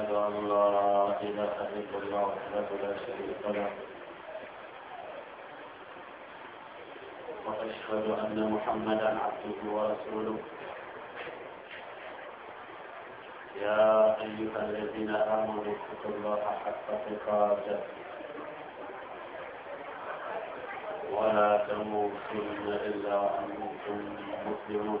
أشهد أن لا إله إلا الله وحده لا شريك له وأشهد أن محمدا عبده ورسوله يا أيها الذين آمنوا اتقوا الله حق تقاته ولا تموتن إلا أنتم مسلمون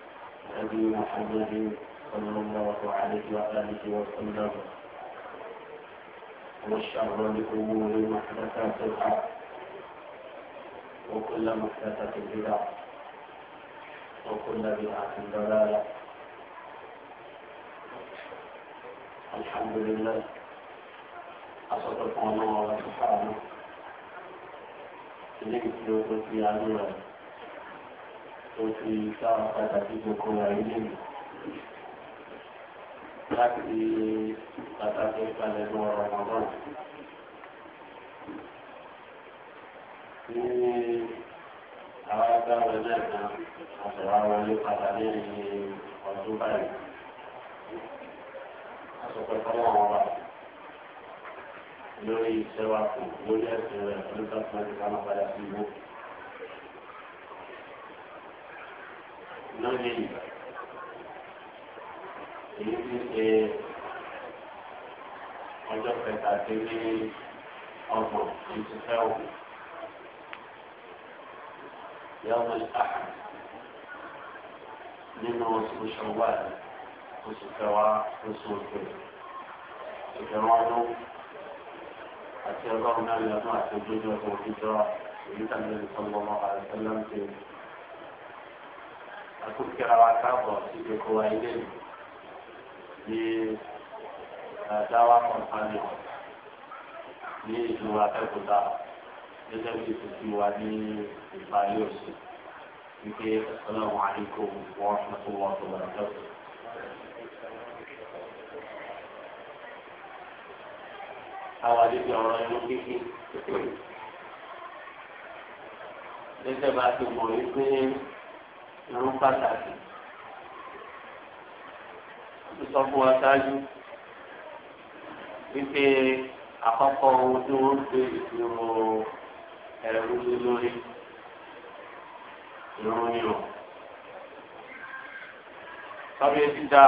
نبي محمد صلى الله عليه وآله وسلم وشر الأمور محدثاتها وكل محدثة بدعة وكل بدعة ضلالة الحمد لله أصدق الله سبحانه إليك نوبة في عدوه ó fi sáà padà sí gbogbo ayé lèmi láti pàtàkì ìpalẹ̀ lọ ọ̀rọ̀ náà. Ní àwọn agbára náà kan, àṣọwá wọlé padà lẹ́yìn ọdún báyìí. Àṣọpẹ́ fọlọ́ wọn wà lórí ìṣẹ́wà kù lórí ẹ̀sìn rẹ̀ olùkọ́ tó ń ká lọ lónìí èyí ti ṣe ọjọ́ kẹtàdínní ọgbọ̀n èyí ti fẹ́ wò yàwó ìtàkùn nínú oṣù ṣọwọ́ọ̀lù oṣù kẹwàá oṣù òkè ìgbẹ̀rún ọdún àti ọgọ́rùn-ún mẹ́rin ọdún àti ogójì ọdún òkè jọ èyí tàbí ìsọ̀lọ́mọ́ àti ẹlẹ́mìtì akókèrè wa káàbọ̀ sí gbogbo wa ilé mi ní àdáwà kọ̀ǹpánì ní ìlú Abẹ́òkúta gẹ́gẹ́ bí ìtòsí wa ní ìparí oṣù wípé ọlọ́run àdínkù wọ́n fún fún wọn tó wọn tó. Àwọn àdébí ọ̀rọ̀ inú kíkí. Gẹ́gẹ́ bá ti mọ̀ wípé ìrún pàtàkì ó sọ fún wa ṣáájú wípé àkọ́kọ́ ohun tí wọ́n ń pè ìṣòro ẹ̀rọ lórí ìrún ni o tọ́bí ti da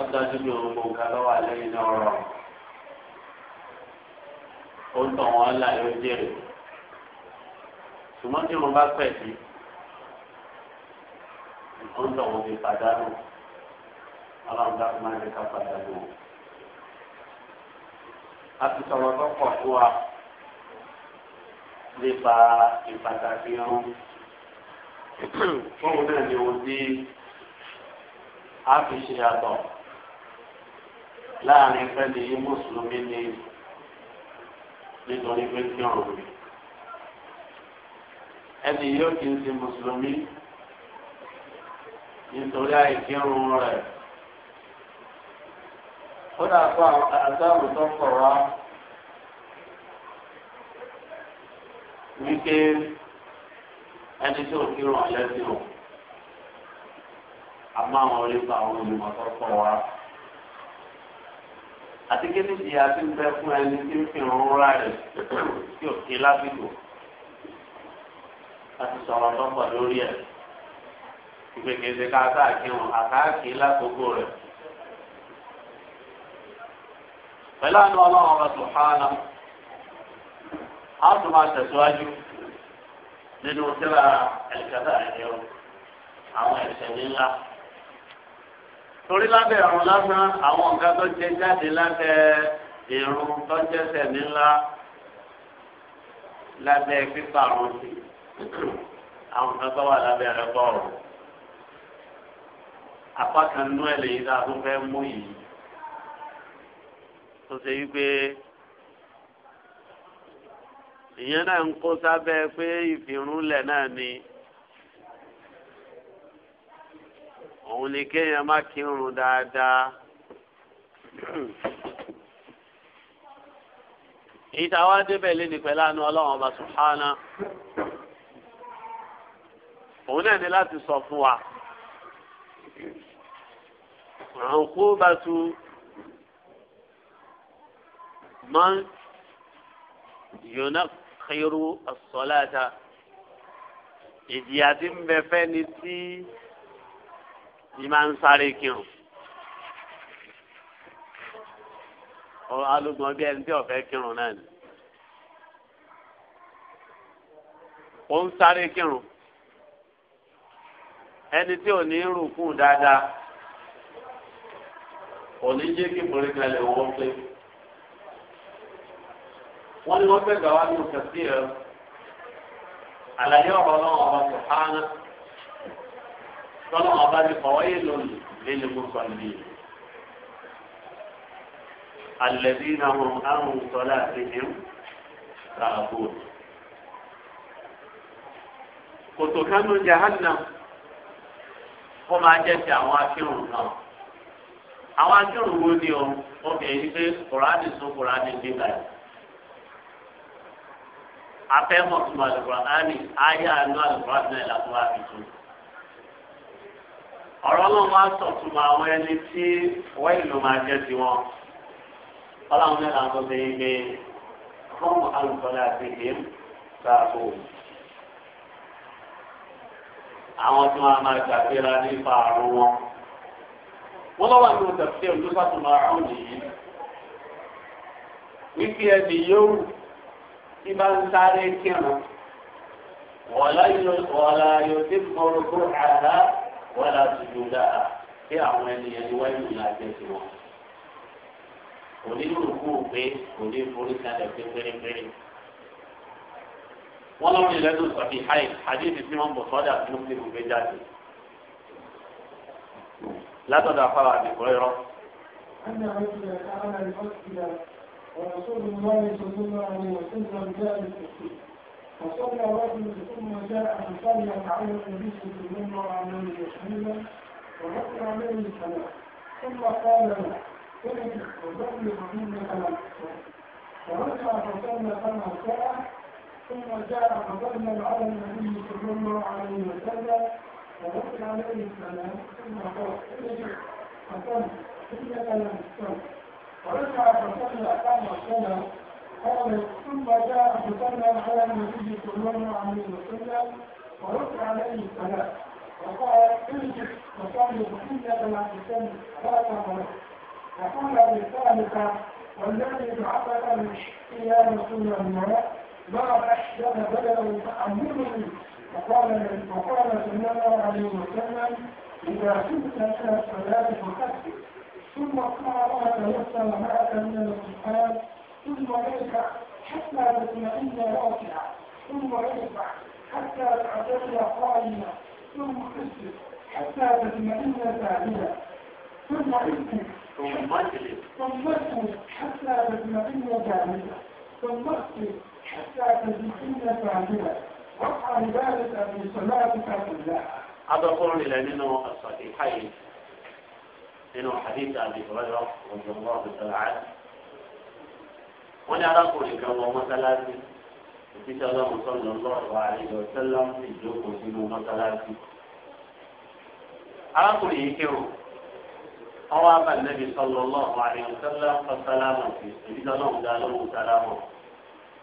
ọ̀dájú ní orúkọ nǹkan lọ́wọ́ alẹ́ iná ọ̀rọ̀ ó ń tọ̀ wọ́n láyé ó jèrè ṣùgbọ́n tí mo bá pẹ̀ sí ó ń tọ̀wọ́ fi pàdánù ọlọ́run dákú máa ń jẹ́ ká pàdánù o. a ti sọ̀rọ̀ tó pọ̀ tó wa nípa ìpàtàkì ọ̀hún. fóun náà ni ohun tí a fi ṣe àtọ̀ láàrin fẹ́ni mùsùlùmí ni nítorí pé kí ọ̀rùn mi. ẹni yóò kí n ṣe mùsùlùmí nítorí àìkírun rẹ̀. ó dà fún àtàwọn tó kọ̀ wá wípé ẹni tó kírun ọ̀lẹ́ sí o a máa wọn rí bá àwọn olùmọ̀ tó kọ̀ wá. àti kí ni ìyá ti ń bẹ fún ẹni tí ń fi hàn rà rẹ̀ tí ò kí lásìkò. a sọ̀rọ̀ tó pọ̀ lórí ẹ̀. ìgbèkèsè ká sáàkì wọn àkáàkì lákòókò rẹ̀. pẹ̀lú àánú sùhánà a tún máa tẹ̀síwájú nínú tíra ẹ̀kẹ́tà ẹ̀yẹ́wò àwọn ẹ̀sẹ̀ ńlá. torí lábẹ́ ọ̀run lásán àwọn nǹkan tó jẹ jáde lábẹ́ irun tó jẹ́sẹ̀ ńlá lábẹ́ pípa àrùn sí àwọn nǹkan tó wà apá kan nú ẹ̀ lèyí tá a tún fẹ́ mú yìí tó ṣe wípé ìyẹn náà ń kó sábẹ́ pé ìfìrúnlẹ̀ náà ni òun ni kéèyàn má kírun dáadáa. ìta wá débẹ̀ lé pẹ̀lú àánú ọlọ́run ọba subhana òun náà ní láti sọ fún wa. عقوبة من ينقر الصلاة ìjìyà tí ń bẹ fẹ́ ni tí ì máa ń sáré kírun ọ̀rọ̀ alùpùpù ẹni tí ọ̀fẹ́ kírun náà ni ó ń sáré kírun ẹni tí ò ní rùkú dáadáa kò ní jẹ́ kí borí kalẹ̀ wọ́n pé wọ́n ní wọ́n fẹ́ gbà wá ní òkàtí ẹ̀ àlàyé ọ̀rọ̀ náà ọba tó hánà tọ́lọ́ ọba ní kọ̀wé lónìí lẹ́nu gbogbo àlùbí àlùbí náà wọn àrùn tọ́lá àti ìhìn kààbò kòtò kánú jahannam kó máa jẹ́ ti àwọn akérò náà àwọn akérò wo ni o obìnrin pé kòránì sún kòránì gbígbà yìí afẹ́mọ̀ tó ma lùkùránì ayé àánú àlùkùránì náà làkó wá fi tu ọ̀rọ̀ náà máa sọ̀tún mọ́ àwọn ẹni tí wọ́n ìlú máa jẹ́ ti wọn ọlọ́run náà làwọn tó ṣe é gbé fún alùpùpù àti ìdí sáà fóònù àwọn tí wọn máa ṣàfihàn nípa àrùn wọn wọn lọ wà ní òtẹ̀fẹ́ olùsàtúmọ̀ àrùn nìyí wípé ẹni yóò tí bá ń sáré kírun wọ́lá yóò tí kọ́rọ̀ kó àdá wọ́lá tuntun dáa kí àwọn ènìyàn ní wáyé ìlú àjẹ sí wọn. kò ní lùkú pé kò pé pérépéré. wọ́n lọ́rùn ìlẹ́nu sọ̀fìhàì àdéhùn tí wọ́n bọ̀ sọ́dà لا wọ́n fi gbé jáde. látọ̀dọ̀ afárá àdìgbò ẹ̀rọ. ورسول الله صلى الله عليه وسلم جاء بالتكفير فصلى رجل ثم جاء فصلى على النبي صلى الله عليه وسلم ورد عليه السلام ثم قال له ارجع وبلغ منك الامر فرجع فصلى كما شاء ثم جاء فضلنا على النبي صلى الله عليه وسلم فوقت عليه السلام ثم قال ارجع فقال انك لم تصل ورجع فصلى قام صلى قال ثم جاء فضلنا على النبي صلى الله عليه وسلم فوقت عليه السلام وقال ارجع فصلى فانك لم تصل ثلاث مرات فقال بالثالثه والذي بعثك يا رسول الله ما أحسن بدله تعمله وقال وقال صلى الله عليه وسلم إذا كنت إلى الصلاة فكفر ثم اقرأ ما معك من القرآن ثم اركع حتى تطمئن راكعا ثم ارفع حتى تعتدل قائما ثم اسجد حتى تطمئن ساجدا ثم اسجد ثم اسجد حتى تطمئن جالسا ثم اسجد Adọ́kùnrin ilẹ̀ nínú àṣàkì káyé nínú àdéhùn àdìgbòrò ọ̀jọ̀gbọ́n ọ̀dọ̀tàlá. Wọ́n ní arákùnrin kan wọ mọ́sálásí. Òṣìṣẹ́ ọlọ́run sọ̀rọ̀ lọ́wọ́ àìyọ̀ sẹ́lá ń fi ìjókòó sínú mọ́sálásí. Arákùnrin yìí kírun. Ọwọ́ abàlẹ́bí sọ̀rọ̀ lọ́wọ́ àìyọ̀ sẹ́lá ń fọ́ sálámù sí ìdílọ́lọ́run dá lọ́wọ́ sálámù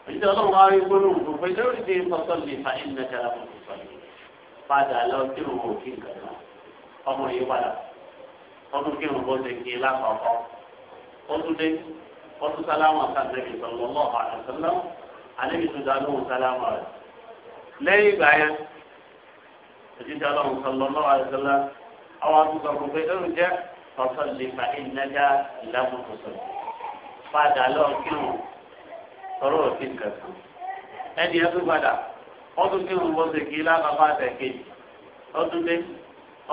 ìdí ọlọ́run wá rí gbólóhùn tó pé lórí ti sọ́sọ́ lè fa ẹ̀ńdẹ́ kẹlá fún mi sọ́yìn padà lọ kí òun kò kí nǹkan náà ọmọ yìí padà ọdún kí òun kò ṣe kí lápapọ̀ ọdún dé ọdún sálámà sàdébì sọ̀rọ̀ lọ́wọ́ àdàsọ́lá àdébì tó dá lóhùn sálámà rẹ̀ lẹ́yìn ìgbà yẹn ìdí ọlọ́run sọ̀rọ̀ lọ́wọ́ àdàsọ́lá àwọn àtúntò kò pé lórí jẹ́ sọ́sọ́ lè fa ẹ̀ńdẹ́ kẹlá fún mi sọ́yìn padà lọ kí òun. sọ̀rọ̀ òsì kẹsàn ẹni ẹ tó padà ọdún tí wọn bọ́sẹ̀ kí ilá bàbá àtẹ kejì ọdún lé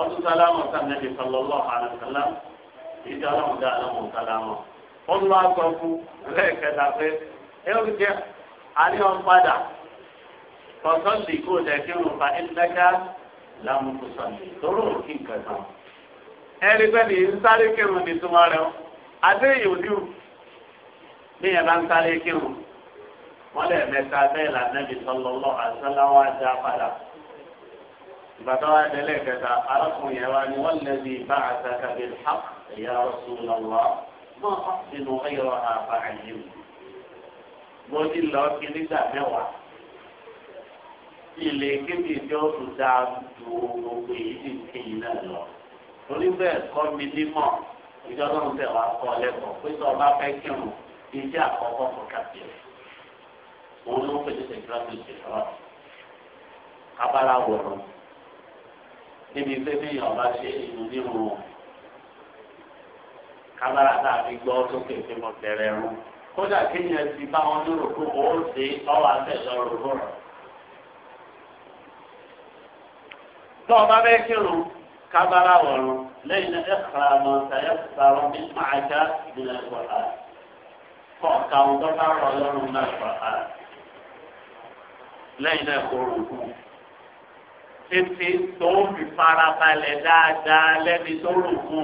ọdún sálámù sàmẹ́lì sọlọ́lọ́ àlùsálá ìdí ọlọ́run dá àlọ́mù sálámù ọdún wa sọ fún lẹ́ẹ̀kẹta pé ẹ ó jẹ àlẹ́ wọn padà kọ̀sọ́ọ̀lì kó wọn fa sọ̀rọ̀ ẹni sáré kírun ní ní ẹ̀ bá ń sáré kírun. wọ́n lè mẹ́ta bẹ́ẹ̀ lànàbì sọlọ́lọ́ àṣàláwà dá padà. ìbàdà wa tẹ̀lé kẹta arákùnrin yẹn wa ni wọ́n lè di bá àtàkà bí ha ẹ̀yà rọ̀ṣùlọ́lọ́ mọ́ ọ̀sìnù ẹ̀yọ̀ àbá àyè mi. mo ti lọ kí nígbà mẹ́wàá. ilé kébì tí ó tún dá ju gbogbo èyí ti kéyìn náà lọ. torí bẹ́ẹ̀ kọ́ mi nímọ̀ ìjọba ń tẹ̀ wá kọ́ lẹ́kọ̀ọ́ pé tí ọba fẹ́ kírun iṣẹ́ àkọ́kọ́ òun ló ń pè ní sèkúrátì ìṣèṣọ́rọ̀ abala wọ̀rọ̀ níbi pé bí ọba ṣe ìlú nínú kábàrà tá a fi gbọ́ sókè pé mo bẹ̀rẹ̀ rún kódà kéèyàn ti bá wọn ní rògbò ó ṣe ọwọ́ àtẹ̀sọ́ rògbò rẹ̀. tó ọba bẹ́ẹ̀ kírun kábàrà wọ̀rọ̀ lẹ́yìn ẹ̀ka ọmọ ṣayẹ́ sàrọ̀ ní màájà ìdílé ìwọ̀ta kọ̀ọ̀kan tó bá rọ̀ lọ́rùn náà ìwọ̀ta lẹ́yìn náà kò rò kú títí tó ń fi farabalẹ̀ dáadáa lẹ́ni tó rò kú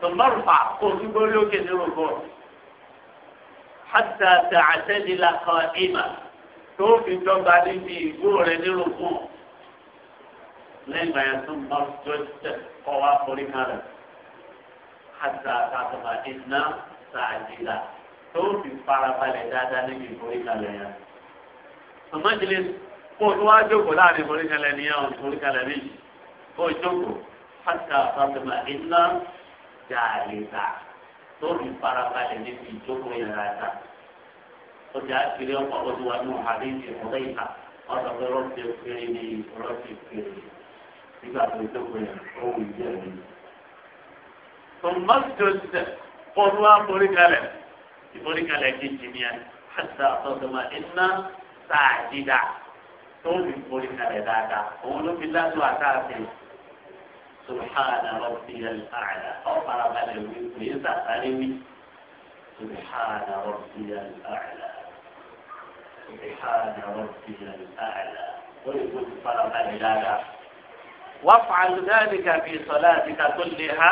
tòmọ́rùfà kò sí gbórí òkè ní rò kú hàtà tààtẹ́lì la kan ìmà tó fi dọ́gba níbi ìgbó rẹ̀ ní rò kú lẹ́yìn náà tó ń bá tó tẹ̀ kọ́ wa forí kan rẹ̀ hàtà tààtàmà ìdná tààtìlà tó fi farabalẹ̀ dáadáa níbi ìforí kan rẹ̀ tòmọ́jìlẹ̀ kó o tó wá jókòó láàrin ìforíkalẹ̀ nìyẹn o ìforíkalẹ̀ méjì kó o jókòó pátá pàtàkì iná jàlèta tó fi farabalẹ̀ níbi ìjókòó yàrá ta o jà kiri ọkọ̀ o ti wà ní ọ̀hádé ti ọ̀rẹ́ ìta ọ̀sọ̀ pé rọ́ọ̀tì kiri ni rọ́ọ̀tì kiri nígbà tó jókòó yàrá ó wù jẹ́ mi. tòmọ́jìlẹ̀ kó tó wá ìforíkalẹ̀ ìforíkalẹ̀ kejì ni ẹ pátá sáà dídà tó fi forí kalẹ̀ dáadáa òun ló fi dájú àtàkùn subhana rabbiyal a'la ọ̀farabalẹ̀ wí kìí sàtàlẹ̀ wí subhana rabbiyal a'la subhana rabbiyal a'la ó lè kó ti farabalẹ̀ dáadáa. waf'al dhalika fi salatika kulliha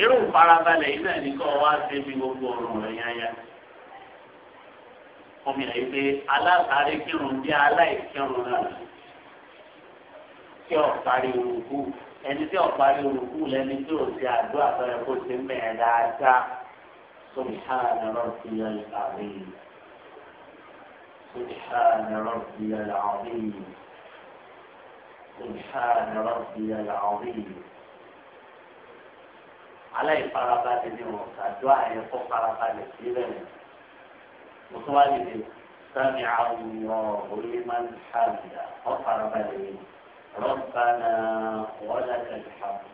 irú farabalẹ̀ yìí náà ní kọ́ wá sí ibi gbogbo omi rẹ̀ pé aláàtàrí kírun bí aláìkírun náà tí ọ̀parí òrùkú ẹni tí ọ̀parí òrùkú lẹni tí ò ti àdó àtọ̀rẹ́ kó ti ń bẹ̀rẹ̀ dáadáa sómi hàn ẹ̀rọ ti yọ ìpàdé sómi hàn ẹ̀rọ ti yọ ìlànà sómi hàn ẹ̀rọ ti yọ ìlànà aláìfarabalẹ̀ ni wọ́n ṣàdó àyẹ̀kọ́ farabalẹ̀ sílẹ̀ nìyẹn. وتوالد سمع الله لمن حمده غفر بلي ربنا ولك الحمد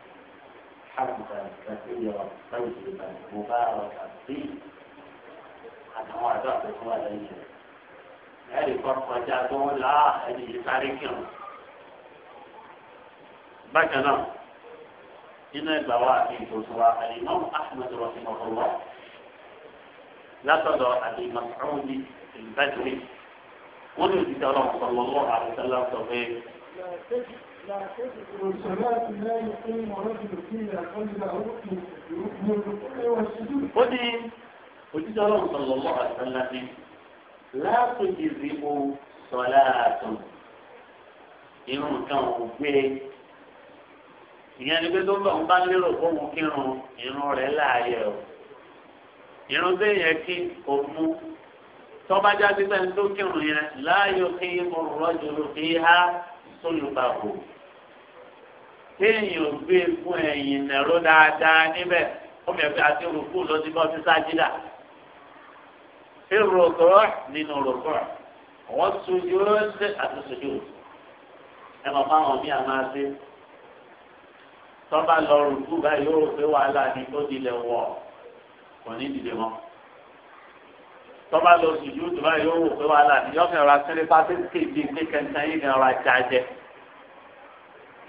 حمدا كثيرا طيبا مباركا فيه أنا ما أعرف ولا شيء يعني فرصة جاتوا لا هذه تاريخهم بكنا إن البواكي تصوى الإمام أحمد رحمه الله látọ̀dọ̀ àbí màsàrúndì ìbádìrí wọ́n ní òtítọ́ ọlọ́run sọ̀rọ̀ lọ́wọ́ àbísọ́lá sọ pé. ó ní òtítọ́ ọlọ́run sọ̀rọ̀ lọ́wọ́ àbísọ́lá ní láàtò ìdí o sọ̀lá àtò irun nǹkan ò gbé ìyẹn ni pé tó ń bọ̀ ń bá lérò fóun kírun irun rẹ̀ láàyè o irun bẹ́ẹ̀ yẹn kí òmu tọ́ba jáde bẹ́ẹ̀ tó kírun yẹn láàyò kí ọ̀rọ̀jò ló fi há sólùbàbò kéèyàn gbé fún ẹ̀yìn nẹ̀rọ dáadáa níbẹ̀ ọmọ ẹ̀fẹ́ àti rúkú lọ sí bọ́ọ̀sì sájídà èrò ọ̀gọ́rọ̀ nínú ọ̀gọ́rọ̀ wọ́n sojú ẹ̀ àti sojú ẹ̀ mọ̀ fáwọn bí a máa ṣe tọ́ba lọ rúkú báyìí ó rò pé wàhálà ni ó dilẹ̀ wọ̀ kò ní dìde mọ́ tọ́ba lọ sùjú tó báyìí yóò wò pé wàhálà ni yọ̀ọ́ fẹ́ ra sílẹ̀ pàṣẹ kéde pé kẹntẹ́ yìí kan ra jáde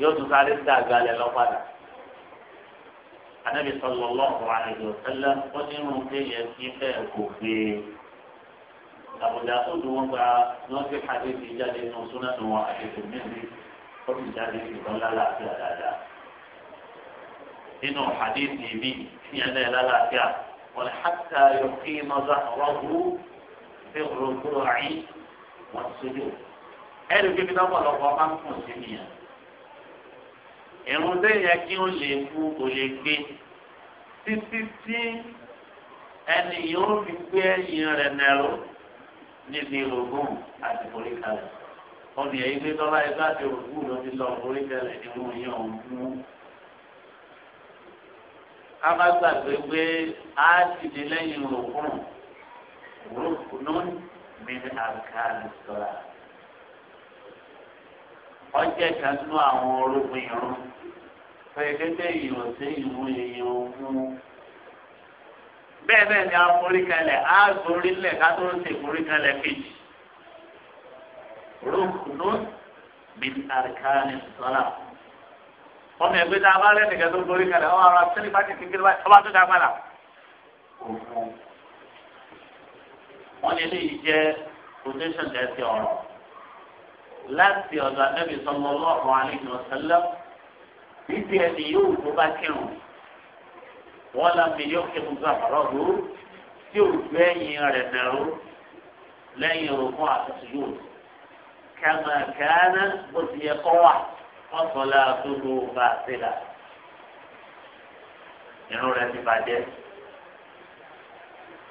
yóò tún sáré sí àgbàlẹ̀ lọ padà. Ànábì sallallahu alaihi wasallam ó ní irun pé yẹ kí fẹ́ kò gbé e. àbùdá tó dùn wọn gba wọn fi pàdé ti jáde nù súná nù wọn àtẹ̀tẹ̀ mẹ́rin ó sì jáde ìbọn lálàáfíà dáadáa. nínú hadithi mi ìyẹn náà lálàáfíà. ولحتى يقيم ظهره في الركوع والسجود ẹnu kí bíi lọ́pọ̀ lọ́pọ̀ máa ń pọ̀ sí nìyẹn irun tẹ́yìn yẹn kí ó lè mú kó lè gbé títí tí ẹni yóò fi gbé ẹ̀yìn rẹ̀ nẹ́rù níbi rògbòn àti foríkalẹ̀ ọ̀nìyàn yìí gbé tọ́lá ẹgbẹ́ àti rògbòn ló ti sọ foríkalẹ̀ nínú yẹn òun mú amagbàgbé pé a ti di lẹ́yìn rògbòn rògbòn mìíràn àkàlù sọ̀rọ̀ ọjọ́ kan nú àwọn orúkọ irun pẹ̀lẹ́dẹ́ ìrọ̀sẹ́ ìlú èyí ogun. bẹ́ẹ̀ bẹ́ẹ̀ ni a forí kalẹ̀ á sórí lẹ̀ ká tó ṣe forí kalẹ̀ kejì. rògbòn mìíràn àkàlù sọ̀rọ̀ ọmọ ẹgbẹ́ tá a bá lẹ́nìkan tó gorí kalẹ̀ ọmọ ara sílẹ̀ bá ti ti kiri báyìí ọba tó dá padà. wọ́n ní ilé yìí jẹ́ quotation tẹ̀sí ọ̀rọ̀ láti ọ̀dọ̀ anábì sọmọ ọlọ́run alẹ́kùn ọ̀sẹ́lẹ̀ bíbí ẹni yóò tó bá kírun wọ́n lọ mi yóò kí gbogbo àbọ̀rọ̀ ló tí ò gbé ẹ̀yìn rẹ̀ dẹ̀rú lẹ́yìn orogún àtúntò yóò kẹ́mẹ̀kẹ́rẹ́ bó ti yẹ kọ́ wà ọ̀sọ̀lá àtúndò bá a sílà irun rẹ̀ ti bàjẹ́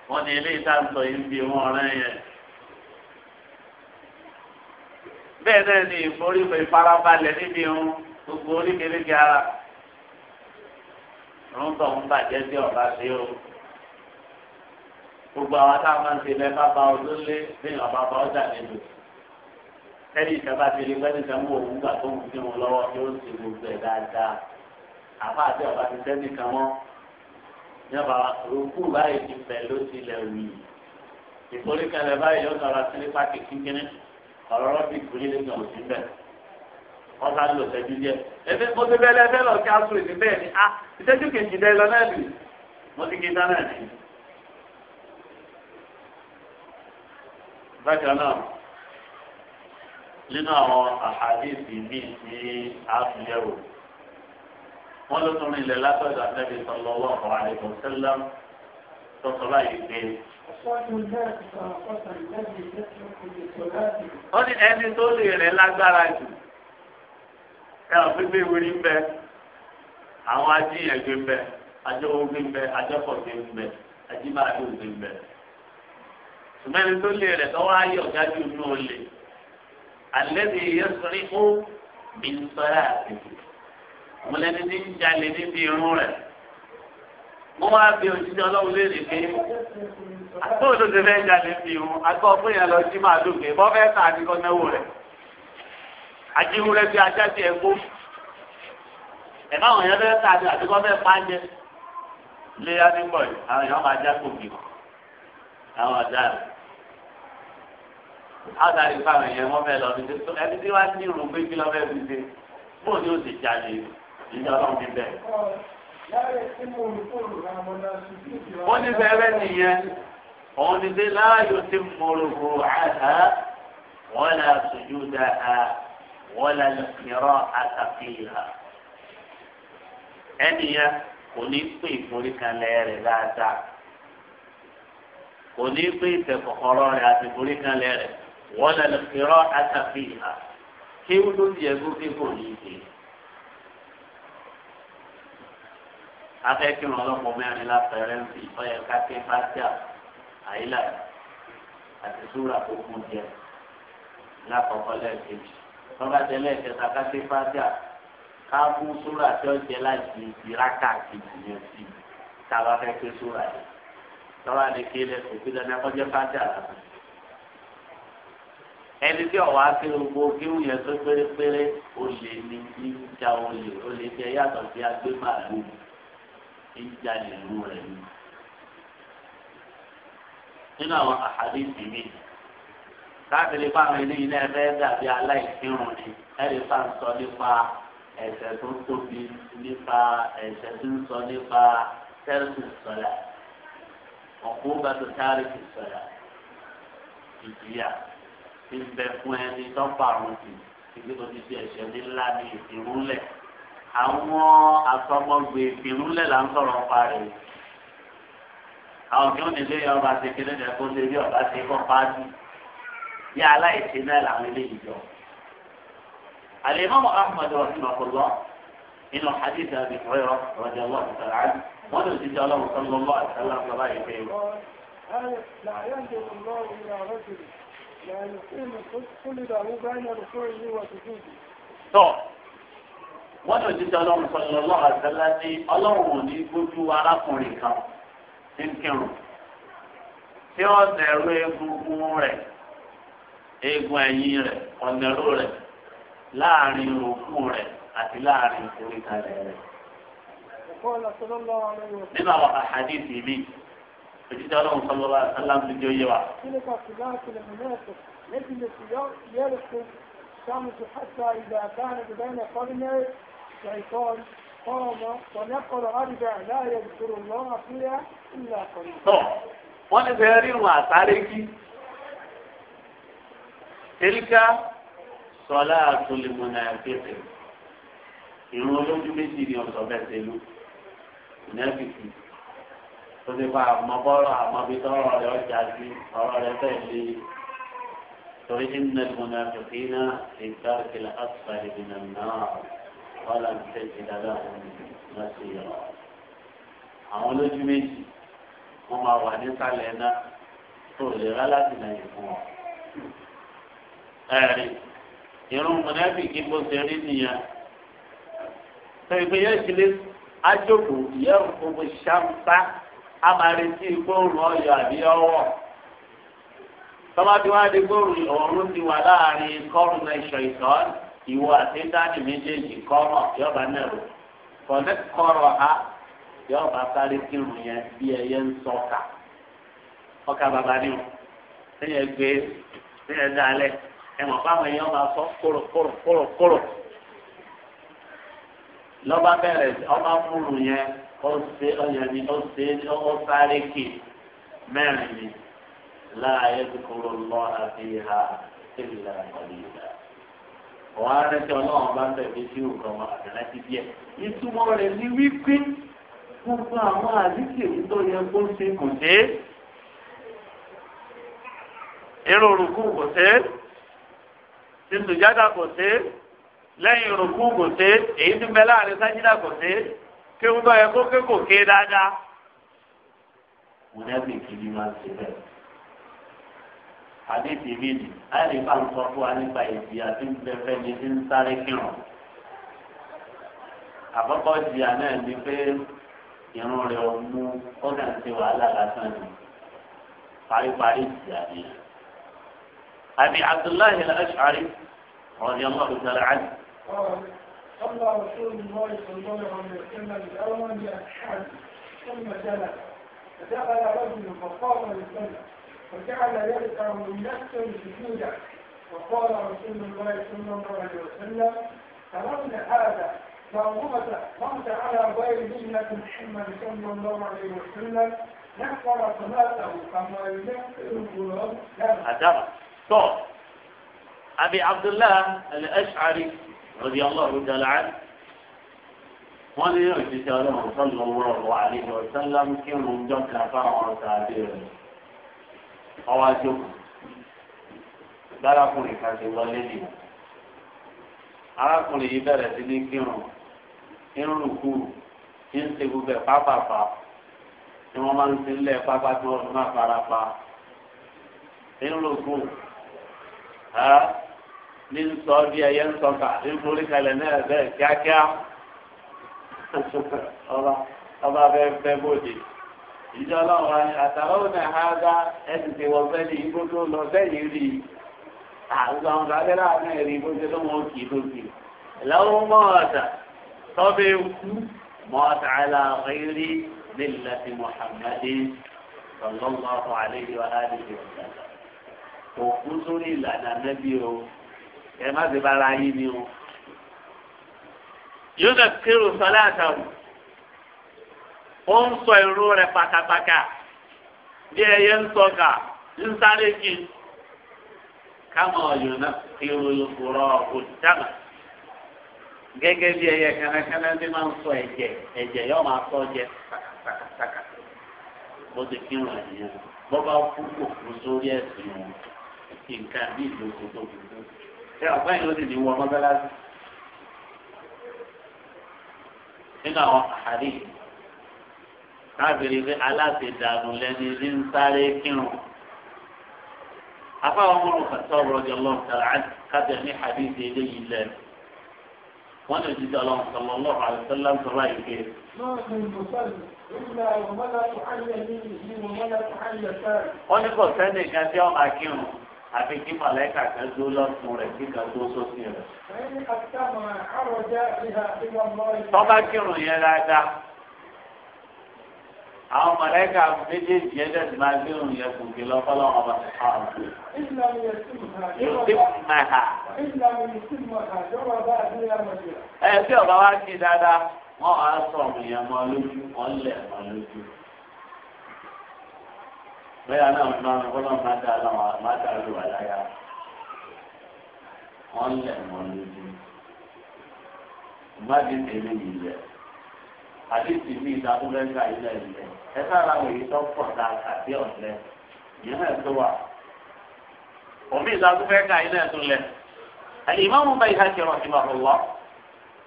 wọ́n ní ilé ìtàǹtọ̀ yìí ń bi wọn ọ̀rẹ́ yẹn bẹ́ẹ̀ náà ni ìforífẹ́ ìfarabalẹ̀ níbi irun gbogbo oríkèéríkè ara irun tó ń bàjẹ́ bí ọ̀bá sí o gbogbo àwọn táwọn máa ń ṣe lẹ́ka bá ọdún lé bí ọ̀bá bá ọjà nílùú ẹni ìjọba ti rí pẹ́ẹ́nì kan mú òun gbà tó ń fi wọn lọ́wọ́ yóò sì gbogbo ẹ̀ dáadáa àfa àti ọba ti sẹ́ni kan mọ́ yọba rúkú báyìí ti pẹ̀ ló ti lẹ̀ wì ìforíkalẹ̀ báyìí yóò sọ̀rọ̀ sílé pàkì kíkíní ọ̀rọ̀ bí ìkúlé lè gbọ̀n sí bẹ́ẹ̀ ọba lò sẹ́jú díẹ̀ ẹ̀fẹ́ mo ti bẹ́ẹ̀ lẹ́fẹ́ lọ kí aṣọ ìdí bẹ́ẹ̀ ni ah, nínú àwọn àhàdìsì míì tí a fi yẹ̀wò wọn ló tún ilẹ̀ látọ̀dọ̀ àtẹ́bí sọlọ lọ́wọ́ àlejò sẹ́lẹ̀ tọ́tọ́ láyé pé. ó ní ẹni tó lè rẹ̀ lágbára jù ẹ ò gbégbé wíri ń bẹ àwọn ajíyànjú ń bẹ ajọ́wọ́gbé ń bẹ ajọ́kọ̀gbé ń bẹ ajíbáàdó ń bẹ. ṣùgbọ́n tó lè rẹ̀ tọ́wọ́ ayé ọ̀gá jù ní olè alẹ́bí yẹsùrì ó bí sọ́yà àtìkù mo lẹni ní ń jalè níbi irun rẹ̀ mo wá bí òjijì ọlọ́run léèrè pé àtúntò tó ti fẹ́ jalè níbi irun àgbọ̀ fún yẹn lọ sí màá dùn pé bọ́ fẹ́ kà á ní kọ́ náwó rẹ̀ rẹ̀ bí ajá ti ẹ̀ kó ẹ̀ yẹn fẹ́ kà á ní àdúgbò fẹ́ léyà nígbọ̀ yìí àwọn èèyàn máa já kò bì àwọn ọ̀daràn ádàrí fáwọn èèyàn wọn fẹ́ lọ sí ṣe ẹni tí wọ́n ní irun pé kí lọ́ fẹ́ fi ṣe bóun ni ó ti jáde ìjọ ọlọ́run ti bẹ̀. wọ́n ní fẹ́rẹ́ nìyẹn òun ti dé láàyò tí mòròkò àhá wọ́n là sójú dáa wọ́n là lọ́kìrọ́ àtàkìlà. ẹni yẹn kò ní pè ìforíkanlẹ̀ rẹ̀ dáadáa kò ní pè ìtẹ̀kọ̀kọ̀rọ̀ rẹ̀ àti ìforíkanlẹ̀ rẹ̀ wọn lè kírọ àtàfihà kí wọn ló yẹ kó kí kò ní ìdè. akẹ́kẹ́ wọn lọ́pọ̀ mẹ́rin lápẹ̀rẹ́ ń fi ọyẹ kákẹ́ fásíà àyílà àti súra tó kún jẹ lákọ̀ọ́kọ́ lẹ́ẹ̀kejì tọ́ba jẹ lẹ́ẹ̀kẹta kákẹ́ fásíà káàbù súra tí ó jẹ láti ìrákà kejì yẹn sí tába fẹ́ ké súra yẹn tọ́ba lè ké lẹ́kọ̀ọ́ pé dáná kọjá fásíà làbẹ̀rẹ̀ ẹni tí ọ̀wá sí gbogbo kíwù yẹn tó pérépéré ó lè ní ìjà olè ó lè jẹ yàtọ̀ sí agbé màálù ìjà nìlú rẹ̀ ni. nínú àwọn àhàdí ìsinmi láti lè fáwọn eléyìí náà fẹ́ dàbí aláìsírun ni ẹ̀rí fà ń sọ nípa ẹ̀sẹ̀ tó tóbi nípa ẹ̀sẹ̀ tó ń sọ nípa tẹ́rẹ̀sì sọ̀rọ̀ ọ̀kú bàtò tárìkì sọ̀rọ̀ ìjìyà ti bẹ fún ẹni tó parun jù ibi tó ti di ẹ̀ṣẹ̀ nílá ní ìfìrúnlẹ̀ àwọn asọmọgbè ìfìrúnlẹ̀ là ń sọ̀rọ̀ parí àwọn kí wọn nílé ọba ti kéde ní ẹ̀kọ́ lé bí ọba ti kọ paájú bí aláìsí náà làwọn eléyìí jọ. alimami ahmed rahimahullah inú hadith abi hurairah radiyallahu ta'ala anhu lè ti jẹ Ọlọ́run sọlọ lọ àti sọlọ lọ báyìí pé tọ́ wọ́n tó jíjẹ ọlọ́run sọ̀rọ̀ lọ́wọ́ àtẹ́lá ní ọlọ́run ò ní gbójú arákùnrin kan ní kírun tí ọ̀nà ẹ̀rọ egungun rẹ̀ eegun ẹ̀yìn rẹ̀ ọ̀nà ẹ̀rọ rẹ̀ láàrin òkú rẹ̀ àti láàrin ìforíkalẹ̀ rẹ̀. nínú àwọn àhàdìsì mi òjijì ọlọ́run sọlọ́lá sálám ti di oyé wa. الشمس حتى إذا كانت بين قرني شيطان قام ونقل أربع لا يذكر الله فيها إلا قليلا. wọ́n ní fẹ́ rí wọn àsáré kí. tẹ́líkà sọlá àtúlẹ̀mọ́nà ẹ̀kẹ́tẹ̀ ìrún olójú méjì ni ọ̀sọ̀ bẹ́ẹ̀ tẹ́lú ìnáfíìsì tóbi pa àmọ́bọ́rọ̀ àmọ́bi tọrọ rẹ ọjà sí ọ̀rọ̀ rẹ fẹ́ lé torí iná ìmọ̀nà àtòkínà ìgbà ìkìlẹ̀ àtúbà ìdìnnà náà wọ́n là ń tẹ̀ sí dáadáa lọ́sí yọ. àwọn olójú méjì wọ́n máa wà nísàlẹ̀ náà tó lè rá láti nà yìí fún ọ. ẹ̀rí irun mọ̀nàbí kí bó ṣe rí nìyẹn. sọ ìpínyẹ́ ìṣẹ̀lẹ̀ ajókòó yẹ òkú ṣàǹfà a máa retí gbóòrùn ọyọ àbí ọwọ́ tọ́mọ́tí wá di gbóòrùn ọ̀run ti wà láàrin kọ́rùn ẹ̀ṣọ́ ìtọ́ ìwọ àti dání méjèèjì kọ́rọ̀ yọba náà rò kọ̀ọ̀dẹ́ kọ́rọ̀ ha yọba sáré kírun yẹn bí ẹyẹ ń sọ̀ka ọkà bàbá ni o ẹ̀yẹ gbé ẹ̀yẹ dálẹ̀ ẹ̀wọ̀n fáwọn èèyàn máa sọ kóró kóró kóró kóró lọ́ba bẹ̀rẹ̀ ọba múlù yẹn ọ̀sẹ̀ ọ̀yàní ọ̀sẹ̀ ọ̀sáré kì mẹ́rin ni láàyè kúrò lọ àti ha ìlà ìlà. Wọ́n á rántí ọlọ́run bá tẹ̀lé sí òkè ọmọ àgbẹ̀lá ti díẹ̀. Ìtumọ̀ rẹ̀ ni wípé gbogbo àwọn àdìsèwé tó yẹ kó ṣe kò dé. Irun òrùkú kò dé. Tìtùjádà kò dé. Lẹ́yìn òrùkú kò dé. Èyí ti bẹ láàrin sájídà kò dé kéwù bá yẹ kó ké kò ké dáadáa. mọ̀lẹ́bí kìíní máa ń ṣe bẹ́ẹ̀. àdéhùn ìbílẹ̀ láìrí bá ń sọ fún wa nípa ìdí àti bẹ́ẹ̀ ní ti ń sáré kírun. àkọ́kọ́ ìjìyà náà ni pé irun rẹ̀ ò mú ọ̀gá ń wàhálà lásán ni paríparí ìjìyà ni. àbí Abdullahi al-Ash'ari radiyallahu ta'ala anhu. صلى رسول الله صلى الله عليه وسلم الاول باصحابه ثم جلس فدخل رجل فقام للسنه فجعل يرفع من نفسه سجودا وقال رسول الله صلى الله عليه وسلم ترون هذا فأنظمت قمت على غير ملة محمد صلى الله عليه وسلم نحفر صلاته كما ينحفر الغلام أدرى طب أبي عبد الله الأشعري rọ̀bì ọlọ́run jọlá wọ́n ní òṣìṣẹ́ ọlọ́run sọ́lọ́ wọ́ọ̀rọ̀ àlejò sọ́lá ń kírun jọ́kà fáwọn ọ̀sà àbí rẹ̀ ọwọ́ àjòkù dárakùnrin kan ti wọlé nì arákùnrin yìí bẹ̀rẹ̀ sí ní kírun irun kù kí ń ṣe gbogbo ẹ̀ pápápá tí wọ́n máa ń ṣe ńlẹ̀ pápá tí wọ́n fi máa fara pa irun kù ní nsọ bí ẹyẹ nsọ ká ní nforí kalẹ̀ náà bẹ́ẹ̀ kíákíá ọba ọba bẹ́ẹ̀ bẹ́ẹ̀ bòde ìjọ ọlọ́run wa ni àtàwọn náà ha dá ẹsì tí wọ́n fẹ́ ní igbó tó lọ sẹ́yìn rí i àwọn àwọn abẹ́ láàánú ẹ̀rí igbó tó lọ́ wọn kì í tó kì í lọ́wọ́ mọ́ ọ̀tà tọ́bẹ̀ kú mọ́ ọ̀tà aláàbẹ̀rí nílẹ̀ ti Muhammadu sallallahu alaihi wa ẹ má ti bára yín ni o yóò kérò sọlá àtàwọn ó ń sọ ìró rẹ̀ pàkàpàkà bí ẹyẹ ń sọ ń sáré kí kámọ ọyọ náà kérò yòkúrọ kò dáná gẹ́gẹ́ bí ẹyẹ kẹnẹkẹnẹ ma máa ń sọ ẹ̀jẹ̀ yóò máa sọ bó ti kí wọn yẹn kò ṣé ọ̀pá yìí ló sì ní wọ mọ́sálásí nínú àwọn àhárí káàbìrì pé aláṣẹ dànù lẹni ní ń sáré kírun afáwọn ọmọ òkà sọ̀rọ̀ ọjọ lọrùn tàrà kábẹ ní hadith eléyìí lẹnu wọn lè jíjẹ Ọlọ́run sọlọ lọrùn àlùsọlá ń sọ̀rọ̀ àyíké. wọ́n ní kò sẹ́ni kan tí ọmọ akírun àfi kí mọ̀lẹ́kà kan tó lọ́sùn rẹ̀ kí kan tó sósì rẹ̀. tọ́ba kírun yẹn dáadáa àwọn mọ̀lẹ́kà méjèèjì yẹn dẹ̀sí máa kírun yẹn kò kí lọ fọlọ́ ọmọ sí ọ̀run. yóò má ha. ẹ bí ọba wa kí dáadáa wọn á sọ ọmọ yẹn mọ lójú wọn lẹ mọ lójú bẹ́ẹ̀ náà wọ́n máa ń kọ́ lọ́n máa dá lọ́wọ́ máa dá lọ́wọ́ láyà wọ́n lẹ̀ mọ́ lójú má di tèmi yìí lẹ̀ àdìsí mi ìdákúrẹ́ńgà ilẹ̀ ilẹ̀ ẹ sára òye tó pọ̀ ta àti ọ̀lẹ́ ìyẹn náà tó wà omi ìdákúrẹ́ńgà ilẹ̀ tó lẹ̀ alimami bayi hajj rahimahullah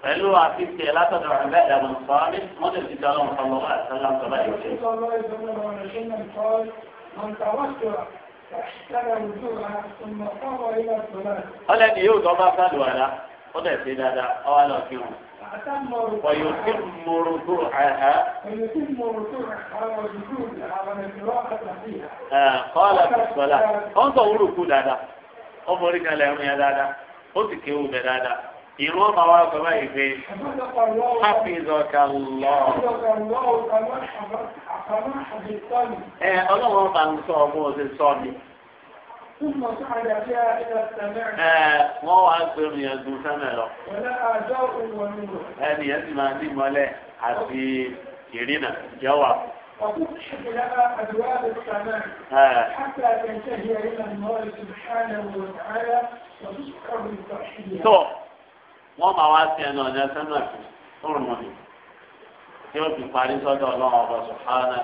pẹ̀lú àfihàn látọ̀dọ̀ ẹ̀bẹ́ ẹ̀rọ sọ́ọ́lì mọ́tò ti dọ́lọ́mù sọ́lọ́mù àti sọ́lọ́mù sọ́lọ́mù yìí. من توسع ọlẹ́ni yóò tọ́ bá sálù àdá ó dẹ̀ ṣe dáadáa ọwọ́ lọ kí wọn. Wọ̀nyí tí mòrò tó àhá. Kọ́lá tó sọ́lá. Ó ń sọ wúrò kú dáadáa. Ó forí kalẹ̀ ẹ̀rùn yẹn dáadáa. Ó sì kéwù bẹ̀ dáadáa. ìrú ọmọ wa sọ báyìí pé hafizọka lọ. ẹ ọlọ́wọ́ bá ń sọ ọmọ ọ̀sẹ̀ sọ mi. Ẹ wọ́n wá gbẹ̀rù yẹn dùn sẹ́mẹ̀ lọ. Ẹni yẹn sì máa ní ìmọ́lẹ̀ àti ìrìnà jẹ́wà. وفتحت لها أبواب السماء حتى تنتهي إلى الله سبحانه وتعالى وتسكر بالتوحيد wọ́n máa wá sí ẹnu ọ̀nà ẹsẹ̀ náà fi tóòrùn ni tí ó fi parí sọ́dọ̀ ọlọ́run ọba sùhánà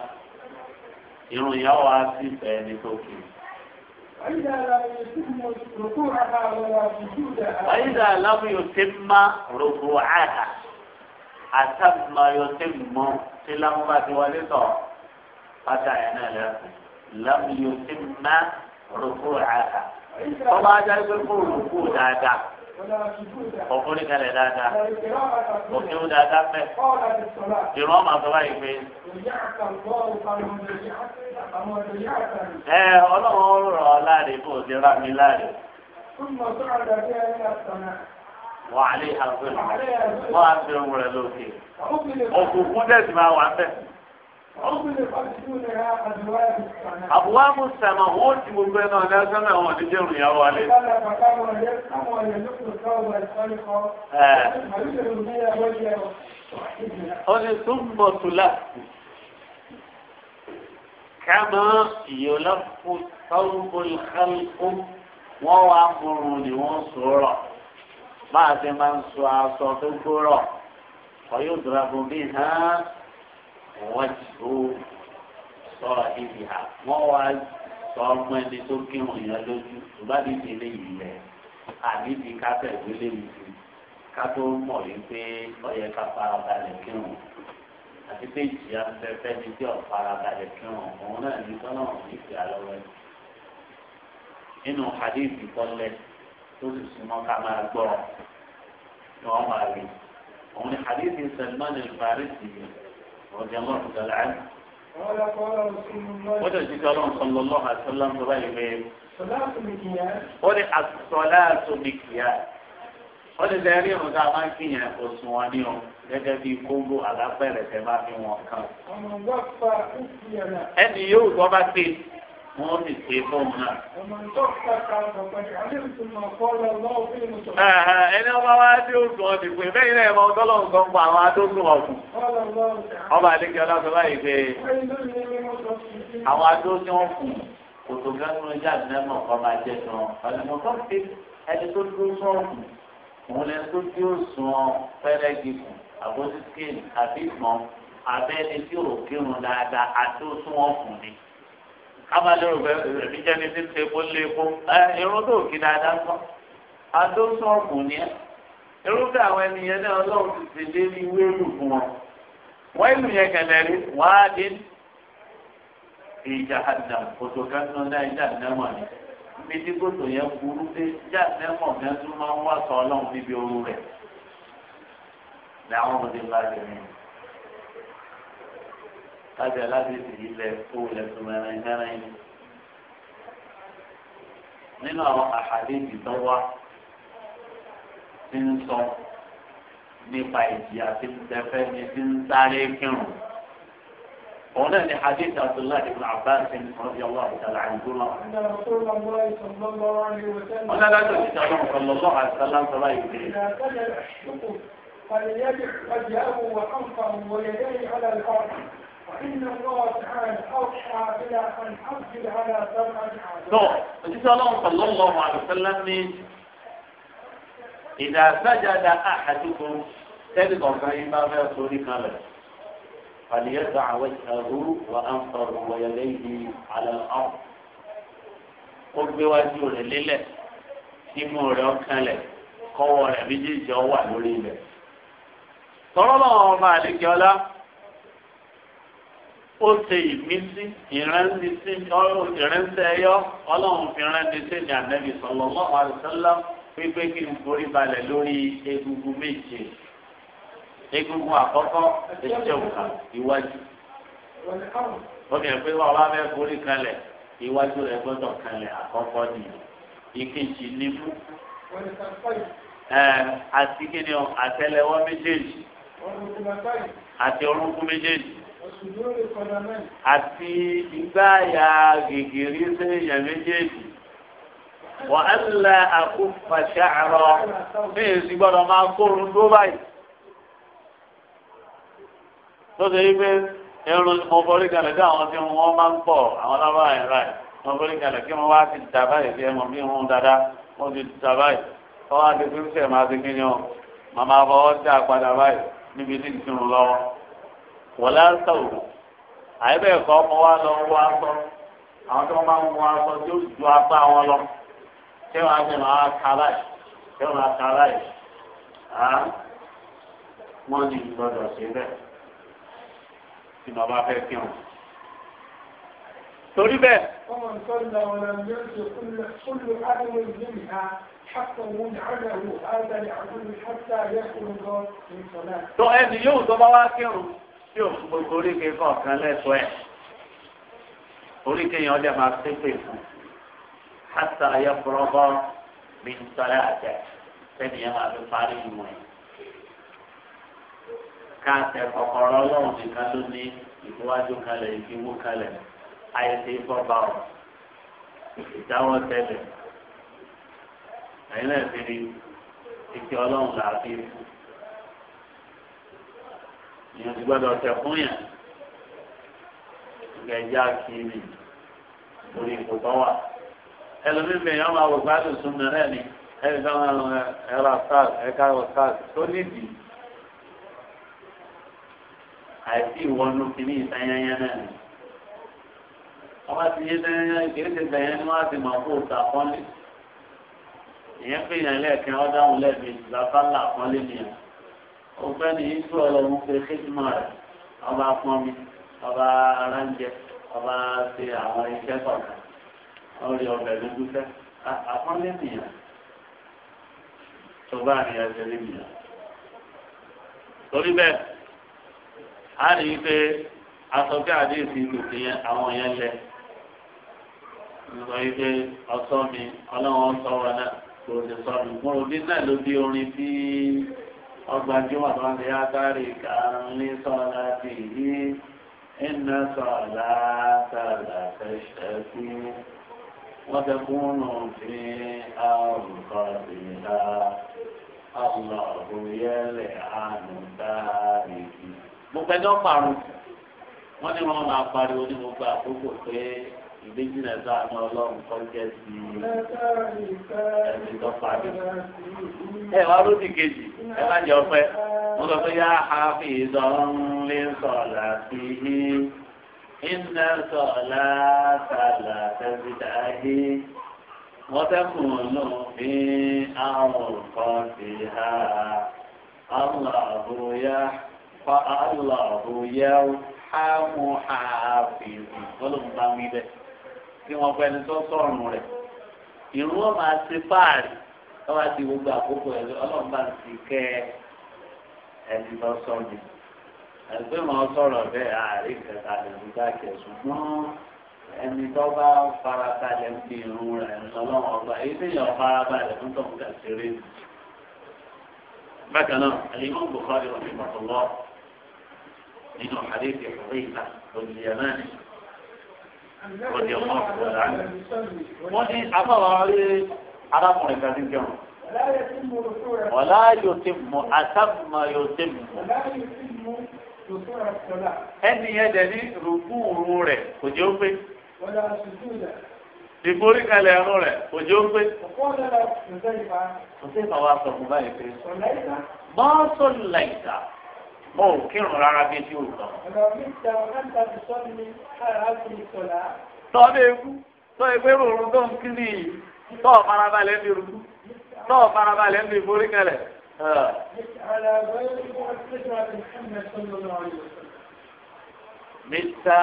irun ìyá wa sì fẹ́ ní tókì. Àyíká aláwọ̀ yóò ti má rògbò àhà àtàkùnmá yóò ti mọ tí lámbà ti wọlé tọ̀ pátá ẹ̀ náà lẹ́kùn láwọ̀ yóò ti má rògbò àhà. Ọba ajá gbé fún rògbò dáadáa. ọkùnrin kalẹ̀ dáadáa òfin ó dáadáa pẹ́ ìrọ̀ ọmọ àtọ́lá yìí pé. ẹ ọlọ́run rọ̀ ọ́ láàrin bó ti rà mí láàrin. wàhálì àgbẹ̀rù wọ́n á fi ohun rẹ̀ lókè òkùnkùn dẹ̀ sì máa wà bẹ́ẹ̀. Àbúwámù sàmà wọ́n ti gbogbo ẹ̀nà ọ̀dá sọ́nà àwọn ọ̀dẹ́jẹ́ òrùn ìyàwó alé. Ó ní túnbọ̀ tùlá. Kámá ìyọ̀lá fún sáwùbọ̀ ìkálùkù wọ́n wá múrun ni wọ́n sọ̀rọ̀. Bá ti máa ń sọ aṣọ tó gbórọ̀, ọ̀yọ́ ìdúrà bùnmí hàn wọ́n tó sọ ibi hà wọ́n wá sọ ọmọ ẹni tó kírun yẹn lójú ṣùgbọ́n àbí ti lè yìí lẹ̀ àbí ti kásẹ̀ ìwélé mi sí ká tó mọ̀ yìí pé ọyẹ ká farabalẹ̀ kírun àti pé ìjìyà fẹ́fẹ́ ni tí ọ̀ farabalẹ̀ kírun òun náà ní tọ́nà nífẹ̀ẹ́ alọ́wọ́ ẹ̀ nínú hadith kọ́lẹ̀ tó sì súnmọ́ ká máa gbọ́ ni wọ́n máa rí òun ni hadith Salman al-Farisi yìí. رضي الله تعالى عنه قال قال رسول الله وجد جدارهم صلى الله عليه وسلم تبين صلاة مكياج قل الصلاة مكياج wọ́n ti dẹ́rí ìrùn tá a máa ń fi yẹn oṣù wọn ní o gẹ́gẹ́ bí kóńgò àlápẹ̀rẹ̀ tẹ́ fi wọn ẹni yóò tọ́ bá pè é wọ́n sì ṣe fóun náà. ẹni ọba wa dé oṣù ọdún pé bẹ́ẹ̀ ni ẹ̀rọ ọdọ́lọ́run kan pa àwọn adógún ọ̀kùn. ọba àdékè ọlọ́sọ báyìí pé àwọn adógún ọ̀kùn kò tó gánú ẹja àdínẹ́mọ̀ kan máa jẹ sàn. ọ̀nàmọ̀ kan fi ẹni tó dúró sọ̀rùn òun lẹni tó dúró sàn pẹ́rẹ́gì kù àbójútó àbí ìmọ̀ abẹ́ni tí ò kírun dáadáa adógún ọ̀kùn ni abalẹ̀ ògbẹ́ ẹ̀mí jẹ́ni tí ń ṣe epo lé epo ẹ irun tó kí dáadáa kọ́ adó sọ́ọ̀bù ni ẹ irúfẹ́ àwọn ènìyàn náà ọlọ́run ti ti dé ní wéèlù fún wọn wọ́n ìlú yẹn kẹlẹ̀ rí wọ́n á dé ìjà àdà kòtò kánú náà ìjà ni ibi tí kòtò yẹn burú dé ìjà nẹ́mọ̀ náà tún máa ń wá sọ ọlọ́run níbi ooru rẹ̀ làwọn ọmọdé láti aládìsí ilẹ̀ tó lẹ́sùn mẹ́rin mẹ́rin nínú àwọn àhàdìsí tó wá ti ń sọ nípa ìjì àti ìtẹ́fẹ́ ni ti ń sáré kírun. òun náà ni hadith abdullahi ibn abbas ibn radiyallahu ta'ala anhuma. wọ́n náà láti ìjà lọ́wọ́ sallallahu alaihi wasallam sọ́lá ìgbé. فليدع وجهه وأنفه ويديه على الأرض tó òjíṣẹ́ ọlọ́run sallallahu alaihi wasallam ní idha sajada ahadukum tẹ́lẹ̀ kọ̀ọ̀kan yín bá fẹ́ sórí kan rẹ̀ fàlìyẹ́sà àwọn ìṣàrú wà á ń sọ̀rọ̀ wọ̀yẹ̀lẹ́ yìí àlọ́ ọ̀hún. ó gbé wájú rẹ̀ lélẹ̀ nímú rẹ̀ ọ̀kanlẹ̀ kọ́wọ́ rẹ̀ méjèèjì ọ̀wà lórí ilẹ̀. tọ́lọ́lọ́ ọmọ àlejò ọlá ó ṣe ìmísí ìrántísí ìrántí ẹyọ ọlọ́run fi rántí sí ní ànábì sallallahu alaihi wasallam pípé kí n forí balẹ̀ lórí egungun méje egungun àkọ́kọ́ ìjọba ìwájú obìnrin pé wọn bá fẹ́ forí kalẹ̀ ìwájú rẹ̀ gbọ́dọ̀ kalẹ̀ àkọ́kọ́ ni ìkejì ní mú àti kí ni àtẹ́lẹwọ́ méjèèjì àti orúnkún méjèèjì àti ìgbáyà gègèrè sẹ́yìn méjèèjì wà á lẹ àkófà ṣàárọ̀ bẹ́ẹ̀ sì gbọ́dọ̀ máa kórun tó báyìí. tó ṣe wípé irun mo forí kalẹ̀ kí àwọn tí wọ́n máa ń pọ̀ àwọn lábàá yẹn ráì mo forí kalẹ̀ kí wọ́n wá ti dà báyìí bí ẹmọ bí irun dáadáa wọ́n ti dà báyìí wọ́n wá ti fi ń sẹ̀ máa ti kí ni ọ́ màmá fọwọ́ dá padà báyìí níbi tí ń tirun lọ́wọ́ wọ́n lásà òru àyẹ̀bẹ̀ kọ́ ọmọ wa lọ wọ aṣọ àwọn tó máa ń wọ aṣọ tí ó ju apá wọn lọ tí wọ́n á fi hàn láì tí wọ́n á láì á wọ́n ní gbọ́dọ̀ sí bẹ́ẹ̀ tí wọ́n bá fẹ́ kí wọn. torí bẹ́ẹ̀. ọmọ nǹkan ń lọ wọn lọ bí ó ṣe kúlù ádùn ìlú ìhà. Tó ẹni yóò tó bá wá kírun tí o gbogbo oríkè kọ̀ọ̀kan lẹ́tọ̀ọ́ ẹ̀ oríkè yẹn ọjà máa pépè fún hasa ayẹ́fọ́rọ́bọ́ mi ń sọ́lá àjẹ sẹ́ni yẹn máa fi parí ìmọ̀ ẹ̀ káàtẹ́ kọ̀kọ́rọ́ ọlọ́run nìkan ló ní ìfowájú kalẹ̀ ìfiwó kalẹ̀ àyẹ̀tẹ̀ ìfọ̀bà ọ̀ ìdáwọ́ tẹ́lẹ̀ ẹ̀yin náà fi rí ìfi ọlọ́run làá fún èèyàn ti gbọ́dọ̀ ọ̀tẹ̀ fún yàn ìgbà ẹ̀já kiri orí ipò tó wà ẹlòmíì bẹ̀rẹ̀ ọmọ àwọn gbádùn súnmọ́ rẹ̀ ni ẹ̀rí sáwọn ẹ̀rọ sars ẹ̀ka ẹ̀rọ sars tó nídìí àìsí ìwọ́nú kìíní ìtayányá náà ni wọ́n bá ti yé tayányá kìí ṣe tayányá ni wọ́n á ti mọ̀ kó ta pọ́nlé ìyẹn pé ìyàn lẹ́ẹ̀kan lẹ́ẹ̀mejì làbá là pọ́nlé nìyẹn ọgbẹ́ni ìṣú ọlọ́run pé kéjìmọ̀ rẹ̀ ọba pọnmi ọba aráńjẹ ọba ṣe àwọn iṣẹ́ kọ̀ọ̀kan ọrẹ ọbẹ̀ lójú fẹ́ àpọ́nlé nìyẹn tó bá ní ẹsẹ̀ nìyẹn. torí bẹ́ẹ̀ a rí i pé asọ́kẹ́ àdéhùn ìlòkè yẹn àwọn yẹn lẹ nígbà yìí pé ọsọ mi ọlọ́run sọ wọn náà kò sì sọ mi mo rò bí náà ló bí orin bíi ọgbà jùmọ̀ tó ń yá sáré kàrún ní sọ́ọ̀lá ti yí iná sọ́ọ̀lá sàlà fẹ́ṣẹ̀ sí wọ́n ti kúnnù sí àrùn sí ha ọlọ́run yẹlẹ̀ àánú sáré kí. mo pẹ́ dọ́pàrún wọ́n ní wọ́n máa pariwo ní àkókò pé ìbéjìnà tó àmọ́ ọlọ́run kọ́ jẹ́ sí ẹni tó parí. ẹ wá lódì kejì ẹ má jẹ ọpẹ́ mo sọ pé yá hafi ìdánlé sọlá sí i iná sọlá sàlà tẹsíta yé wọ́n tẹ́kùn nù ní àwọn kan sí ha àwọn àbúyá fa àwọn àbúyá hàmù hàfi olùbáwí bẹ́ẹ̀ tí wọ́n fẹ́ni tó sọ̀rùn rẹ̀ ìrún wọn máa ṣe fáàrí wọ́n máa ti gbogbo àkókò ẹ̀ ọlọ́run bá ti kẹ́ ẹni lọ sọ́ọ̀dì ẹgbẹ́ wọn sọ̀rọ̀ bẹ́ẹ̀ àárín kẹta lẹ́nu dákẹ́ ṣùgbọ́n ẹni tó bá farabalẹ̀ ń fi irun rẹ̀ lọ́wọ́ ọgbà èyí tí yàn farabalẹ̀ ń tọ̀hún kà ṣeré nù. bákan náà alimọ́n Bukhari rahimahullah nínú àdéhùn ìfọ̀rẹ́ ìlà òjìyàmánì òdi ọmọ ọ̀gbọ̀n lánàá. wọ́n ní afọ́wọ́ rí arákùnrin kan ní jẹun. ọ̀la yóò ti mú àtàkùnmọ̀ yóò ti mú. ẹni yẹn dẹ̀ ní rúkúrú rẹ̀ kò jẹ́ ó pé. ìforí kalẹ̀ ẹ̀rọ rẹ̀ kò jẹ́ ó pé. kò sí ìfọwọ́sọ̀ fún báyìí pé. bọ́ọ̀sọ̀ lẹ́yìn ó kírun rárá bí tí ò tán. tọ́lé ikú tọ́ ìpé rọrùn tó ń kiri yìí tọ́ ọ̀farabalẹ̀ ń bí rúkú tọ́ ọ̀farabalẹ̀ ń bí foríkẹlẹ̀. Mista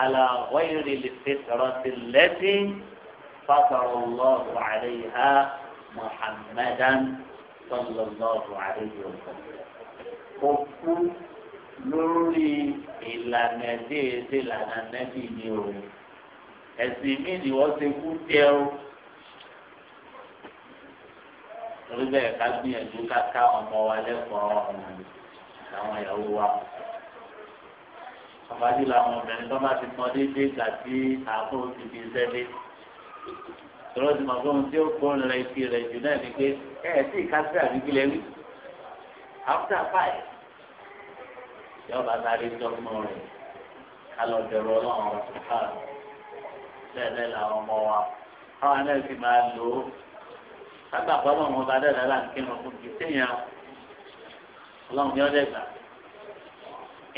ala wayiri lifitarati lati fatarallahu alayha muhammadan sallallahu alayhi wa sallam. kó kú lórí ìlànà ẹdí ẹdí ìlànà nẹbí ni o ẹsìn mi ni wọn ti kú tẹ o torí bẹ́ẹ̀ ká gbìyànjú ká ká ọmọ wa lẹ́kọ̀ọ́ àwọn ìyàwó wa àbájú làwọn obìnrin tó bá ti pọn déédéé gbà tí àbó ti fi sẹ́lé tọ́lọ́ ti mọ̀ fún un tí ó kó nira ìfi rẹ̀ jù náà ni pé ẹ̀ ẹ̀ sì kásẹ̀ àbíkí lẹ́rí after five yọba sáré dọ́gbọ́n rẹ̀ kálọ̀ bẹ̀rù ọlọ́run ọ̀rọ̀ sùkà lẹ́ẹ̀lẹ́ làwọn ọmọ wa káwọn náà sì máa lò ó kágbà pọ́nmọ́ wọn bá dẹ̀rẹ̀ là ń kírun fún kì í sèyàn ọlọ́run yọ dẹ̀gbà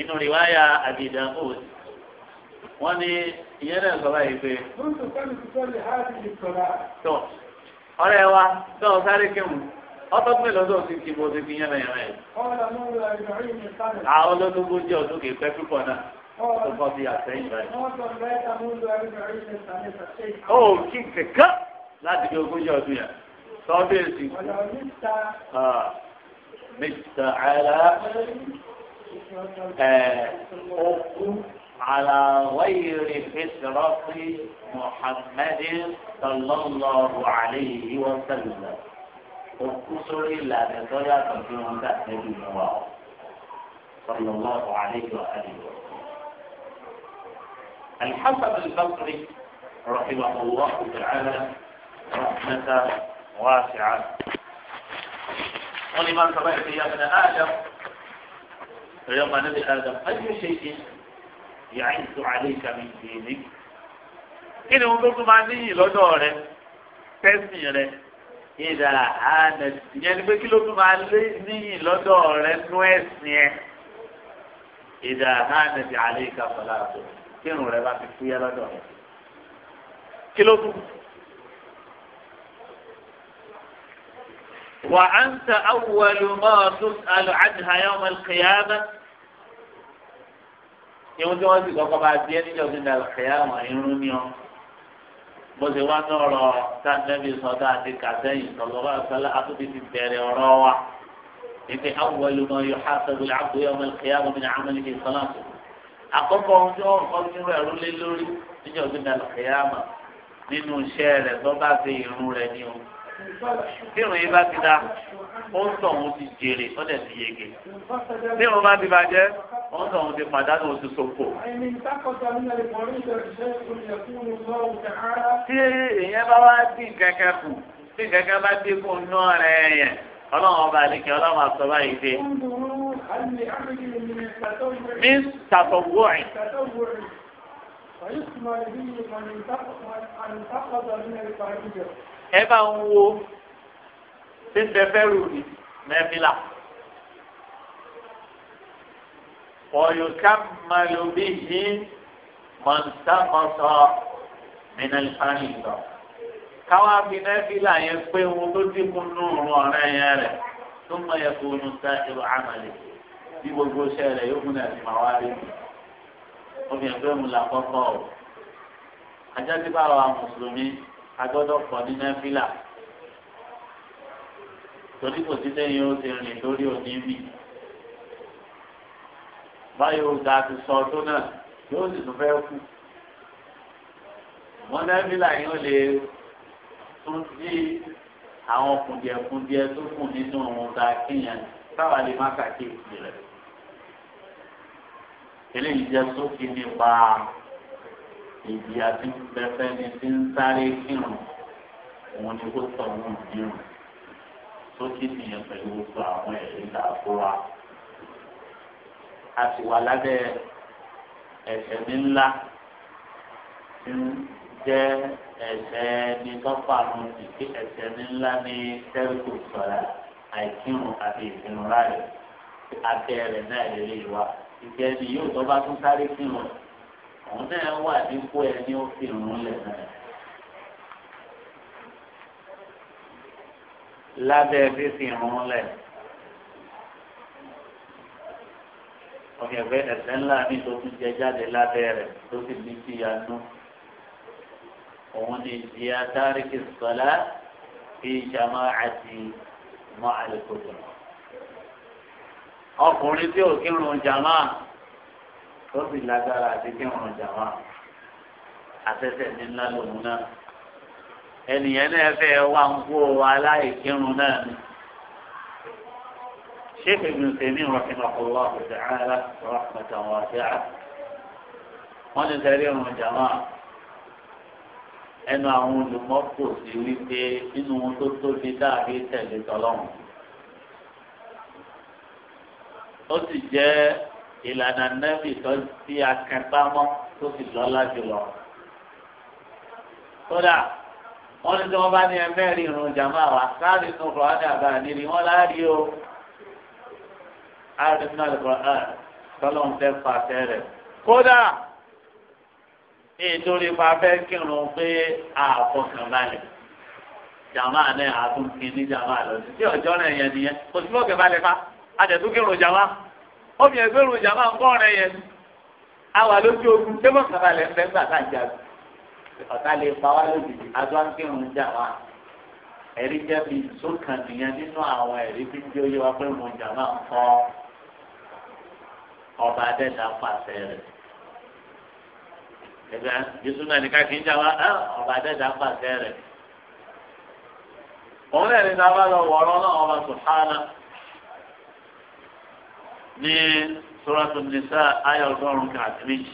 inú rìwáyà àdìdà òòd wọ́n ní ìyẹn náà sọ báyìí pé. tó ọ̀rẹ́ wa tó ọ sáré kírun ọtọ pé lọdọ sí kí mo ti fi yẹn lẹ́yìn rẹ. àwọn olódógún jẹ ọdún kì í pẹ́ púpọ̀ náà tó bọ bí àtẹ̀yìn rẹ. ó kí kẹkẹ láti fi ogójì ọdún yẹn sọdọ èsì. mr ala ẹ okú على غير فطرة محمد صلى الله عليه وسلم òkú sórí ìlànà tó yàtọ̀ sí wọn dà níbi ìmúwa ọ sọlọ lọ́wọ́ àlejò àlejò. الحسن البصري رحمه الله تعالى رحمة واسعة ولمن سمعت يا ابن آدم يوم نبي آدم أي شيء يعز عليك من دينك إنه ممكن ما نيجي لدوره تسمي له ìdá ànà ìyẹn ni pé kí ló tún máa lé níyìn lọ́dọ̀ rẹ nú ẹ̀sìn ẹ̀ ìdá ànà ti àlẹ́ ìkàfọ́lá àtọ̀ kí irun rẹ bá fi fúyẹ́ lọ́dọ̀ rẹ kí ló tún. wà á ń ta awùwẹ̀lù máa tún alùhàdìhà yọ̀ọ́ mọ̀lùkìyàmẹ́ ìhun tí wọ́n sì kọ́kọ́ bá di ẹ́ níjọ́ sí ní alùkìyàmẹ́ irun ni ọ́ bó ṣe wá sọ̀rọ̀ tá a nẹ́bí sọ́dá àti kàtẹ́yìn sọ̀rọ̀ àṣálá àtúntì ti bẹ̀rẹ̀ ọ̀rọ̀ wa. Ìpè awọ́lu mọ yóò há sẹ́gun àbúrò yọmọ ìkẹyà mọ ní àmọ́ níbi ìsọ́nà tó. Àkọ́kọ́ ohun tí wọ́n kọ́ nínú ẹ̀rú lé lórí níjọ́ gbé bí irun yìí bá ti da ó ń tọ̀ òun ti jèrè ó dẹ̀ ti yege bí irun bá ti bàjẹ́ ó ń tọ̀ òun ti pàdánù oṣù sòfò. tí èèyàn bá wá dín kẹ̀kẹ́ kù dín kẹ̀kẹ́ bá dín kù náà rẹ̀ yẹn ọlọ́run ọba àlekè ọlọ́run àtọ báyìí dé. mi tàtọ̀wọ̀ ẹ̀. ويسمى به من انتقد من الفاجر ẹ bá ń wo ṣé ń bẹ fẹ́rù ni mẹ́fìlà. ويكمل به من سقط من الفريضة káwá fi nẹ́fìlà yẹn pé wọn tó dínkù nùrù ọ̀rẹ́ yẹn rẹ̀ tó mọ yẹ kó nu sa ìwà àmàlẹ̀ bí gbogbo iṣẹ́ rẹ̀ yóò múnà sí màá wá rí mi obìnrin pé mo là kọ́kọ́ o ajá ti bá wa mùsùlùmí agbọ́dọ̀ pọ̀ ní náfìlà torí kò sí lẹ́yìn ó ti rìn lórí òní mi báyìí ó ga ti sọ ọdún náà yóò sì tún fẹ́ kú wọn náfìlà yìí ó lè tún sí àwọn kùndìẹ̀kùndìẹ̀ tó kù nínú òun ta kéèyàn táwa lè má kàkíyèsí rẹ̀ eléyìí jẹ́ sókè nípa ìdí àti pẹpẹ ni ti ń sáré kírun òun ni kó sọ òun dírun sókè nìyẹn pẹ̀lú gbogbo àwọn ẹ̀rí tá a kó wa. a sì wà lábẹ́ ẹ̀ṣẹ̀ mi ńlá tí ń jẹ́ ẹ̀ṣẹ̀ ní tọ́pàmù ìké ẹ̀ṣẹ̀ mi ńlá ní tẹ́lifù sọ̀rọ̀ àìkírun àti ìfìnnú láàyè àtẹ̀rẹ̀ náà lè lè wa ìgbẹ́ni yóò tọ́ bá tún sáré kírun òun náà wà nípò ẹni ó fi rún lẹ̀ náà. lábẹ́ fífi rún lẹ̀. ọ̀gẹ̀ pé ẹ̀sẹ̀ ńlá mi tó tún jẹ jáde lábẹ́ rẹ̀ tó sì ní kí ya nú. òun ni ìyá tárìkì sọlá fi ìṣàmọ́ àti mọ́ àlùkò ọkùnrin tí ò kírun jàmáà tó sì lágbára àti kí wọn jà wá àtẹsẹ ní ńlá lòun náà ẹnìyẹn náà fẹ́ wá ń kó aláìkírun náà ni sheikh ibn taymiyyah rahimahullah ta'ala rahmatan wasi'a wọn ní sẹrí ọrùn jàmá ẹnu àwọn olùmọ́kò sí wípé inú wọn tó tóbi dàbí tẹ̀lé tọ́lọ́mù ó sì jẹ́ ìlànà nẹ́bì tó ti akẹtàmọ́ tó fi lọ́lá jùlọ. kódà wọ́n ní tí wọ́n bá ní ẹgbẹ́ rí irun jàmá wa káàdì tó kọ̀ ọ́nà àgbà níbi wọ́n láàrí o. àrùn náà lè kọ́ ẹ̀ tọ́lọ́ ń fẹ́ pa tẹ́rẹ̀. kódà nítorí pa fẹ́ kírun pé àfọkànbalẹ̀ jàmá náà àtúnkì ní jàmá lọ́dún tí ọjọ́ rẹ̀ yẹn nìyẹn kò sí fọ́ọ̀kẹ́ balẹ̀ fa àtẹ̀tún kírun jàmá. ọmọ ẹgbẹ́ rojà máa ń kọ́ ọ̀rẹ́ yẹn àwa lójú ogun tẹ́mọ̀ kàbalẹ̀ ń bẹ́ ń a. jà ọ̀tá lè pa wá lójijì adó ń kírun jà wá ẹ̀rí jẹ́ sókàn nìyẹn nínú àwọn ẹ̀rí ń jẹ́ pé máa ń ọba adẹ́ta pàṣẹ rẹ̀ jà wá ọba adẹ́ta ní sọ́rọ́tò nìṣá ayọ̀ ọgọ́rùn-ún kan àti méjì.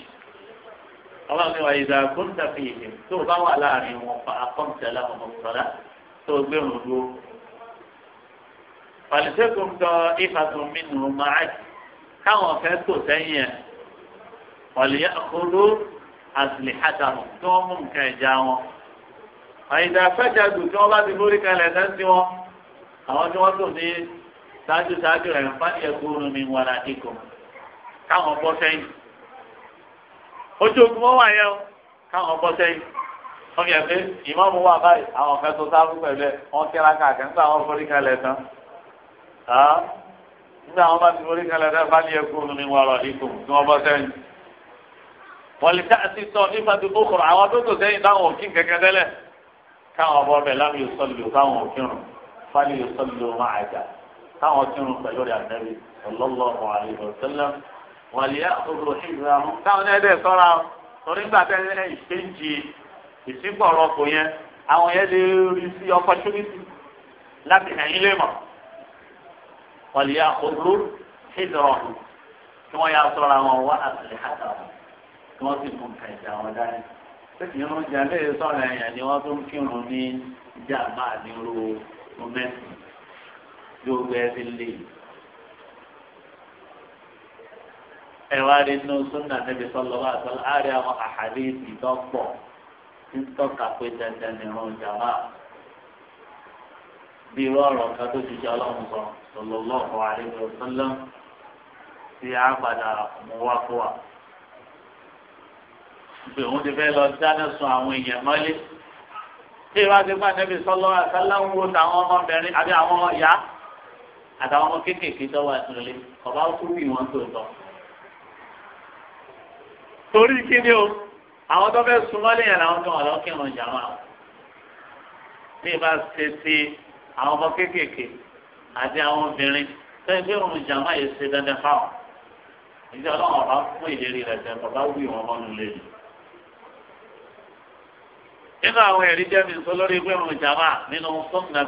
ọlọ́run ní wàá ìdá gómìnà fi ìhè tó o bá wà láàrin wọn fa akọ́mùtẹ́lá ọmọ sọ́dá tó o gbé wọn dúró. pàlìsẹ́kùn tọ ìfàtún mi nù máa káwọn fẹ́ tò sẹ́yìn ẹ̀ pàlìyà kúrú àtìlẹ́hàtà wọn tó wọ́n mú nǹkan ẹ̀já wọn. àyìnbá fẹ́jà dùn tí wọ́n bá ti mórí kalẹ̀ náà sí wọn àwọn tí wọ́n tò ní ṣáájú ṣáájú rẹ̀ ń fàdí ẹ̀kúrú mi wà láti kù káwọn bọ́ sẹ́yìn. ojú ogun wọn wà yẹn o káwọn bọ́ sẹ́yìn. wọ́n fi ẹ̀fẹ́ ìmọ̀ọ́mù wà báyìí àwọn ọ̀fẹ́ tó sáfù pẹ̀lú ẹ̀ wọ́n kẹ́ra kàkẹ́ nígbà wọn forí kalẹ̀ tán. nígbà wọn bá ti forí kalẹ̀ tán fàdí ẹ̀kúrú mi wà láti kù kí wọ́n bọ́ sẹ́yìn. wọ́lì táàtì sọ nípa ti kókòrò àwọn tó tò sẹ́yìn táwọn òkín táwọn kírun pẹ̀lú rẹ̀ àtẹ́bí sallallahu alaihi wasallam wàlíyá òkúrò ìgbà mú. táwọn ẹ̀dẹ̀ sọ́ra torí gbà tẹ́lẹ̀ ìṣèǹjì ìsìnbọ̀rọ̀ kò yẹn àwọn yẹn lè rí sí opportunity láti ẹ̀yìn lè mọ̀ wàlíyá òkúrò ìgbà mú kí wọ́n yà sọ́ra wọn wá àtàlẹ́ àtàwọn kí wọ́n sì mú nǹkan ìjà wọn dání. irun jàǹdà ìsọ̀rọ̀ ẹ̀yà ni wọ́n tún kírun ní jàmbá ní ru mọ́mẹ́sì. gbogbo ẹbí lè. ẹ rí inú súnà níbi sọlọ wà sọlọ á àwọn àhàlẹ́ ìdọ́pọ̀ tí pé dandan nìran jàmá bí irú ọ̀rọ̀ kan tó ti ṣe ọlọ́run sọ sọlọ lọ́ọ̀kọ́ àríwá sọlọ a padà mú wá fún wa. òun ti fẹ́ lọ dáná sun àwọn èèyàn mọ́lé. tí ìwádìí sọlọ ń wo tàwọn ọmọbìnrin àtàwọn ọmọ kéékèèké tó wà nílé ọba kú bí wọn tó lọ. torí kí ni o àwọn tó fẹ́ súnmọ́lé yẹn làwọn tó wà lọ́kìrùn jàmá bí ìbá ṣe ti àwọn ọmọ kéékèèké àti àwọn obìnrin tó ẹgbẹ́ òun jàmá yìí ṣe dandan fáwọn ìdí ọlọ́run ọba fún ìlérí rẹ̀ tẹ̀ ọba wí wọn mọ́nu lé ni. nínú àwọn ẹ̀rí jẹ́ mi sọ lórí ìgbẹ́ òun jàmá nínú sọ́kùnà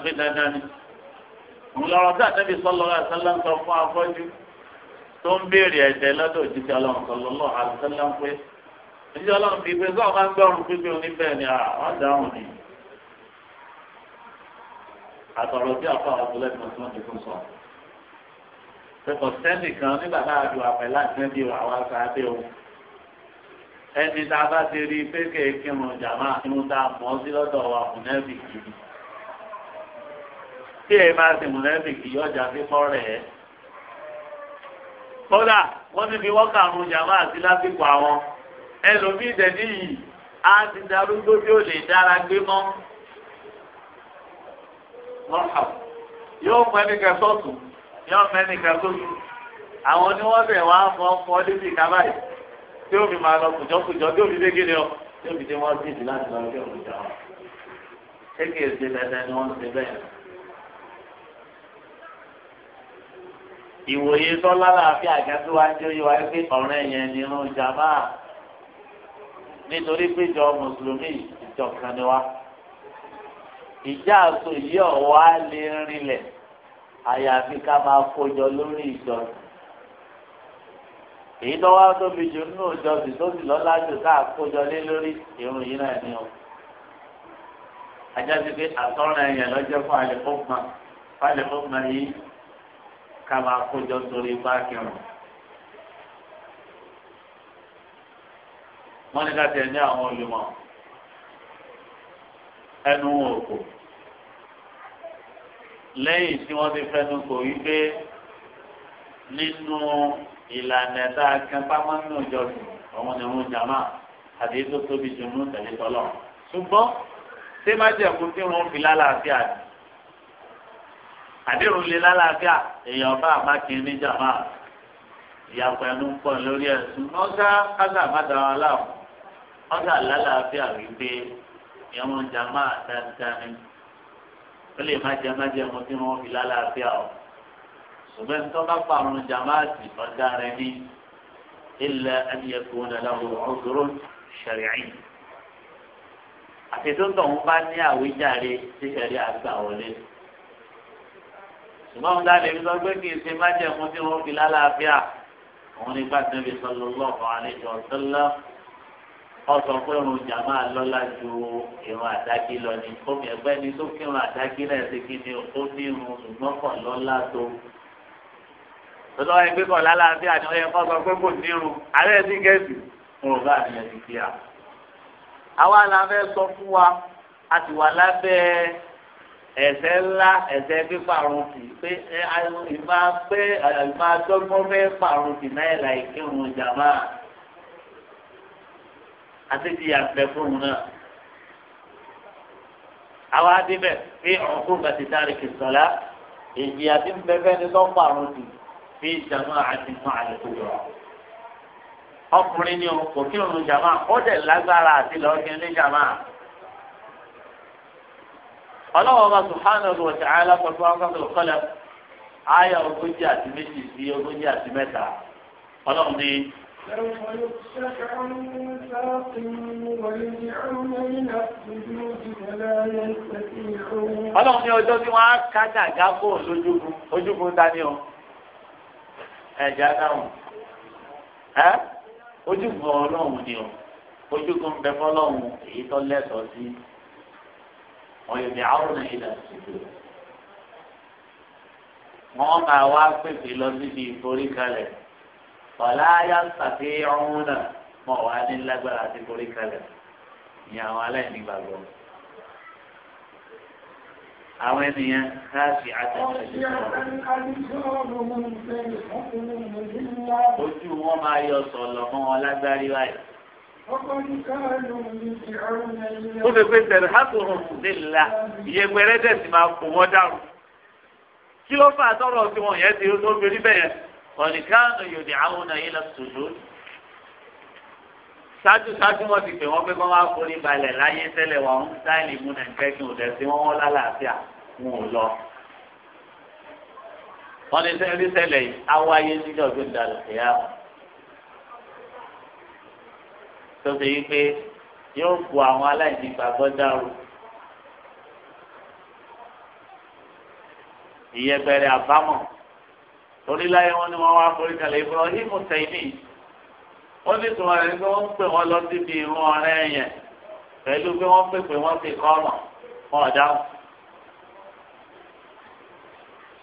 ńlọrọ tí àtẹ́bí sọ́lọ́ àṣálá ń sọ fún afọ́jú tó ń béèrè ẹ̀jẹ̀ lọ́dọ̀ òjíṣẹ́ ọlọ́run sọlọ́lọ́ àṣálá ń pé òjíṣẹ́ ọlọ́run fi pé sọ́ọ̀ máa ń gbọ́rùn pípé oníbẹ̀ ni àwọn dáhùn ni. àtọ̀rọ̀ bí àpá àbúlé kan tí wọ́n ti fún sọ. pẹ̀kọ̀ sẹ́ẹ̀lì kan nígbà tá a dùn àpẹ́ láti ẹni tá a bá ti rí pé kéèké mọ̀ jàmá inú tá a mọ̀ sí lọ́dọ̀ wa kùnẹ́bì kìí tí ẹ máa sì múlẹ́bì kì í ọjà fi kọ́ rẹ̀ ẹ́. kódà wọ́n ti fi wọ́kà àwọn jàmáà àti lásìkò àwọn ẹlòmíì dẹ̀dí yìí á ti darúgbó bí ó lè dára gbé mọ́. yóò mú ẹnìkan sọ́ọ̀tù yóò mú ẹnìkan sójú àwọn ni wọ́n bẹ̀ wá fọ́ fọ́ débi kábà yìí tí ó fi máa lọ kùjọ́kùjọ́ tí ó fi dé kíni tí ó fi dé wọ́n sí ìdí láti lọ ìwòye sọ́lá láàfin àgẹ́tù wa ń jó yíwa pé ọ̀rẹ́ yẹn ni irun jàmá nítorí pé ìjọ mùsùlùmí ìjọ kan ni wa ìjà àtò yìí ọ̀wá lè rinlẹ̀ àyàfi ká máa kójọ lórí ìjọ èyí tó wá tóbi jù nínú ìjọ sì tó sì lọ́lá jù ká kójọ lé lórí irun yìí náà ni o ajá sí pé àtọ́rọ̀ ẹ̀yàn lọ́jọ́ fún alẹ́ fún ma fún alẹ́ fún ma yìí ká máa kójọ torí páàkì ọ̀hún. wọ́n ní ká tẹ̀ ní àwọn olùmọ̀ ẹnu òkò lẹ́yìn tí wọ́n ti fẹnu kò wípé nínú ìlànà ẹ̀dá akẹ́pámọ́ nínú ìjọsìn ọ̀hún ni wọ́n jàmá àti ètò tóbi jù nínú tẹ̀lé tọ́lọ̀ ṣùgbọ́n ṣé má jẹ̀kú tí wọ́n fi lálàáfíà ni àdéhùn lè lálàáfíà èèyàn bá àbá kiri níjàmbá ìyàpọ̀ ẹnu ń pọ̀ lórí ẹ̀sùn ọ̀sà kásà má dára láàmú ọ̀sà lálàáfíà wípé ìyàwó jàmbá dáńdáni ó lè má jẹ má jẹ mo tí wọ́n fi lálàáfíà o ṣùgbọ́n ní tọ́ba pa àwọn jàmbá sí ọ̀dà rẹ ní ilẹ̀ ẹnìyẹ̀kọ́ ọ̀dàdàwọ̀ ọ̀dọ́rọ̀ ṣẹ̀rìín àti tó ń tọ̀ ń bá ní àwíjàre tí ṣẹ̀rí àgbà wọlé ṣùgbọ́n ọ̀gá lè sọ pé kì í ṣe májẹ̀mú tí wọ́n fi lálàáfíà òun ní pàṣẹ bí sallallahu alaihi wasallam ọ̀sọ̀ pé òun jàmáà lọ́la ju ìrun àdákí lọ ní kómi ẹgbẹ́ ni tó kírun àdákí náà ṣe kí ni ó ní irun ṣùgbọ́n kọ̀ lọ́la tó. tọ́lọ́ ẹgbẹ́ kọ̀ lálàáfíà ni ó yẹ sọ pé kò ní irun àárẹ̀ sí gẹ̀ẹ́sì fún wa a ti ẹsẹ ńlá ẹsẹ bí parun sí pé ìmá pé ìmá dọ́gbọ́n fẹ́ parun sí náà là ìkírun jàmá àtẹ̀tì àgbẹ̀ fún un náà. àwa adébẹ̀ pé ọ̀kún bàtí dárí kì sọ̀lá èyí àti mbẹ́fẹ́ ni tó parun sí fi jàmá àti fún àlùkò rọ̀. ọkùnrin ni o kò kírun jàmá ó dẹ̀ lágbára àti lọ́ọ́ kí ní jàmá ọlọ́wọ́ bá subhanahu wa ta'ala pẹ̀lú akọ́sọ̀rọ̀ kọ́lẹ̀ ayé ogójì àti méjì sí ogójì àti mẹ́ta ọlọ́run ní. ọlọ́run ní ọjọ́ tí wọ́n á ká gàgá kó lójúkun ojúkun dání o ẹ̀jẹ̀ adáhùn ẹ́ ojúkun ọlọ́run ni o ojúkun bẹ fọlọ́run èyí tó lẹ́tọ̀ọ́ sí. ويدعون إلى السجود wọ́n máa wá pèpè lọ síbi ìforíkalẹ̀ fàlàyà ṣàfihàn náà mọ̀ wá ní lágbára àti ìforíkalẹ̀ ní àwọn aláìní gbàgbọ́. àwọn ènìyàn káàsì àtẹ̀sẹ̀ ojú wọn máa yọ sọ̀lọ̀ mọ́ wọn lágbárí báyìí ó fi pé tẹ̀lé hàtùrù nílá ìyẹ̀pẹ̀rẹ̀ tẹ̀sí máa kó wọ́n dàrú. kí ló fà tọrọ tí wọn yẹn ti tó fi rí bẹ́ẹ̀ ọ̀nì yòdì àwọn ọ̀nà yìí lọ ṣáájú ṣáájú wọn ti pè wọn pé wọn máa forí balẹ̀ láyé tẹ́lẹ̀ wọn ń sáìlì mú nàìjíríà kí wọn dẹ̀sí wọn wọn lálàáfíà wọn ò lọ. wọn ní sẹ́ẹ̀lì sẹ́lẹ̀ yìí tó ṣe yí pé yóò bu àwọn aláìní gbàgbọ́ dárò ìyẹbẹrẹ àbámọ̀ oríláyé wọn ni wọn wá forí kalẹ̀ Ibrahim Tẹ̀mí wọn ní tòun rẹ̀ pé wọ́n pè wọ́n lọ síbi irun ọ̀rẹ́ yẹn pẹ̀lú pé wọ́n pè pé wọ́n kọ́ ọ̀nà wọn ọ̀dáhùn.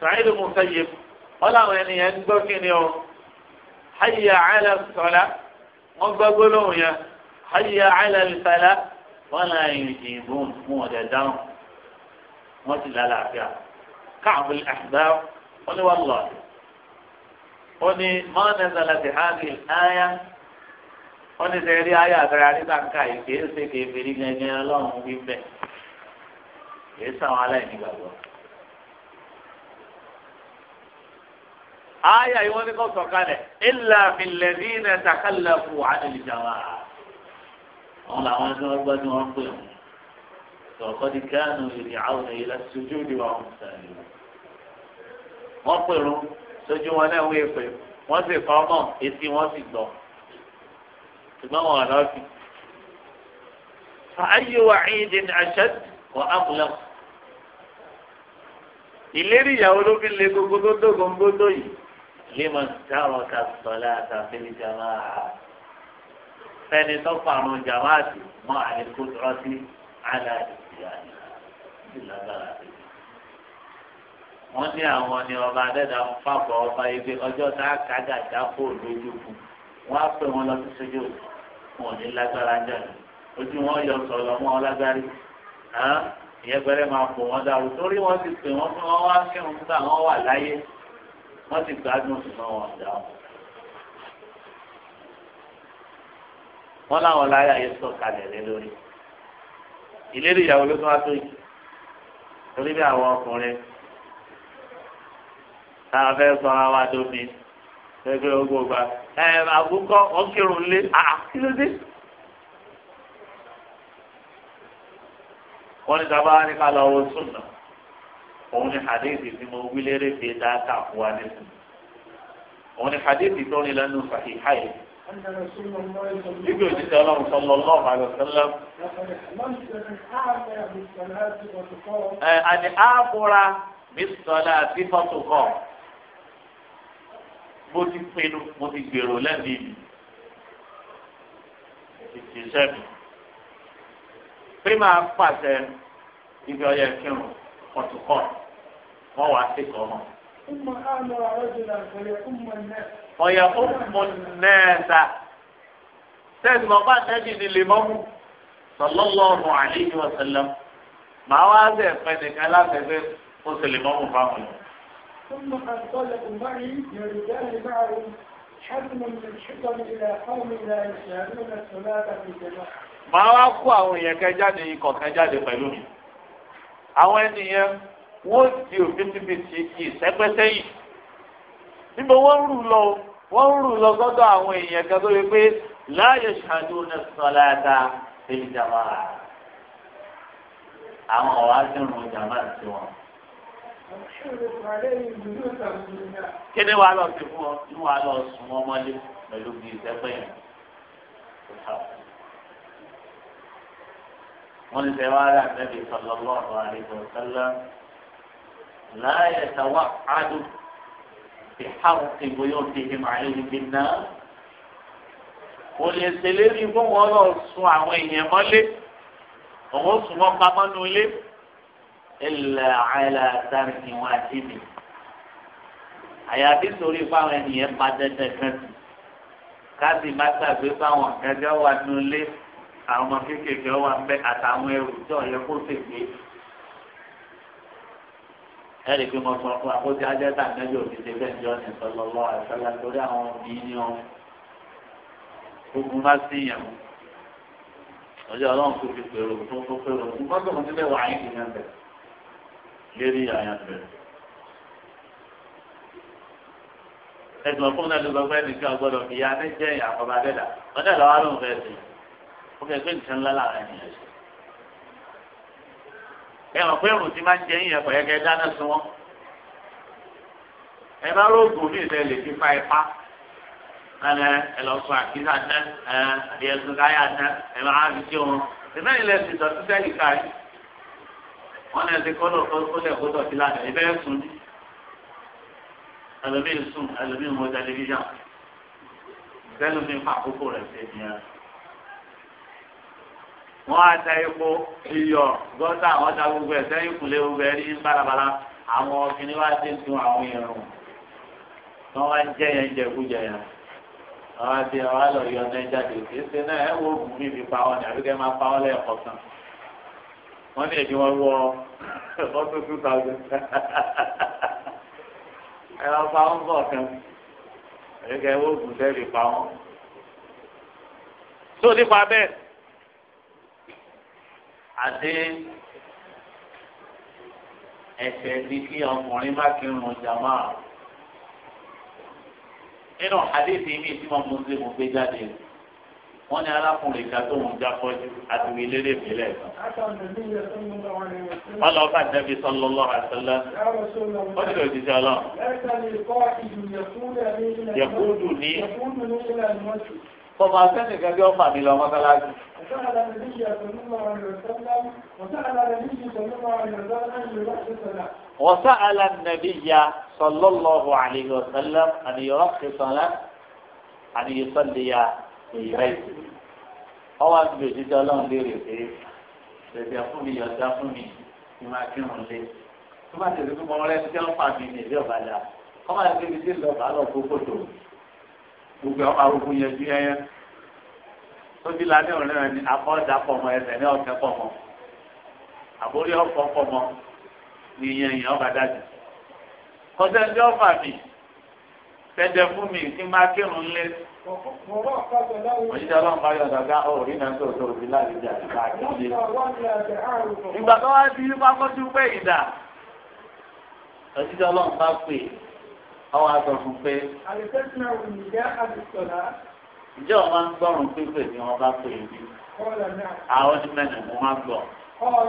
Sa'id Musayyib wọn làwọn ènìyàn ń gbọ́ kí ni o hayya ala sọ̀lá wọ́n gbọ́ gbólóhùn yẹn ayé alẹ́lifẹ́lẹ́ wọn náà ìdìbò fún ọ̀dẹ̀ dáhùn wọn ti lálàáfíà káàbù àgbà wọn ni wọn lọ wọn ni mọ́nà zàlàtì hàbì náyà wọn ni sẹ́rí ayé àgbàrá nígbà ńkà yìí kìí ṣe kìí fèrè gẹ́gẹ́ ọlọ́run wípé kìí sàwọn aláìní gbàgbọ́. آية يقول لك إلا في الذين تخلفوا عن الجواز wọn làwọn ẹni wọn gbọ́ tí wọ́n pè wọn sọ̀kọ́ di gánà ìrìn àwọn èyí la sojú di wọn wọn sàn yìí wọ́n pè wọn sojú wọn náà wọ́n èpè wọ́n sì kọ́ mọ̀ etí wọ́n sì gbọ́ ṣùgbọ́n wọn ọ̀dọ́ sí. fàáyé wa ẹ̀yìndì ní aṣẹ́d wọ́n ìlérí ìyàwó ló fi lé gbogbo tó dógóńgó tó yìí lè máa ń dárọ̀ ká sọ̀lá àtàfẹ́lẹ́ jàmáà fẹ́ni tó fàrùn jàmáàtì mọ́ àlékún rọ́tí aláàdìsí ìlágbára wọ́n ní àwọn ni ọba adẹ́dà ń fàbọ̀ ọba ibi ọjọ́ tá a kà gàdá kó lójú fún wọ́n á pè wọ́n lọ sí sójú wọn ò ní lágbára jáde ojú wọn yọ sọ̀rọ̀ wọn lágbárí ìyẹn pẹ̀lẹ́ máa pò wọ́n dàrú torí wọ́n ti pè wọ́n fún wọn wá kírun fún àwọn wà láyé wọ́n ti gbádùn ṣùgbọ́n wọn dà wọ́n. wọn láwọn láyà yẹn sọ kalẹ̀ lé lórí ìlérí ìyàwó ló tún wá tó yìí torí bí àwọn ọkùnrin táwọn fẹ́ sọ ara wa dómi ẹgbẹ́ ogbó gba ẹ àbúkọ ọkìrùn lé àá kí ló dé. wọ́n ní sábà ní ká lọ wo súnà òun ní hadithi tí mo wí lérè fi dáa fún wa nísìnyí òun ní hadithi tó ní lẹ́nu fàhíhá yìí. Ibi òjijì ọlọ́run sọlọ lọ́wọ́ àlọ́sẹ́lẹ́. Ẹ àdì àbúra mi sọ̀lá àti fọ́tò kọ̀. Mo ti pinnu, mo ti gbèrò lẹ́bi mi. Ìṣiṣẹ́ mi. Pé máa pàṣẹ ibi ọyẹ kírun fọ́tò kọ̀. Wọ́n wá sí kọ́ mọ́ ọ̀yà ọ̀mọ̀ nẹ́ẹ̀ta sẹ́ẹ̀sì mọ̀ bá nẹ́ẹ̀bì ni lè mọ́mú sallallahu alayhi wa sallam màá wá sẹ̀ fẹ́ nìkan láfẹ̀fẹ́ ó sì lè mọ́mú fáwọn lọ. màá wá kó àwọn èèyàn kan jáde ikọ̀ kan jáde pẹ̀lú mi àwọn ẹni yẹn wọ́n di òbítíbitì ìsẹ́pẹ́sẹ́ yìí níbo wọ́n rù lọ wọ́n rù lọ sọ́dọ̀ àwọn èèyàn kan tó yẹ pé láàyè ṣàdúrà sọ́láàdá èyí jàmbá àwọn ọ̀rọ̀ àdéhùn jàmbá ti wọn. kíni wàá lọ sí fún ọ ní wàá lọ sùn ọmọlé pẹ̀lú bí ìsẹ́pẹ́ yẹn wọ́n ti sẹ́wọ́n ara nàbì sallallahu alaihi wasallam láyé tàwa àdó ìhàwùkì bóyá ó ti hìm àìlú mi náà kò lè ṣèlérí fún wọn lọ sun àwọn èèyàn mọ́lé òun sùn wọn pamọ́ nu ilé ilẹ̀ àìlà sáré ni wọn àti mi àyàfi sórí fáwọn ènìyàn pa dẹdẹ kan sí káàdì má gbàgbé fáwọn gẹ́gẹ́ wà nu ilé àwọn ọmọ kéékèèké wà ń bẹ àtàwọn ẹrù tí ọ̀yẹ́ kó tègbé ẹ̀rí pé mo sọ fún akóso ajẹ́ta nẹ́bí òfìsè bẹ́ẹ̀ jọ ní sọlọ́lọ́ àṣálá torí àwọn òbí ní ọ ogun bá sí yàn ọjọ́ ọlọ́run tó fi pèrò tó tó pèrò ogun bá tó kàn sílẹ̀ wà áyín ìyàn bẹ̀ lérí àyàn bẹ̀. ẹ̀sùn fún náà ló gbọ́ pé nìkan gbọ́dọ̀ ìyá ní jẹ́ ìyá àkọ́bá dẹ́dà ọjọ́ ìlọ́wọ́ ló ń fẹ́ sí i ó fẹ́ pé nìkan ńlá làwọn ènìyàn ṣe ẹ hàn pé èrò máa ń jẹ yín ẹ̀kọ́ yẹ dáná sun wọn. ẹ bá róògùn ní ìlẹ̀ lè fi fa ipá ẹnẹ ẹ lọ sọ àkíńtà ná ẹ àbí ẹsùn káyà ná ẹ máa ń fi jẹun. ìfẹ́ ilẹ̀ ti dọ̀tí sẹ́yìn káyì wọ́n lè ti kọ́lọ̀ kọ́lẹ̀ kó dọ̀tí lánàá ìbẹ́ sùn ní. ẹlòmíì sùn ẹlòmíì mọ tẹlifíṣàn ẹlòmíì fà àkókò rẹ̀ ṣe ìyẹn wọ́n á da epo iyọ̀ gọ́tà wọ́n da gbogbo ẹ̀ sẹ́yìn kùlé gbogbo ẹ̀ ní balabala àwọn ọkùnrin wá sí tún àwọn irun wọ́n wá ń jẹ́ yẹn jẹkújẹ yẹn àwọn àti àwọn àlọ́ yọ náà jáde èsì náà ẹ̀ wò gùn mí fi pa wọn ní àbíkẹ́ máa pa wọn lẹ́ẹ̀kọ́ kan wọ́n ní èdè wọn wọ ọdún two thousand ẹ lọ pa wọn bọ̀ kan àbíkẹ́ wò gùn sẹ́ẹ̀lì pa wọn. tó nípa bẹ́ẹ̀ àti ẹsẹ̀ ní kí ọkùnrin má kírun jàmá nínú àdéhìí mi tí wọn mú sí mo gbé jáde wọn ní arákùnrin kan tó ń jáfọjú àti ìlérè ìbílẹ̀ kan. wọn lọ bá nẹbi sọlọ lọ àtẹlẹ wọn ti lè jíjẹ Ọlọ́run. yẹkúdù ní kọ́ máa fẹ́ nìkan bí ọ̀fà mi lọ mọ́sálásí. wọ́sá alànàbí ya sọlọ́lọ́hu àlejò sẹ́lẹ̀m àníyọ̀rọ̀ kẹsàn-án àníyọ̀ sọ́lẹ̀ ya ìrẹ́. ọwọ́ àti òṣìṣẹ́ ọlọ́run léèrè pé bẹ̀bẹ̀ fún mi yọ̀dá fún mi ni máa kírun lé. tó bá tẹ̀lé fún mọ́mọ́lẹ́sí tí wọ́n fà mí ní ìlú ọ̀bàdà kọ́ máa tẹ̀lé sí lọ́ọ̀bà lọ́ọ̀ gbogbo arogun yẹn ju ẹyẹ tóbi ládé ọ̀rẹ́ rẹ ni akọ́dà pọ̀mọ́ ẹsẹ̀ ní ọ̀kẹ́ pọ̀mọ́ àbórí ọ̀pọ̀ pọ̀mọ́ ni ìyẹn ìyẹn ọba dájú kọjá ẹjọ́ ọ̀fà mi tẹ́jẹ́ fún mi kí n máa kírun lé òṣìṣẹ́ ọlọ́run bá yọ ọ̀dọ̀gá òrí náà tó tó òbí láti jà nípa àkíyè ìgbà tó wá di pápọ́jú pé ìdá òṣìṣẹ́ ọlọ́run pè é ọwọ́ àgbọ̀ fún pé. àlùfẹ́sìn àwọn ìyá àdìsọ̀lá. ìjọ máa ń gbọ́rùn pípé ni wọ́n bá pè é bí. àwọn ní mẹ́rin mo máa gbọ́. àwọn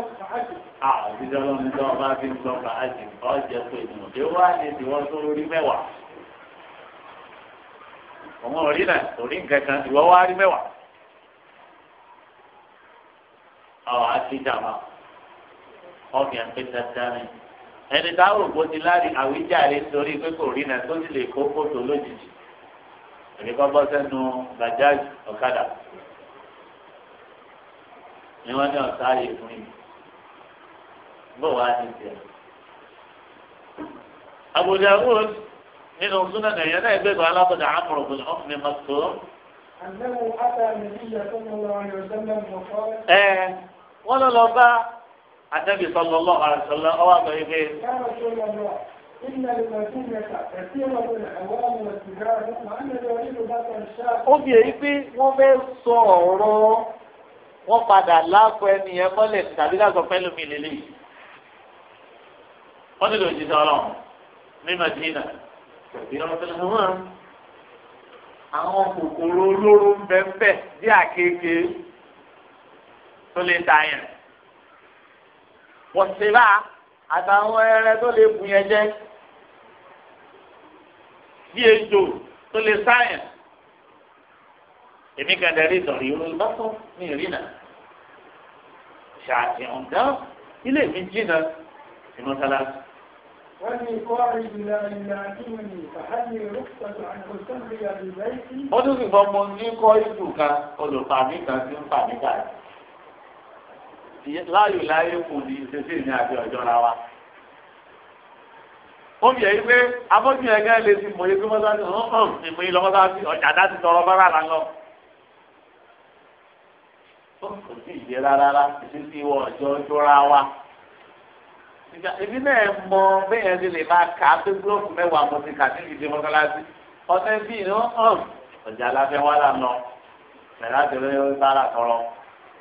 ìdíjọ́ lọ́nà tí wọ́n bá fi ń gbọ́ fàájì ọ̀jẹ̀ pé ni òde wá ní ìdíwọ́n tó rí mẹ́wàá. òun ò náà kò nǹkan kan ìwọ́ wá rí mẹ́wàá. ọ̀ àti ìjàmbá ọ̀gbìn àti dandan ni ẹni táwọn òbó ti lárí àwíjàre torí pé kò rí náà tó sì lè kó kótó lójijì èmi kọ́ bọ́ sẹ́nu bàjáàjì ọ̀kadà ni wọ́n ní ọ̀sá yìí fún yìí bó wàá ní tiẹ̀. Abu Dawud nínú sunan ẹ̀yẹ́ náà ẹgbẹ́ kan alábọ̀dà àmọ̀ràn kò ní ọ̀fìn mọ́tò. àgbẹ̀wò ata nìyí yàtọ̀ mọ́ra ọ̀yọ̀ sẹ́lẹ̀ mọ̀ fọ́. ẹ wọ́n lọ lọ bá anabi sọlọ lọ ọ̀rọ̀ sọlọ ọwọ́ àgbà yìí pé. ó bí èyí pé wọ́n fẹ́ sọ ọ̀rọ̀ wọ́n padà láàkọ ẹnìyẹn mọ́lẹ̀ tàbí láàkọ pẹ́lú mi lélẹ̀ yìí. wọ́n nílò òjijì ọ̀rọ̀ ní Madina ìrọ̀lẹ́ wọn àwọn kòkòrò olóró ń bẹ́ẹ̀ bẹ́ẹ̀ bí àkekèé tó lè ta yẹn wọ̀síbà àtàwọn ẹrẹ tó lè bù yẹn jẹ bí ejò tó lè sáyẹn èmi kan dẹ̀ rí ìtọ̀rí irun bá tó ní ìrìnà ṣàfihàn dán ilé mi jìnnà sí mọ́sálásí. Ó tún sì gbọ́ mo ní kọ́ ìdù kan olùpàmì kan tí ń pàmì káàkiri láàyò láyé kù ní ìṣesí ìní àti ọjọ́ ra wa. ó bìí ẹ̀yí pé abọ́jú yẹn gẹ́gẹ́ lè ti mọ iye pé mọ́sáàsì ń hàn ìmọ̀ yìí lọ́mọ́sáàsì ọjà dá ti tọrọ bára là ń lọ. ó kò sí ìdí rárá ìṣesí ìwọ ọjọ́ ọjọ́ ra wa. ìbí náà mọ bẹ́ẹ̀ ni lè máa kà á pé búlọ́ọ̀kù mẹ́wàá mo ti kà sí ìdí mọ́sáàsì ọ̀sẹ̀ bíi ní hàn ọjà aláfẹ́ wà lánàá pẹ̀lú àtẹ̀lẹ́ bára tọrọ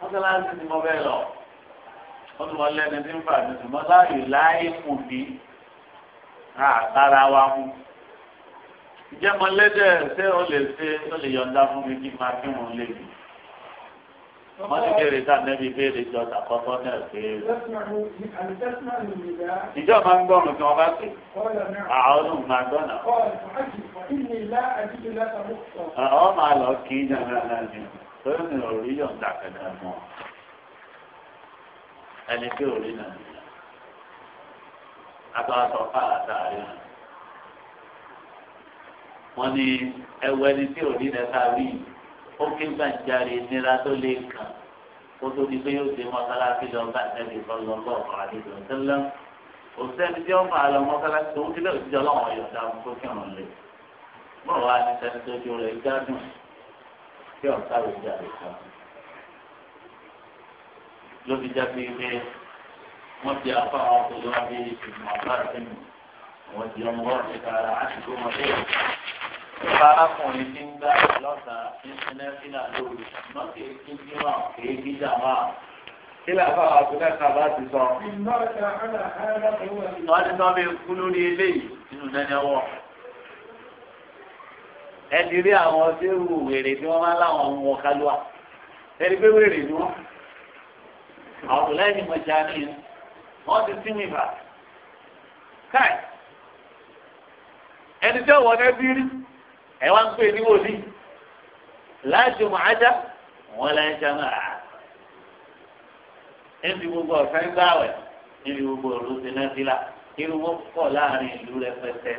mọ́sáàsì ni mo bẹ́ẹ̀ wọ́n ti mọ lẹ́ni tí ń fà ní ṣùgbọ́n sáàyè láì kù bí àtàrà wa mú. ìjẹ́ mọ́lẹ́dẹ̀ ṣé o lè ṣe o lè yọ̀ǹda fún mi kí n máa kí wọn lè mí. wọ́n ti béèrè tá nẹ́bí béèrè jọ àkọ́kọ́ náà pé. ìjọ máa ń gbọ́rùn kí wọ́n bá pè. àwọn máa gbọ́ náà. máa lọ kí yàrá náà ni. tó ní orí yọ̀ǹda kẹ̀kẹ́ mọ́ ẹni pé òrí náà agbára sọ fàlà sáré náà wọn ní ẹwọ ẹni tí òrí náà sáré yìí ó ké gbàǹjarè nira tó lè kàn kó tó di pé yóò dé mọ́sálásí lọ bá ẹni sọlọ lọ́ọ̀kọ́ àdéhùn tẹ́lẹ̀ òsèǹdí tí wọ́n máa lọ mọ́sálásí tó ń tilẹ̀ òsìjọ́ lọ́wọ́ yọ̀dá tó kírun lé bọ́ọ̀ wá ní sẹ́ni tó jó rẹ̀ gbádùn tí ọ̀sá rẹ̀ jáde kan ló fi jáde pé wọ́n ti afá àwọn pẹ̀lú abẹ́ ìgbìmọ̀ àbára sẹ́nu wọ́n ti ọmọ wọn ti ka ara àti tó wọn léèrè. Ìfà arákùnrin ti ń gbá lọ́sàá ní Sẹ́nẹ́fìlà lóru náà kì í kí ní wọn kì í bí jàmá. Kílà fún àwọn àbúlé kan bá ti sọ. Wọ́n ti sọ bí kú lórí eléyìí nínú dẹ́nẹ́wọ̀. Ẹ ti rí àwọn tí ó wù wèrè tí wọ́n máa láwọn ohun ọ̀kálùwà. Ẹ àwọn lẹ́yìn mọ̀já ní wọ́n ti sí mi bá káì ẹni tí ọ̀wọ́ náà rí ẹ wá ń pè ní wòlíì láti mọ̀ ájá wọn lẹ́yìn jámà á níbi gbogbo ọ̀fẹ́ gbáwẹ̀ níbi gbogbo òru ti náà fi la irú wọn pọ̀ láàrin ìlú rẹpẹtẹ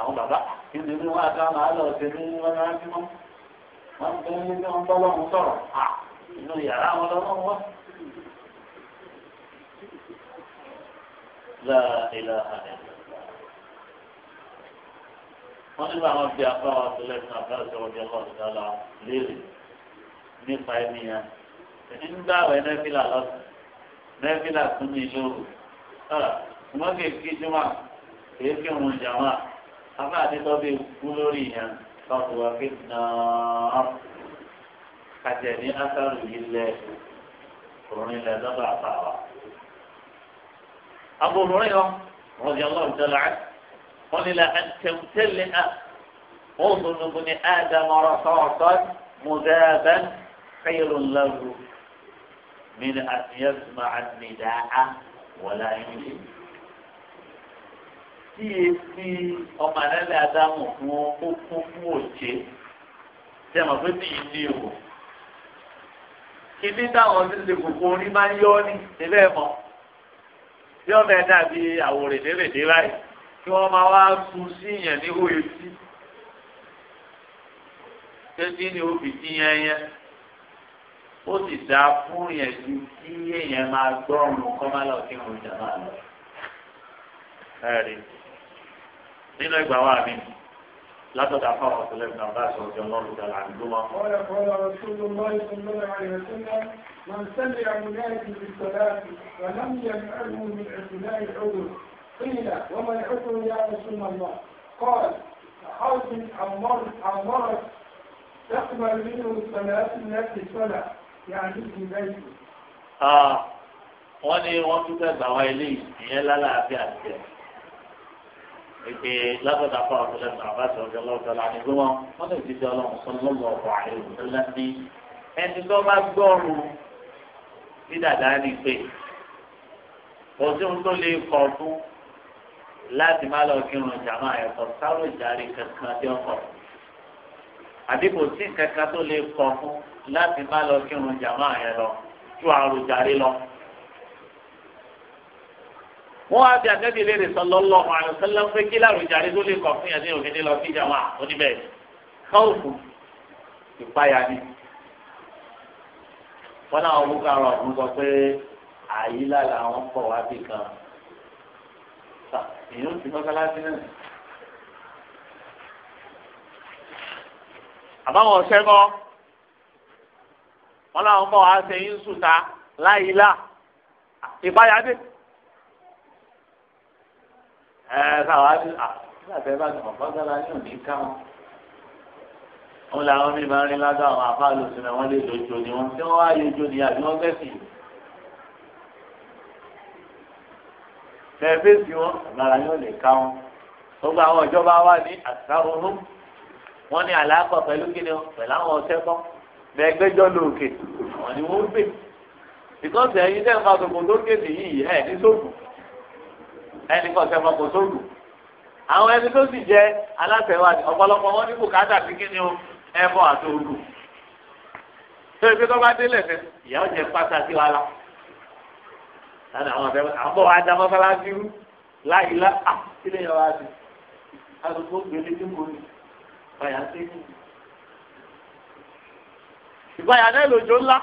àwọn bàbá ìlú ni wọn àti àwọn àlọ́ ọ̀sẹ̀ ní wọn máa ń bímọ wọn ń bẹ ní wọn bọ́ lọ́hùn sọ̀rọ̀ inú yàrá wọn lọ́wọ́ wọn. لا إله إلا الله ونبع ربي أقرأ عبد الله بن عباس رضي الله تعالى ليلي nípa ẹni yẹn nígbà wẹ nẹ́fìlà lọ́sùn nẹ́fìlà tún ní lóru ṣùgbọ́n kì í kí jùmọ̀ kì í kí òun jàmọ́ afá àdétọ́ bí kú lórí yẹn lọ́kùn wá kí nàá kàjẹ́ ní ásàrù yìí lẹ̀ òun ilẹ̀ lọ́dọ̀ àfàwà. Abu Hurairah radiyallahu ta'ala anhu wọ́n ní la àtẹ̀wùtẹ́lẹ̀ à wọ́n tó nùgbọ́n ní ádámù ọ̀rọ̀sọ̀rọ̀sọ̀ mùdàbán khayrun lahu min àtìyẹ́sùmá àtìmídàá wọ̀lá yìí. tí èsì e ọmọ àdàlẹ́ ádámù fún ó kún fún òjé tí a máa fẹ́ tìyí ní ìwò. kí ní táwọn ti lè kókó orí máa ń yọ ọ́ ní ìbẹ́ mọ́ tí wọ́n fẹ́ dàbí àwòrèdèrèdè báyìí kí wọ́n máa wá sun sí yẹn ní hóye tí tẹ́tí ni ó fi dín yẹn yẹn ó sì dá fún yẹn ju kí yẹn máa gbọ́ ọ̀run kọ́málà kí wọ́n jà máa lọ. nínú ìgbà wa mi. لا تدع عبد الله عباس رضي الله تعالى عنهما قال قال رسول الله صلى الله عليه وسلم من سمع منادي بالصلاة ولم يفعله من اعتناء العذر قيل وما العذر يا رسول الله قال حرف عمرت عمرت تقبل منه الصلاة التي صلى يعني في بيته. آه. wọ́n وقت زوالي tún لا gbà wá ètè lágbàdà fún àwọn ọ̀sẹ̀ náà àbáṣe ọ̀sẹ̀ lọ́wọ́ láti gbé wọn wọ́n lè fi di ọlọ́run sọ́nà lọ́wọ́ àìrò ńlá ní ẹni tó bá gbọ́ọ̀rù ní dàda ní pé kò tó lè kọ̀ fún láti má lọ kírun jàmáà ẹ̀kọ́ sáró ìjàre kankan tí ó kọ̀ àbí kò sí kankan tó lè kọ̀ fún láti má lọ kírun jàmáà ẹ̀ lọ tú àròjàre lọ wọ́n wá bí ànábì lè rè sallallahu alaihi wasallam pé kí láròjàre tó lè kọ̀ fún yàtí òfin ní lọ sí ìjàmọ́ oníbẹ̀ káwùfù ìpayà ni. wọ́n náà wọ́n ká ọ̀rọ̀ ọ̀hún sọ pé àyílá làwọn pọ̀ wá bí kan. èyí ó ti mọ́sálásí náà. àbáwọn ṣẹ́kọ́ wọ́n láwọn pọ̀ wá ṣe yín sùta láyìlá ìpayà dé ẹ káwa bí à nígbàtẹ́ bá ti mọ̀pá gbára ní òní ká wọn. wọn làwọn mi máa ń rí ládọ́ àwọn afáàlù sinmi wọn lè lójú ni wọn tí wọn wá yọjú ni àbí wọn fẹ́sì. tẹ fẹ́sì wọn gbára ní òní ká wọn. gbogbo àwọn ìjọba wa ní àṣà wọn ní àlàkọ pẹ̀lú kíni pẹ̀lú àwọn ọ̀sẹ̀ kan bẹ́ẹ̀ gbẹ́jọ́ àwọn ni wọ́n gbé. ìkọ́sẹ̀ yìí dẹ́gbàá tó kò tó kéde yìí ẹ̀ ní sóògùn ẹnì kan sẹ́fọ̀ kò sóògùn àwọn ẹni tó sì jẹ́ alátẹ̀wádìí ọ̀pọ̀lọpọ̀ wọn ní bùkátà sí kí ni o ẹ̀fọ́ àti òru tó ibi tó bá délẹ̀ fẹ́ ìyá ọ̀jẹ̀ pátá sí wa la lánàá àwọn ọ̀fẹ́ àbọ̀ wa dá mọ́sálásí rú láyé lá à sílẹ̀ yẹn wá sí alùpùpù gbélé tí mo rí báyà sí kù ìgbà yà náà lòjó ńlá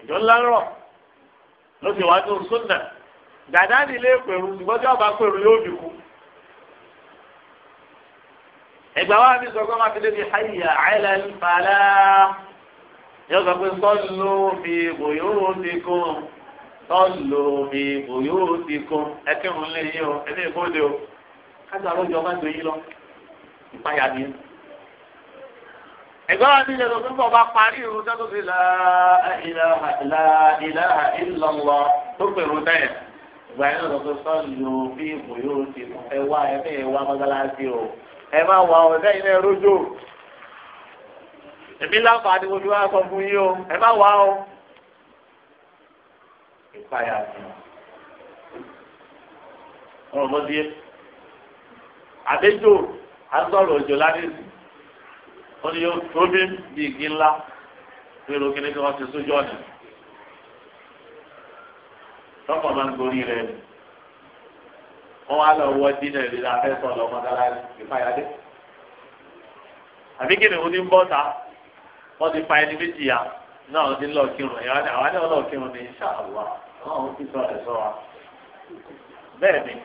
òjò ńlá rọ̀ ló ti wá tó súnà dàdá nílé pẹ̀rù ṣùgbọ́n tí ọba pẹ̀rù yóò dìkú. ìgbà wa ni sọ pé wọn fi débi hayya ala al-falah yóò sọ pé sallu fi buyutikum sallu fi buyutikum ẹkẹrùn lè yí o ẹbí ìkóde o kájà lójú ọba tó yí lọ ìpayà ni ẹ̀gbọ́n wa ti yẹ kó pípọ̀ bá parí irun tó ti la ilaha illallah tó pè irun bẹ́ẹ̀ ìgbà yẹn lọ pé sọ́ọ̀lù bí ìbò yóò ti mú ẹ wá ẹ bẹ́ẹ̀ wá mọ́sálásí o ẹ má wà ọ̀ ẹ̀dá ilé rojo èmi láǹfààní mo fi wá sọ fún yín o ẹ má wà o. ìpayà ni ọ̀rọ̀ mọ́tí àdéjò àtọ̀rọ̀ òjò ládìsí ó ní yóò tóbi bí igi ńlá pé ro kí ni kí wọ́n ti sójú ọ̀nà lọ́kọ̀ máa ń gorí rẹ̀ ni wọ́n wá lọ wọ́ dínà ìrìnà afẹ́sọ̀ lọ mọ́tàlá ìfàyàdé àbí kí ni wọ́n ní bọ́ta wọ́n ti pa ẹni méjì ya náà ti lọ kírun ẹ̀yà àwọn àdáwọ̀ lọ ní sàlùwà wọ́n ti sọ ẹ̀ sọ wa bẹ́ẹ̀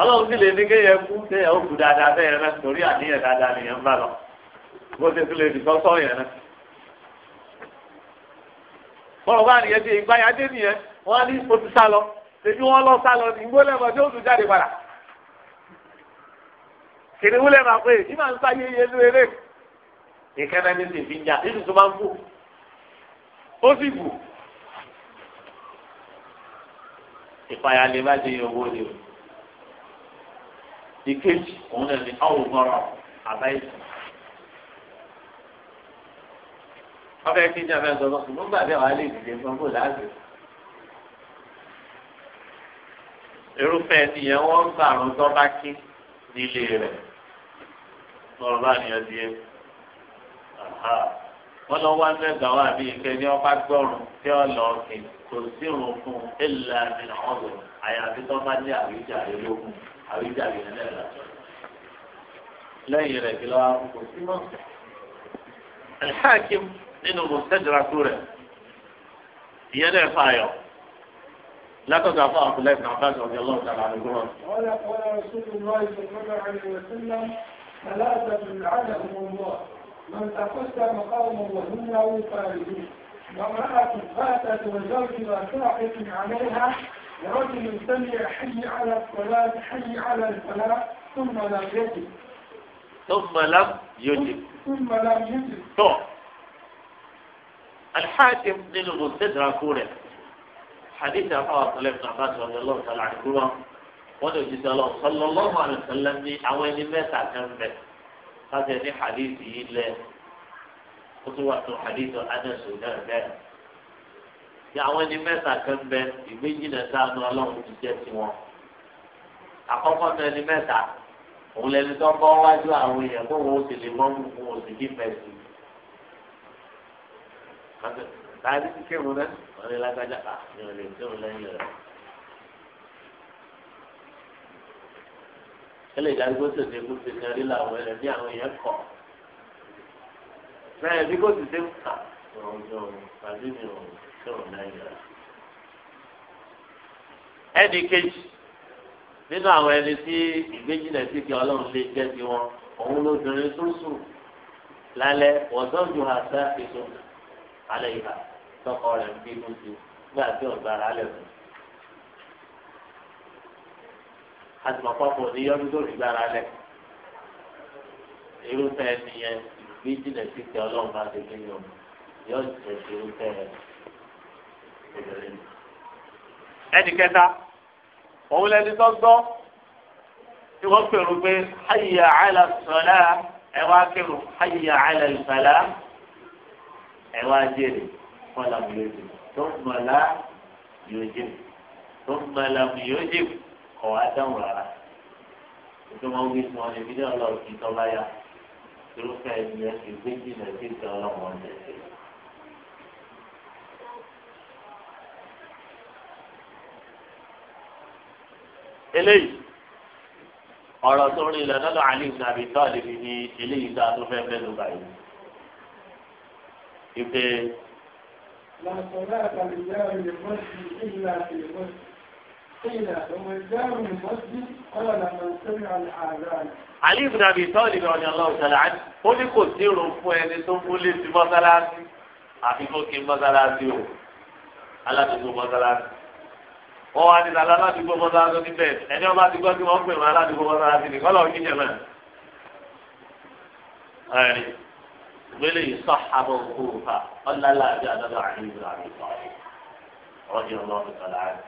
ọlọ́run sì lè ní kéèyàn kú kéèyàn ó kú dáadáa bẹ́ẹ̀ yẹn náà torí àníyàn dáadáa nìyẹn ń bá lọ bó ṣe tún lè dìgbọ́ sọ yẹn náà. bọ́lá bá nìyẹn ṣe ìgbà yá dé nìyẹn wọ́n á ní o ti sá lọ ṣèjú wọn lọ sá lọ ìgbó lẹ́mọ̀ tí ó tún jáde padà. kìnìún lẹ́mọ̀ àpò èyí máa ń sáyé iye ló eré. ìkẹ́nà ní sì fi ń jà nínú tó máa ń bù ó sì bù. ìpayà lè má ṣe owó ni o ìkejì òun náà ní awùmọ́rọ̀ àbáyìsàn. ọbẹ̀ kejì abẹ́ sọ̀rọ̀ ṣùgbọ́n gbàgbé àwọn alẹ́ ìdílé fún bò láàbì. irúfẹ́ nìyẹn wọ́n ń gbà àrùn tó bá kí nílé rẹ̀ lọ́rọ̀ bá nìyẹn di ẹ́. wọ́n lọ wá mẹ́ta wá bí ike ní ọba gbọ́rùn tí ó lọ kì kò sí òun fún ẹ̀là ní ọ̀dọ̀ àyàfi tó bá ní àwíjà ìlú òkun. الحاكم إنه مستجرى سورة lẹ́yìn rẹ̀ kí لا تدع طاعة الله بن عباس رضي الله تعالى عنهما. قال قال رسول الله صلى الله عليه وسلم ثلاثة لعنهم الله من تقدم قوم وهم له خارجون وامرأة فاتت وزوجها ساحق عليها لرجل سمع حي على الصلاة حي على الفلاح ثم لم يجب ثم لم يجب ثم لم يجب طب الحاكم من المستدرى كوره حديث أبو طلب بن عباس رضي الله تعالى عنهما wọ́n ti sọ lọ́wọ́ الله alaihi wasallam ní àwọn ẹni mẹ́ta kan bẹ̀ káṣẹ́ ní hadith yìí lẹ̀ ó tún wà ti àwọn ẹni mẹ́ta kan bẹ ìwé jìnnà sáànù ọlọ́run ti jẹ́ tiwọn. àkọ́kọ́ náà ẹni mẹ́ta òun lẹni tó bọ́ wájú àwọn èèyàn tó wọ́n ti lè mọ́ mú wọn sì ní mẹ́sì. láti ti kírun náà wọ́n ah, lè lágbájá à ní olè kírun lẹ́yìn rẹ̀. ẹlẹ́ ìdájọ́ tó ṣe kú ti ní orí làwọn ẹ̀rẹ̀ bí àwọn èèyàn kọ̀. bẹ́ẹ̀ bí kò sì ṣe kà ọ̀rọ̀ tí ò náà yẹra. ẹnì kejì nínú àwọn ẹni tí ìgbéjìnà sí kí ọlọ́run lè jẹ́ sí wọn òun lóbìnrin tó sùn lálẹ́ wọ́tọ́jú àṣà ètò alẹ́ ìhà tọkọ rẹ̀ ń bínú sí nígbà tí ọ̀gá ara lẹ̀ fún un. àtìmọ̀pọ̀pọ̀ ní yọdún tó rí gbára lẹ̀ irúfẹ́ nìyẹn ìgbéjìnà sí kí ọlọ́run bá ti gbé yọ yọ jẹ́ irúfẹ́ rẹ̀ ẹnì kẹta òun lẹni tó gbọ́ tí wọ́n pèrò pé hayya ala sọlá ẹ wá kẹrù hayya ala ìfàlà ẹ wá jèrè fọlá mi lójú tó mọ̀lá yóò jèrè tó mọ̀lá mi yóò jèrè kọ̀ wá dáhùn rárá ètò wọn wí fún ọ ní fídíò ọlọ́run kì í tọ́ báyà irúfẹ́ ẹni ẹ ti gbé jìnnà sí ìtọ́ ọlọ́run ọ̀dẹ̀ sí i. eléyìí ọ̀rọ̀ tó rí ilẹ̀ lọ́dọ̀ Ali ibn Abi Talib ní eléyìí tá a tó fẹ́ fẹ́ ló báyìí. Ìpè. Ali ibn Abi Talib radiyallahu ta'ala anhu ó ní kò sí irun fún ẹni tó mú létí mọ́sálásí àfi kó kí mọ́sálásí o aládùúgbò mọ́sálásí wọ́n wá nílẹ̀ aládùúgbò mọ́sálásí níbẹ̀ ẹni ọba ti gbọ́ kí wọ́n pè wọ́n aládùúgbò mọ́sálásí ní kọ́lọ̀ kí jẹ̀mẹ̀. ẹ̀rí ìgbélé ìsọ̀ àbọ̀ òkúrùfà ọ̀làlá àti àdàbà àdìgbò àdìgbò rọ́jò lọ́ọ̀dù kọ́lá rẹ̀.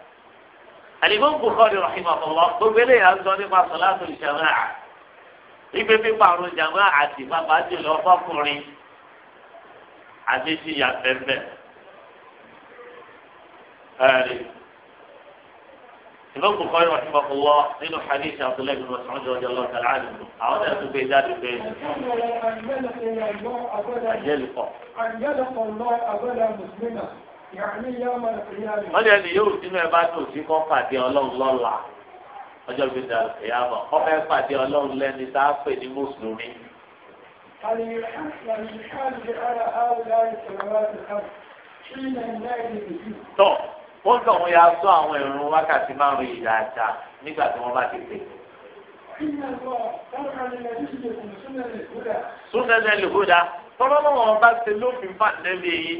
àdìgbò Bukhari rahimahullah gbogbo eléyà ń sọ nípa sọ̀látù ìṣẹ̀máà ìgbé pípa àrùn jàmá àti pápá jùlọ fọkùnrin àti ti yàtẹ̀ẹ̀bẹ̀. ẹ̀rí ìmọ̀ kòkòrò yìí wà sí bàbá wọ nínú hadith abdullahi bin masoud ọjọ ọjọ ọjọ aláàlú àwọn náà tún gbé jáde pé. àjẹlùkọ. àjẹlùkọ lọ abẹ́lá mùsùlùmí wọ́n lé ẹni yóò sínú ẹ bá tó sí kọ́ pàdé ọlọ́run lọ́la ọjọ́ bíi dà ẹ̀yà mọ̀ kọ́ fẹ́ pàdé ọlọ́run lẹ́ni tá a pè ní mùsùlùmí. tọ́ ó ń tọ̀hún ya sọ àwọn ìrun wákàtí márùn yìí dáadáa nígbà tí wọ́n bá ti pè. súnẹ́nẹ́ lùhúdà tọ́lọ́ náà wọ́n bá ṣe lófin fàdébí yìí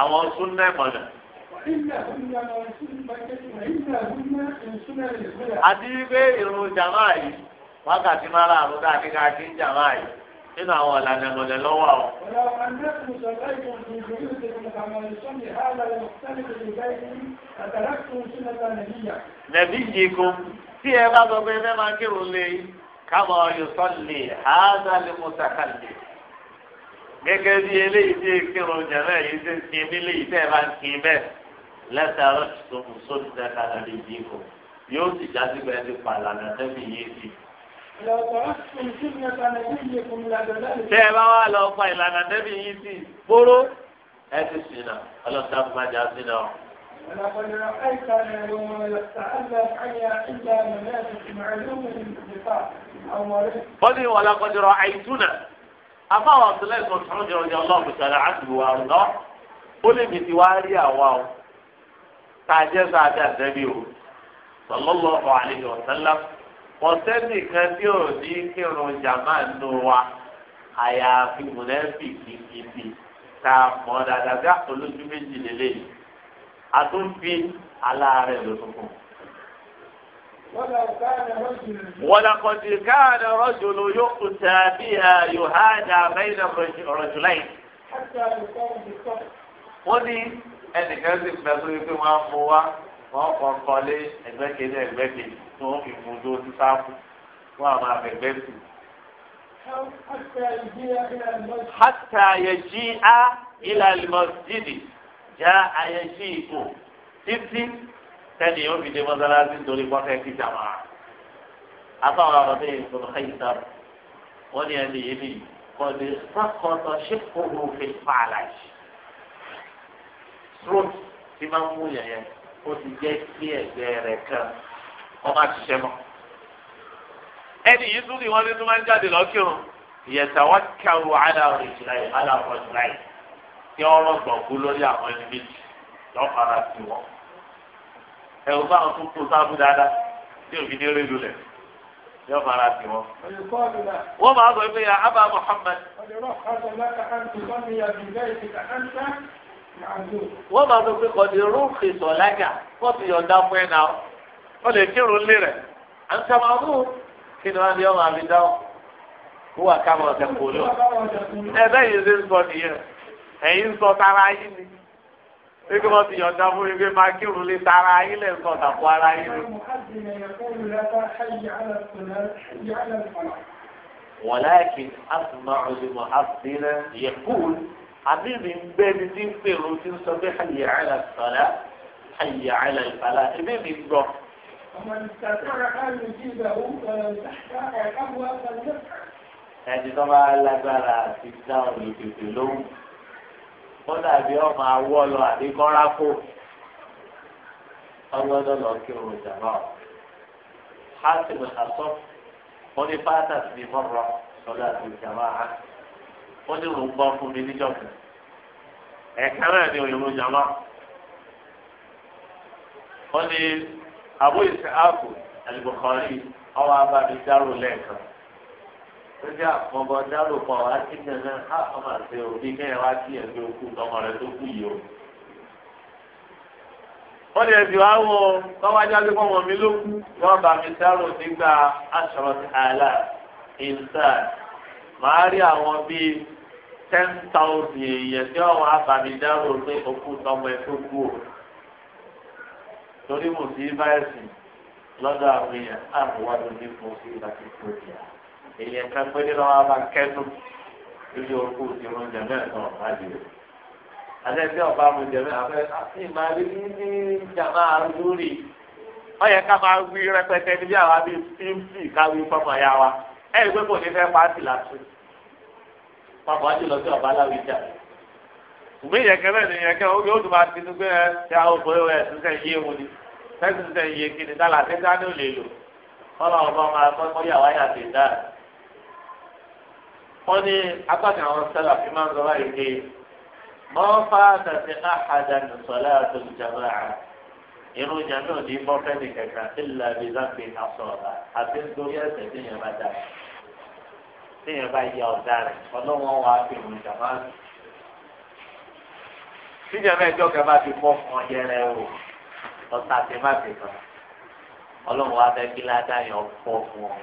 àwọn súnẹ́ mọ̀nà. àti wípé ìrun jàmáà yìí wákàtí márùn-ún dáadéka kí ń jàmáà yìí nínú àwọn ọ̀làdà mọ̀lẹ́ lọ́wọ́ o. nàbí yìí kún tí ẹ bá sọ pé ẹ máa kírun lé kámọ yòókọ lè hádà lè mú sàkà lè. gẹ́gẹ́ bí eléyìí tí kírun jẹ̀rẹ̀ yìí ti ń sin nílé tẹ́ ẹ bá ń sin bẹ́ẹ̀ lẹ́tàrọ̀ tó ń sóòtú dáadáa lè yóò sì já sí pé ẹ ti pààlà yìí sí tẹ́ ẹ bá wà lọ fa ìlànà débi yìí sí kóró ẹ ti sìn náà ọlọ́sà fúnmájà sí náà. ولقد رأيتنا يوم يتألف عيا إلا منافق afáwọn abdullahi sọ sọ̀rọ̀ jọrọ jẹ Ọlọ́run sọ̀rọ̀ àdùn wa ọlọ ó lè mi ti wá rí àwa o tá sọ àdá àdẹbí o sọlọlọ ọ àlejò pọ̀sẹ́nì kan tí ò ní kírun jàmá nù wa àyàfi mùnẹ́fì kìkìkì ká mọ̀ dáadáa bí olójú méjì lélẹ̀ yìí àtúnfi aláàárẹ̀ ló tún kù. ولقد كان رجل يؤتى بها يهادى بين الرجلين حتى يقام بالصف. wọ́n ní ẹnìkan sì gbàgbé pé wọ́n á mú wa wọn kọ kọlé ẹgbẹ́ kejì ẹgbẹ́ kejì tí wọn fi mú dúró sí sáfù wọn àwọn abẹgbẹ sùn. hata yẹjí a ilà lmọsídì já ayẹjí ìkó títí sẹni yóò fi dé mọ́sálásí nítorí pọkẹ kíjà máa. afáwọn àbọ̀dé ìfọ̀nù xeyìtà wọn ni ẹni yìí nìyí kọ́ni sákọ̀tọ̀ ṣẹ́kọ̀ọ́ fi fàlàyé. stroke ti máa ń mú yẹn yẹn ó ti jẹ́ kí ẹ̀gbẹ́ rẹ̀ kan kọ́ máa ṣiṣẹ́ mọ́. ẹni yìí tún ni wọ́n ní tó máa ń jáde lọ́kìrun ìyẹ̀tàwọ́ kẹrù aláwọ̀ ìjìláyè aláwọ̀ ìjìláyè kí ọ̀rọ̀ gbọ̀ngbó lórí àwọn ẹni méjì lọ́kàrà sí wọn. ẹ̀rù bá wọn tún kó sáfù dáadáa tí òbí ní rí lulẹ̀ yóò fara sí wọn. wọ́n máa sọ pé ya muhammad. ọ̀dẹ̀rọ̀ wọ́n máa sọ pé kọ́ni rúùkì sọ̀lájà wọ́n ti yọ̀ǹda fún ẹ̀ náà wọ́n lè kírun lé rẹ̀ à ń sábà mú kí ni wọ́n á ní ọmọ àbí dáwọ́ wọ́n wà ká máa tẹ̀kọ́ lọ. ẹ bẹ́ẹ̀ yìí ṣe ń sọ nìyẹn ẹ̀yin ń sọ tara yín ni pé wọ́n ti yọ̀ǹda fún mi pé máa kírun lé tara yín lẹ̀ sọ tàkó ara yín ni. wọ́n láyé kí asùnmọ́ ọdún mọ́ àbí àbí mi ń bẹ ní tí ń pèrò tí ń sọ pé hayya ala sọlá hayya ala ìfàlà ẹbí mi ń gbọ́. ẹni tó bá lágbára àti dáhùn ní tètè lóhùn ó dàbí ọmọ awọ lọ àbí kọ́ra kó ọgbọ́dọ̀ lọ kí òun jàmbá ọ. hásìmù àsọ onífàtà sí mọ́rọ̀ sọ́dọ̀ àti jàmbá á ó ní òun gbọ́ fún mi níjọ́kùn ẹ̀ka náà ni òyìnbó jàmá ó ní àbú ìsìnkú àlùbọ̀kọ́rí ọwọ́ abámi dárò lẹ́ẹ̀kan lójú àkọ́bọ̀ dárò pọ̀ wá sí nìyẹn á ọmọ àti òbí kẹ́yìn wá sí ẹ̀gbẹ́ òkú ọmọ rẹ̀ tó kú yìí o. wọ́n lè fi wá wọ kọ́wájú àgbẹ̀kọ́ wọn mi ló kú wọ́n bá mi dárò nígbà aṣọ àlà ìsáà màá rí àwọn bíi ten thousand èèyàn tí wọn abàmìdáró pé òkú tọmọ ẹ tó kú o torí mo sì báyìí lọ́dọ̀ àwọn èèyàn àbúwá ló ní fún sí láti tó di à èèyàn kan pé nínú wọn bá kẹ́dùn lórí òkú tí wọn jẹ mẹ́rin náà bá di o àtẹ̀sí ọba mo jẹ mẹ́rin àfẹ́ àti ah, ìmàlí ní ní jàmá lórí wọ́n yẹ ká máa wí rẹpẹtẹ níbi àwọn abí fífì káwí fọmọ ya wa ẹ̀ ìgbẹ́ kò ní fẹ́ pàṣẹ làtúntò papọ̀ á ti lọ sí ọba aláwọ̀ ìjà. ìwé yẹn kẹlẹ́ ni yẹn kẹ́ ó yóò tún máa ti nu pé ẹ ṣe àwọn obìnrin rẹ̀ ṣe ń yé wọn ni fẹ́ẹ́ ṣe ń yé kíni tá làtẹ́ tá ní òlè lò kọ́lá ọba máa kọ́ kọ́ yà wáyà ti dá. wọ́n ní apákan àwọn sẹ́là fi máa ń sọ báyìí pé mọ́ fáadà ti àhàdà nìsọ̀lá àtòlùjàmọ́ àrà irú ìjà náà ní bọ́fẹ́ nìkẹ̀kẹ́ téèyàn bá ya ọ̀dà rẹ̀ ọlọ́wọ́n wàá fi ìwé ìjàmbá lò. tíjà mẹ́jọ kẹ́ bá ti pọ́ fún ọyẹ rẹ o ọ̀tá ti má fi kàn ọlọ́wọ́n wàá fẹ́ kí ládàáyàn pọ̀ fún ọ.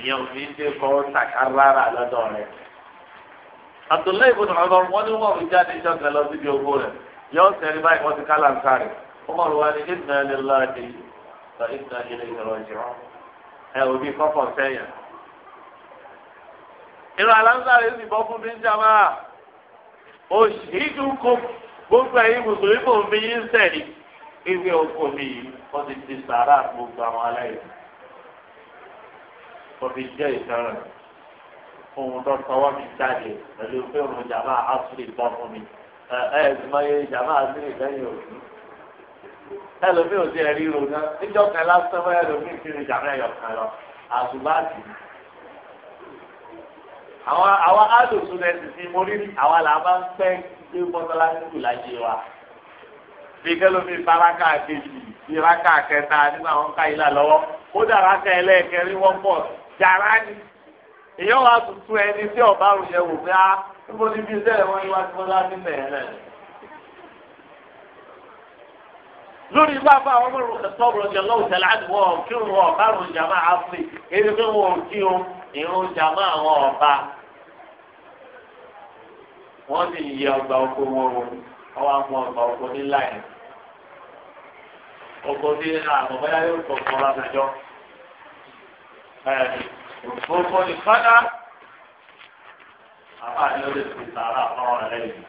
ìyẹn òfin dé kọ́ sàkárárà lọ́dọ̀ rẹ̀. Abdullahi ibùdó ọ̀rọ̀ wọn ni wọ́n fi jáde ìjọba lọ síbi owó rẹ̀ yóò sẹ́ni báyìí wọ́n ti kálá ń sáré. Umar wa ni ìdùnnà ilé láti ìdùnnà ilé ìrọ̀jì rọ̀ ẹ ò bí kọ́kọ́ sẹ́yìn. irun aláǹsàrè sì bọ́ fún bíńjà máa òṣìṣẹ́ kó gbogbo ẹ̀yin mùsùlùmí kò fi yín sẹ̀rí ewé oko mi yìí wọ́n ti di sàárà gbogbo àwọn aláìsàn. wọ́n fi jẹ́ ìtọ́rọ̀ ohun tó tọwọ́ mi jáde pẹ̀lú pé òun jàmáà asúlì bọ́ fún mi. ẹ ẹ ìgbìmọ̀ yẹn jàmáà asúlì lẹ́yìn òkú ẹlòmíì ò sí ẹ̀rí irun náà níjọ́ kan lásán fún ẹlòmíì ti rìn jàmẹ́ ẹ̀yọ̀ kan lọ àtúbàtì. àwọn àwọn alòsùn rẹ̀ sì ti mo rí àwa là máa ń pẹ́ gbé bọ́tọ́lá nílùú láyé wa. bí kẹlòmíì baraka kejì ìraka kẹta nínú àwọn ká ilà lọ́wọ́ ó dàrá ká ẹlẹ́ẹ̀kẹrin wọ́n pọ̀ jàrá ni. èèyàn wa tuntun ẹni tí ọ̀bá rò yẹ wò pé á ah, níbo ni bí iṣẹ́ ìwọ́n yíwájú bọ́lá nílẹ̀ yẹn náà lórí bàbá àwọn ọmọ rògbò sọ́ọ̀bù rògbò lọ́wọ́ tẹ̀lé àdìwọ̀ kírun wọn ọ̀bá rògbò jàmá àfẹ́ èyí pé wọn ò kí o ìrún jàmá àwọn ọ̀bá wọ́n sì yẹ ọgbà oko wọn o ọwọ́ àwọn ọgbà oko nílá yẹn oko ní àwọn bóyá yóò tó kọ́ lọ́sàjọ́ gbogbo ìfọ́nà àbá àti lórí ìsàrà àwọn ọ̀rẹ́ yìí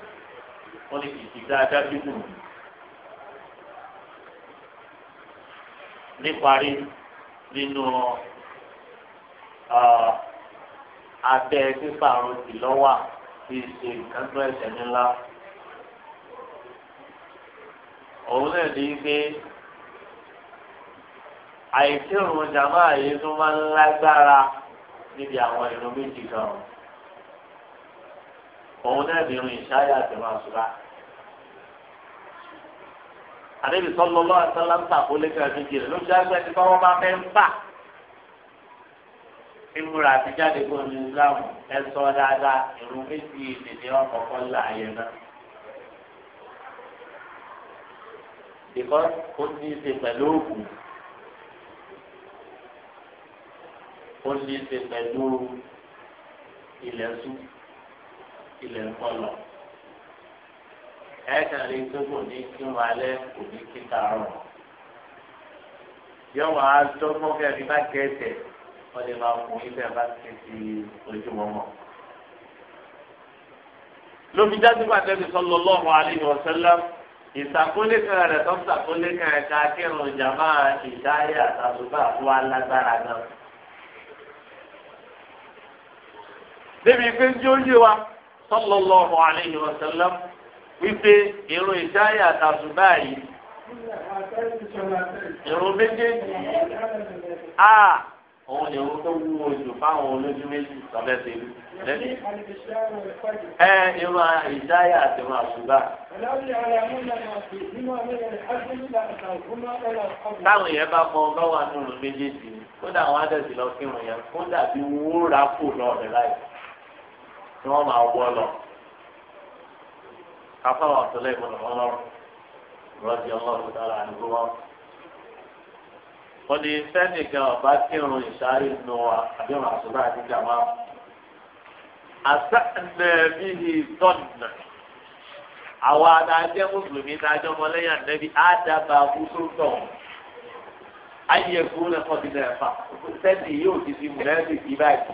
wọ́n ní kìkì dáadáa níparí nínú ah, abẹ pípààrọ̀ ìlọ́wà tí ṣe nǹkan tó ẹ̀ṣẹ̀ ńlá. òun náà ní pé àìkírun jàmá yìí tó máa ń lágbára níbi àwọn ìrun méjì kan òun náà ní irun ìṣáyà tó máa ṣúra àdébì sọlọ lọ àtàlà ń tà kólé kan méjì rẹ lóṣù àgbẹ̀ tí báwọn bá fẹ́ ń fà ìmúra àtijáde kó ní islam ẹ sọ dáadáa ìrù méjì ìdèdè ọkọ̀ọ̀kan là ayẹ náà. ìkọ́ ó ní í ṣe pẹ̀lú òògùn ó ní í ṣe pẹ̀lú ilẹ̀ sùn ilẹ̀ ńkọlọ̀ ẹ̀ẹ́dà lè gbogbo ní kí wọ́n alẹ́ òbí kíkà rọ̀. yọ wàá dọ́gbọ́n bí ẹni bá gẹ̀ẹ́sẹ̀ wọ́n lè máa mú ibẹ̀ bá ti di ojúmọ́ mọ́. lóbi dájú pàtẹ́ mi sọ lọ lọ́rùn alẹ́ ìwọ̀sẹ́lá ìsàkólé kan rẹ̀ tó ń sàkólé kan ẹ̀ka akérò jàmá ìdáyà àtàlùbà fún alágbára gan. débi pé ń jó yé wa sallallahu alaihi wasallam wípé irun ìṣáyà àtàtù báyìí irun méjèèjì a òun ni irun tó wú ojú fáwọn olójú méjì lọ́bẹ̀ tó ìlú lẹ́nu. ẹ irun ìṣáyà àti irun àṣùbà. táwọn yẹn bá mọ ọgbà wà nínú méjèèjì kódà àwọn adẹ̀sí lọ kírun yẹn kódà bí wúrà kù lọ́ọ̀rẹ́ láì tí wọ́n máa wọ́ lọ afáwọn ọ̀tọ̀lẹ̀ ìbọ̀lọ̀ ọlọ́run رضي الله تعالى عنه. wọn. wọ́n ní sẹ́nìkan ọ̀bá kírun ìṣáájú nù wa àbíọ̀rọ̀ àṣọlá àti jàmá. àṣàǹdẹ̀ bíi tọ́nà àwa adájẹ́ mùsùlùmí dájọ́ mọ́lẹ́yìn àdàbà kúsùtọ̀ ayẹ̀kú lẹ́kọ̀ọ́ ti dẹ̀ fà sẹ́ni yóò ti fi mùlẹ́ẹ̀dì kí báyìí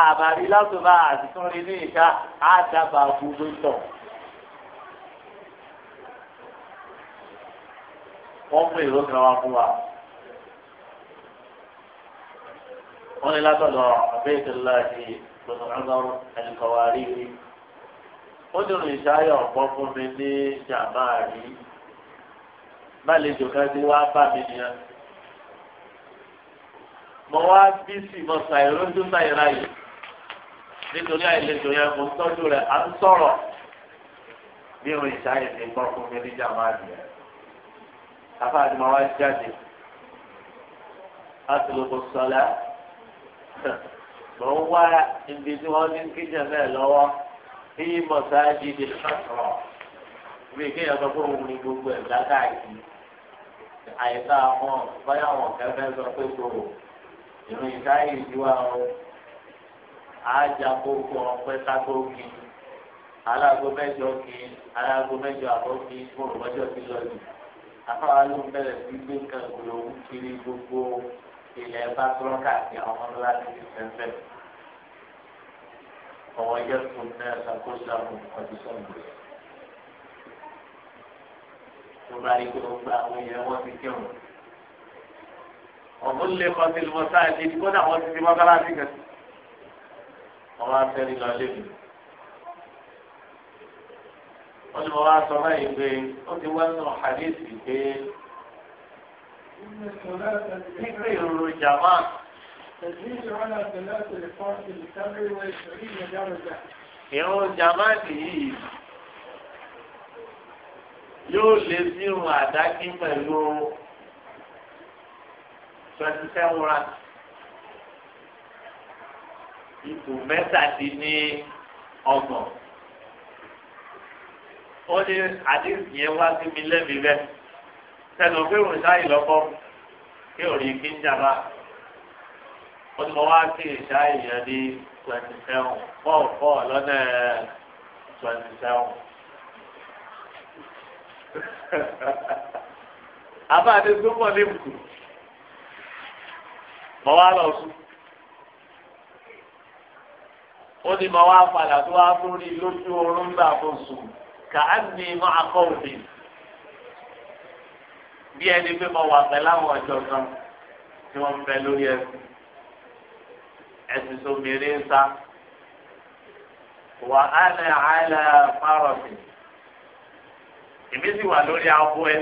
àbàrí látọ̀bá àtìtúnrin ní ìka àdàbà gbogbo tọ̀. wọ́n mú ìró kan wá fún wa. wọ́n ní látọ̀dọ̀ àbẹ́yẹ̀tẹ̀lá ti gbọ̀dọ̀ ọgọ́rùn ẹ̀lẹ́kọ̀wárí rí. ó dùn ìṣáyọ̀ ọ̀pọ̀ fún mi ní jàmbá rí. bá lè jò ká sí wá bá mi nìyẹn mo wá bí sì mo ṣàìró tó ṣàìrá yìí nítorí àìlejò yẹn mo tọ́jú rẹ̀ à ń sọ̀rọ̀ bí o ìṣá ìṣe gbọ́ fún mi níjà máa dì ẹ́ afá àti màá wá jáde láti lóko sọlá mo ń wá ibi tí wọ́n ní kíjà náà lọ́wọ́ bí mọ̀sáájì di sọ̀rọ̀ bí kéèyàn sọ fún òun ní gbogbo ẹ̀ lákàáyé àyíká wọn báyà wọn kẹfẹ́ sọ pé kò ìrìn ìdáyé ìdíwà o àjàkókò ọ̀pẹ kátókì aláàgó mẹ́jọ kì í aláàgó mẹ́jọ àbọ̀ kì í fún òwòjọ́ ti lọ yìí afárá ló ń bẹ̀rẹ̀ sí gbé nǹkan gbòòrò ń kiri gbogbo ilẹ̀ bá tọ́lọ́ káàkiri àwọn ọmọ ńlá ti fẹ́fẹ́ ọ̀wọ́ yẹ fún náà ṣàkóso àwọn ọ̀dùsọ̀ nìyẹn tó bá rí gbogbo àwọn èèyàn wọn ti kírun ọ̀gbọ́n lè kọ́ sí lùmọ́sá ẹ̀ ní kódà wọ́n ti fi mọ́sálásí kan sí. wọ́n wá sẹ́ni lọ lébi. wọ́n ní mo wá sọ báyìí pé ó ti wá nù hadisi pé pípé ìrù jàmá. ìrù jàmá nìyí yóò lè sí irun àdákí pẹ̀lú twenty seven rand ipò mẹ́tàdínní ọgbọ̀n ó ní àdéhùn yẹn wá sí mi lẹ́mìí bẹ́ẹ̀ sẹ́nu pé òun ṣáà ìlọ́kọ́ kí òrì kí ń jàmbá ó ní mo wá sí ìṣáà ìyẹn ní twenty seven four four lọ́nà twenty seven. àbá àdéhùn tó pọ̀ ní mọ wá lọ sùn ó ní mọ wá padà tó wá fún rí lójú oorun gbà fún sùn kà á ní mọ akọ òde bí ẹni pé mo wà pẹ̀lú àwọn ọjọ́ kan tí wọ́n ń bẹ lórí ẹsùn ẹsùn tó mèrè ń sá wà á lẹ àìlẹ fárọsì èmi wà lórí abo ẹ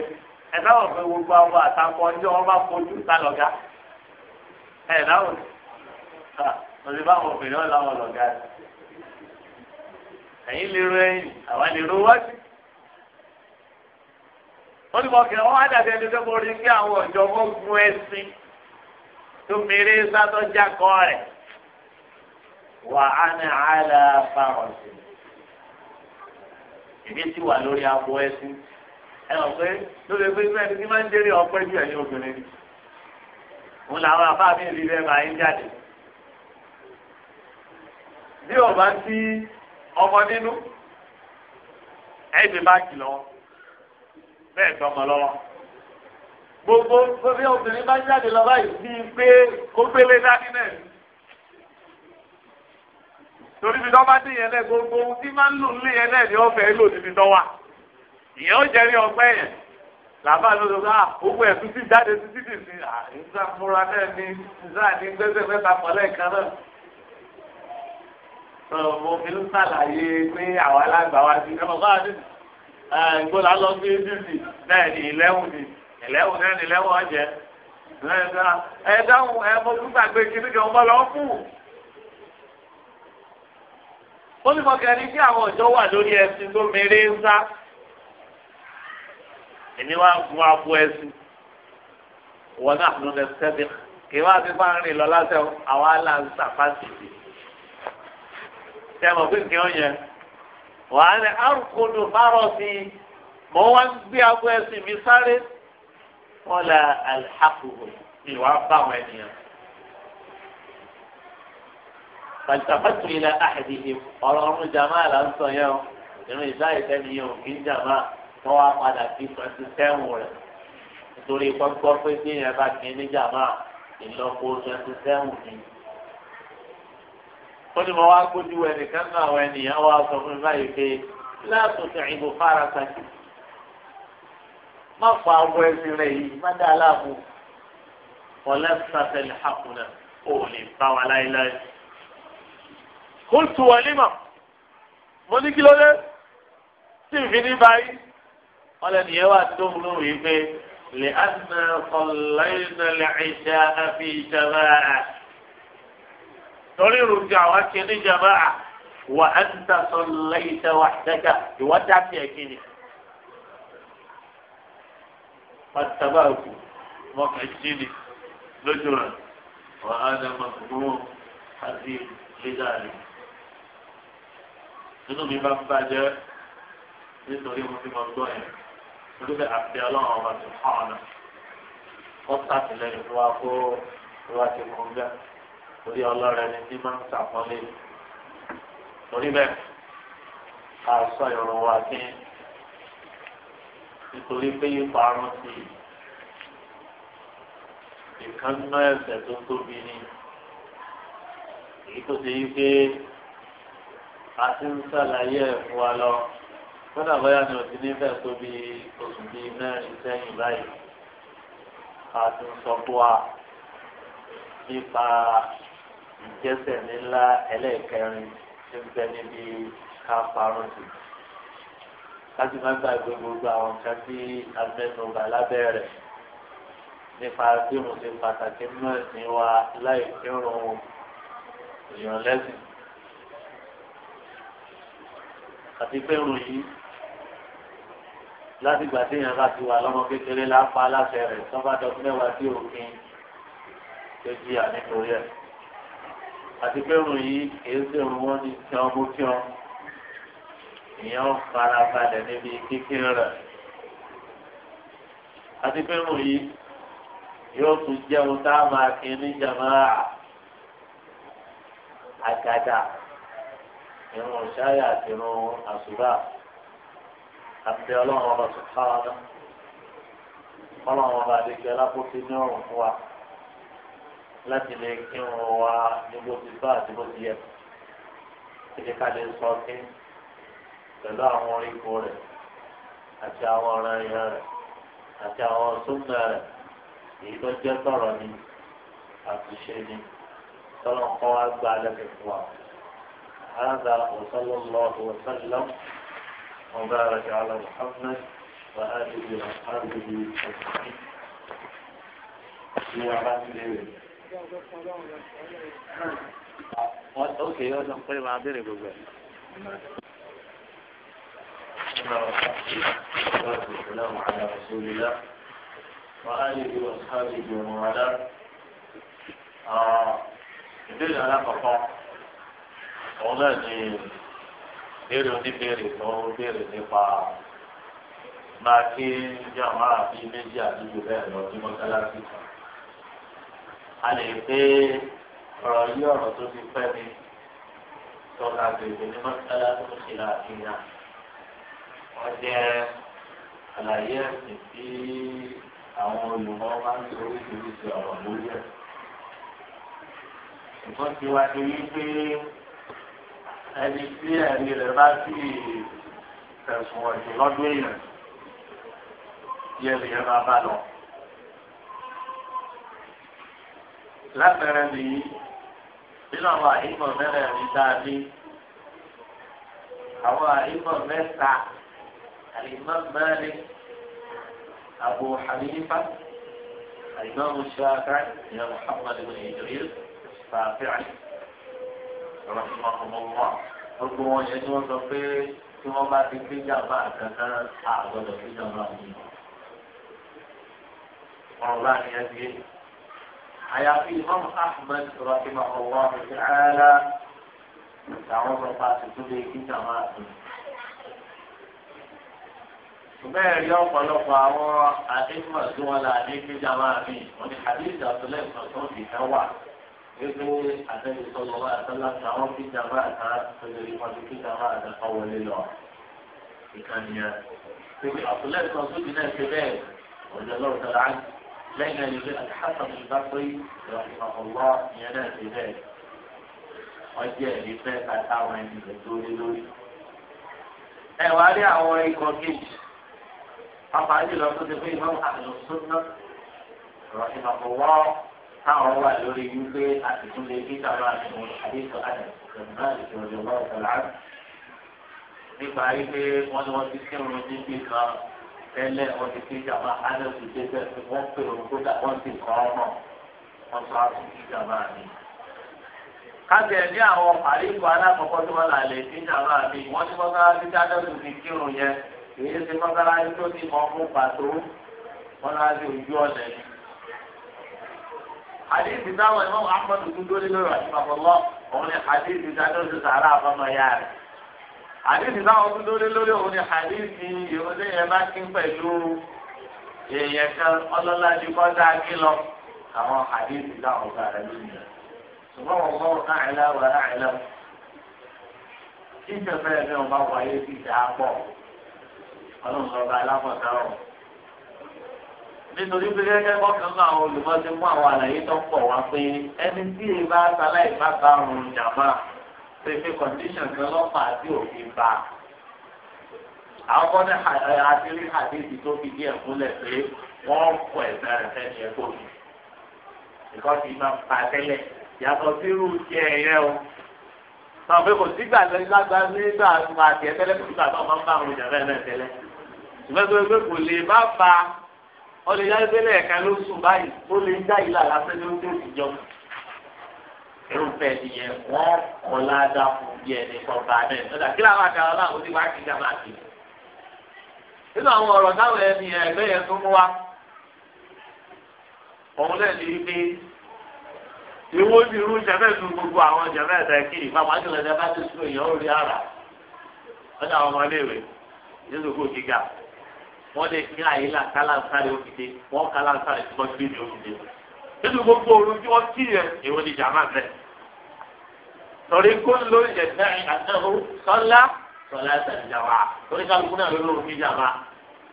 ẹ dáwọ pé gbogbo abo àtàkọ ọjọ́ wọn bá fojú sálọgá. ẹ láwọn òsì báwọn obìnrin wọn láwọn lọgá ẹyin lè ro ẹyin àwa lè ro wájú ó ní mọkìlá wọn wá dàbí ẹni tó borí kí àwọn ọjọ́ wọn gun ẹsìn tó mèrè sátọ jákọ rẹ wà á ní àlà fáwọsì ìdí tí wà lórí abo ẹsìn ẹ lọ pé lórí ẹgbẹ́ ìgbà ẹni tí máa ń dérè ọpẹ́ ju ẹ̀yin obìnrin ni. òun làwọn afáàbí rí bẹ́ẹ̀ máa ń jáde. bí ọba sí ọmọ nínú ẹ̀ẹ́dì báàkì lọ́wọ́ bẹ́ẹ̀ tọmọ lọ́wọ́ gbogbo gbogbo obìnrin bá jáde lọ báyìí bíi pé ó gbélé dání náà torí bí lọ́ba dín yẹn náà gbogbo ohun tí máa ń lò ń yẹn náà ni ó fẹ́ lò níbi tó ìyẹn ó jẹ́rìí ọgbẹ́ yẹn làbá ló lọ bá ah, owó ẹ̀ tún ti jáde títí dì sí àìsà múra náà ní ìsà ní gbẹ́sẹ̀ mẹ́ta pọ̀lẹ́ kan náà. sọ̀rọ̀ mo fi ń sàlàyé pé àwọn alágbà wa ti ẹ̀mọ̀ káà ní ìgbọ́lá lọ sí dìbì náà ní ìlẹ́wùn ní ìlẹ́wùn náà ní ìlẹ́wùn ọ̀jẹ̀. ẹ dáhùn ẹ mo tún gbàgbé kíní kan mọ́ lọ fún. ó ní mọ̀kẹ́ni kí àwọn ọ̀jọ́ wà lórí ẹṣin tó mèrè ń sá èmi wá gun abo ẹsùn wọn náà ló ń ẹsẹ̀bi kì í wá sí fárin lọ lásẹ̀ àwọn aláǹsà fásitì tẹmọ fún kí wọn yẹ wàá ní arúgbódò fárọsì mọ wá ń gbé abo ẹsùn mi sáré wọn là alḥaquhu ìwà bá wọn ènìyàn. فالتفت إلى أحدهم قالوا جمالا صيام إنه إذا يتنيهم إن جمال tó wá padà sí twenty seven rẹ̀ nítorí gbọ́gbọ́ pé bí yẹn bá kí níjà máa ìlọ́po twenty seven ni. ó ní mo wá gbójú ẹnìkan náà àwọn ènìyàn wá sọ fún mi báyìí pé láàtúntò ìbò fárasa kì í má fọ awọ ẹsìn rẹ yìí má dá aláàbò wọlé sàfẹlẹ hàkùnà ó lè bá wa láéláé. kó tu wọlé mọ mo ní kí ló dé tí n fi ní báyìí ọlọ́ni yẹn wà tó ń lóun yìí pé lè àná kọ̀láyìnà lè àìsà àfi ìjàmbá à. torí ìrùjọ àwọn ti ní ìjàmbá à wà á ń ta sọ̀láyìnà wà dẹ́gà ìwà dábìá kìíní. pàtàkì àkù mọ́kànjí ni lójú rẹ̀ wà á nà mọ̀kúrò àti ìgbésà rẹ̀. nínú mi bá ń bàjẹ́ nítorí mo fi mọ̀ gbọ́ yẹn olùdó àfi ọlọ́run ọba tó hàn ọ́nà wọ́n sàtìlẹ́yìn fún wa kó wá ti kún bẹ́ẹ̀ torí ọlọ́rẹ̀ ni tí máa ń sàpọ́nlé torí bẹ́ẹ̀ ká sọ ìrùn wa kí nítorí pé ìparun ti ìkànnà ẹ̀ṣẹ̀ tó tóbi ni èyí tó ti yí pé a ti ń sàlàyé ẹ̀fọ́ wa lọ kódà bóyá ni òtí ní fẹ́ tó bí oṣù bíi mẹ́rin sẹ́yìn báyìí a ti ń sọ fún wa nípa ìjẹsẹ̀ nílá ẹlẹ́ẹ̀kẹrin tí ń bẹ níbi ká parun sí láti má gbàgbé gbogbo àwọn nǹkan tí abẹnugbà lábẹ́ rẹ̀ nípa bí mo ṣe pàtàkì nínú ẹ̀sìn wa láì kírun èèyàn àti pé ìròyìn láti gbà téèyàn bá ti wà lọ́mọ kékeré lápá aláṣẹ rẹ̀ sọ́ba dọ́kún mẹ́wàá tí òfin tó jìyà nítorí ẹ̀. àti pé òun yìí kìí ṣe òun wọ́n ní tí ọmọ kí ọ ìyẹn fara balẹ̀ níbi kíkín rẹ̀. àti pé òun yìí yóò tún jẹun tá a máa kí ní jàmá àgàdà ìrùn ṣáyà àti ìrùn àṣùbà àti ọlọ́run ọba sùpáàdà ọlọ́run ọba àdéjọ alákòókè ní ọ̀rùn fún wa láti lè kírun wa ní bó ti bá àti bó ti yẹ kíkẹ́ ká lè sọ kí pẹ̀lú àwọn oríko rẹ̀ àti àwọn ọ̀ràn ìyẹn rẹ̀ àti àwọn súnmọ́ rẹ̀ èyí tó jẹ́ tọ̀rọ̀ ni àtúnṣe ni tọ́lọ̀ wa gba alẹ́ fún wa. هذا وصلى الله وسلم وبارك على محمد وآله وأصحابه أجمعين في يا جماعه طيب عابري بقول على رسول الله وآله وأصحابه ومن والاه على béèrè oníbèrè tó ń béèrè nípa máa ké jàmá àbí méjì àdúgbò bẹ́ẹ̀ lọ sí mọ́sálásí kan. a lè pé ọ̀rọ̀ yí ọ̀rọ̀ tó ti pẹ́ mi tọ́ka gbèsè ní mọ́sálásí tó ṣe àfihàn. wọ́n jẹ́ àlàyé ẹ̀sìn tí àwọn olùmọ̀ máa ń lo oríṣiríṣi ọ̀rọ̀ lórí ẹ̀. ìfọ́n ti wá ẹni tí ẹni rẹ̀ bá sì fẹ̀sùn ọ̀jẹ̀ lọ́dún èèyàn yẹ lè yẹ máa bá lọ. látẹ̀rẹ̀ nìyí nínú àwọn àyíkọ̀ mẹ́rẹ̀ ní dáadé àwọn àyíkọ̀ mẹ́ta àyíkọ̀ mẹ́rin Abu Hanifa àyíkọ̀ mùsùlùmí ìyá Muhammad ibn fàáfíà rahimahumullah gbogbo wọn yẹn tí wọ́n sọ pé tí wọ́n bá ti gbé jàmbá kankan àgbọ́dọ̀ gbé jàmbá mi. ọ̀rọ̀ bá ní ẹbí yé. àyàfi imam ahmed rahimahullah ta'ala làwọn sọ pé àtúntò lè gbé jàmbá mi. bẹ́ẹ̀ rí ọ̀pọ̀lọpọ̀ àwọn àdéhùn àti wọn là ní gbé jàmbá mi. wọ́n ní àdéhùn àtúntò lẹ́yìn tó ń fi fẹ́ wà. يقول حسن صلى الله عليه وسلم تعرف جماعة فجريمة جماعة أول الله كان يا عبد الله بن مسعود بن الكبير رضي الله تعالى عنه لنا يقول الحسن البصري رحمه الله ينال ذلك وجاء لفاف الأعوان بالدول دول أيوة علي أعوان كوكيش أقعد لو كنت في إمام أهل السنة رحمه الله táwọn wà lórí wípé àtìkú lè bí táwọn àtìkún àdéhùn àtìkún náà ìṣòro lọ́wọ́ pẹ̀lú àrùn. nípa wípé wọ́n ní wọ́n ti kírun níbi kan tẹ́lẹ̀ wọ́n ti fi ìjàmbá alẹ́ òkú tẹ́tẹ́ wọ́n pè ó kódà wọ́n ti kọ́ ọmọ wọ́n sọ àtúntò ìjàmbá mi. kájẹ ní àwọn àríkù alákọ̀ọ́kọ́ tí wọ́n là lè fi ìjàmbá mi wọ́n ní ti kírun yẹn kì tó ní mọ́ fún pàtó mọ́sálásí ojú ọ̀nà hadithi táwọn imam ahmed dundori lórí rahimahullah òun ni hadithi dáadọ́ ti sàrà àfọmọ ya rẹ̀ hadithi táwọn dundori lórí òun ni hadithi ìrọ̀lẹ́ yẹn bá kí pẹ̀lú èèyàn kan ọlọ́lá ju kọ́ńtà kí lọ àwọn hadithi táwọn sàrà lórí rẹ̀ ṣùgbọ́n wọn kọ́ àìlá wà àìlá kí ìjọba ẹ̀mí ọba wáyé ti dà á pọ̀ ọlọ́run ọba aláfọ̀tà ọ̀hún nítorí pé gẹ́gẹ́ bọ́kàn náà àwọn olùkọ́ ti mú àwọn àlàyé tó ń pọ̀ wá pé ẹni tí èyí bá sáláì bá bá àrùn jàmbá pèsè kọ̀ǹdíṣàn kan lọ́pàá àti òfin bá a. àwọn kọ́ni àti rí àdéhìí tó fi díẹ̀ múlẹ̀ pé wọ́n kọ ẹ̀sẹ̀ rẹ̀ fẹ́ni ẹ̀ tóbi. ìkọ́ ti máa ń pa tẹ́lẹ̀ yàtọ̀ sí irú iṣẹ́ ẹ̀yẹ o. sọ pé kò sígbà lágbá nígbà àti ẹ̀tẹ́lẹ̀ kò sígbà tó máa ń bá àrùn jàmbá ẹ̀ ọlẹ yá ẹgbẹ lẹ́ẹ̀kan ló sùn báyìí ó lè dá ìlà lásán ló tó ti jọ irúfẹ́ nìyẹn wọ́n kọ́ ládà fún bí ẹni kan bá dẹ̀ lọ́dà kí làwọn àdàlọ́ náà ó ti wá kí jàmbá sí i. nínú àwọn ọ̀rọ̀ táwọn ẹni ẹgbẹ́ yẹn tó mú wa òun lẹ́nu yìí pé ìwọ ti rú jẹ́fẹ́ ju gbogbo àwọn jẹ́fẹ́ ẹ̀sẹ̀ kiri pàmò àjọyọ̀ jẹ́fẹ́ ti sùn èèyàn ó rí ara ọjà àwọn ọmọ iléèwé yóò tó kó gíga wọ́n lè fi àyè là kálánsáré òkìdé wọ́n kálánsáré tí wọ́n gbé ní òkìdé. nínú gbogbo òru tí wọ́n kí yẹn èwo ni jàmá bẹ̀. torí kó ń lo ìyẹ̀fẹ́ àtẹ̀hó sọ́lá sọ́lá ìtàjàmá torí kálukú náà ló lóun kí jàmá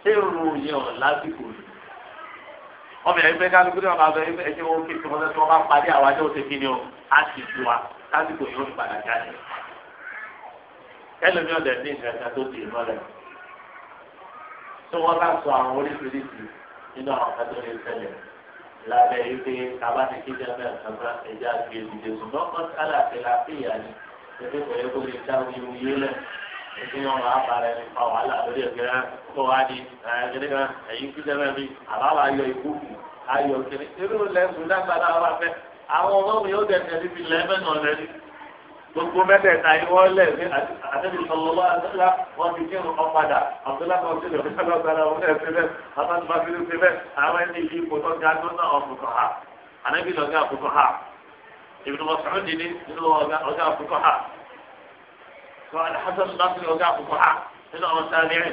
ṣé ìrù yẹn ọ̀ lásìkò yìí. ọmọ yẹn fẹ́ kálukú náà máa bẹ ẹjẹ́ wọn kí tí wọ́n fẹ́ tí wọ́n bá parí ni o á sì ju tí wọ́n bá sọ àwọn oríṣiríṣi nínú àwọn kátó lè ṣẹlẹ̀ lábẹ́ ife kábàtì kíjà bẹ́ẹ̀ sábà ẹ̀já gbé ìdíje ṣùgbọ́n kan sálà ti la ni ẹgbẹ́ kò yẹ kó lè dá ewu yé lẹ̀ ẹgbẹ́ wọn máa bára ẹni fa wàhálà lórí ẹgbẹ́ kó wá di ẹgbẹ́ kan ẹ̀yìn kíjà bẹ́ẹ̀ bí àbáwá ayọ̀ ikú ayọ̀ kiri irú lẹ́sùn lágbàdo àwọn afẹ́ àwọn ọmọ mi ó dẹ̀ gbogbo mẹ́tẹ̀ẹ̀ta yìí wọ́n lẹ̀ ní àtẹ́bí sọlọ́lá àtẹ́lá wọ́n ti kí ọ̀kan padà àtẹ́lá kan sílẹ̀ fún ọlọ́gbàrá wọn lẹ́ẹ̀ síbẹ̀ àtàtì bá fílẹ̀ síbẹ̀ àwọn ẹni yìí kò tó ga tó náà ọ̀fùkọ̀ ha ànábì lọ́gá àfùkọ̀ ha ìbùdó wọn sọ̀rọ̀ dìní nínú ọ̀gá àfùkọ̀ ha tó alhassan lásìrì ọ̀gá àfùkọ̀ ha nínú àwọn sáàlìrì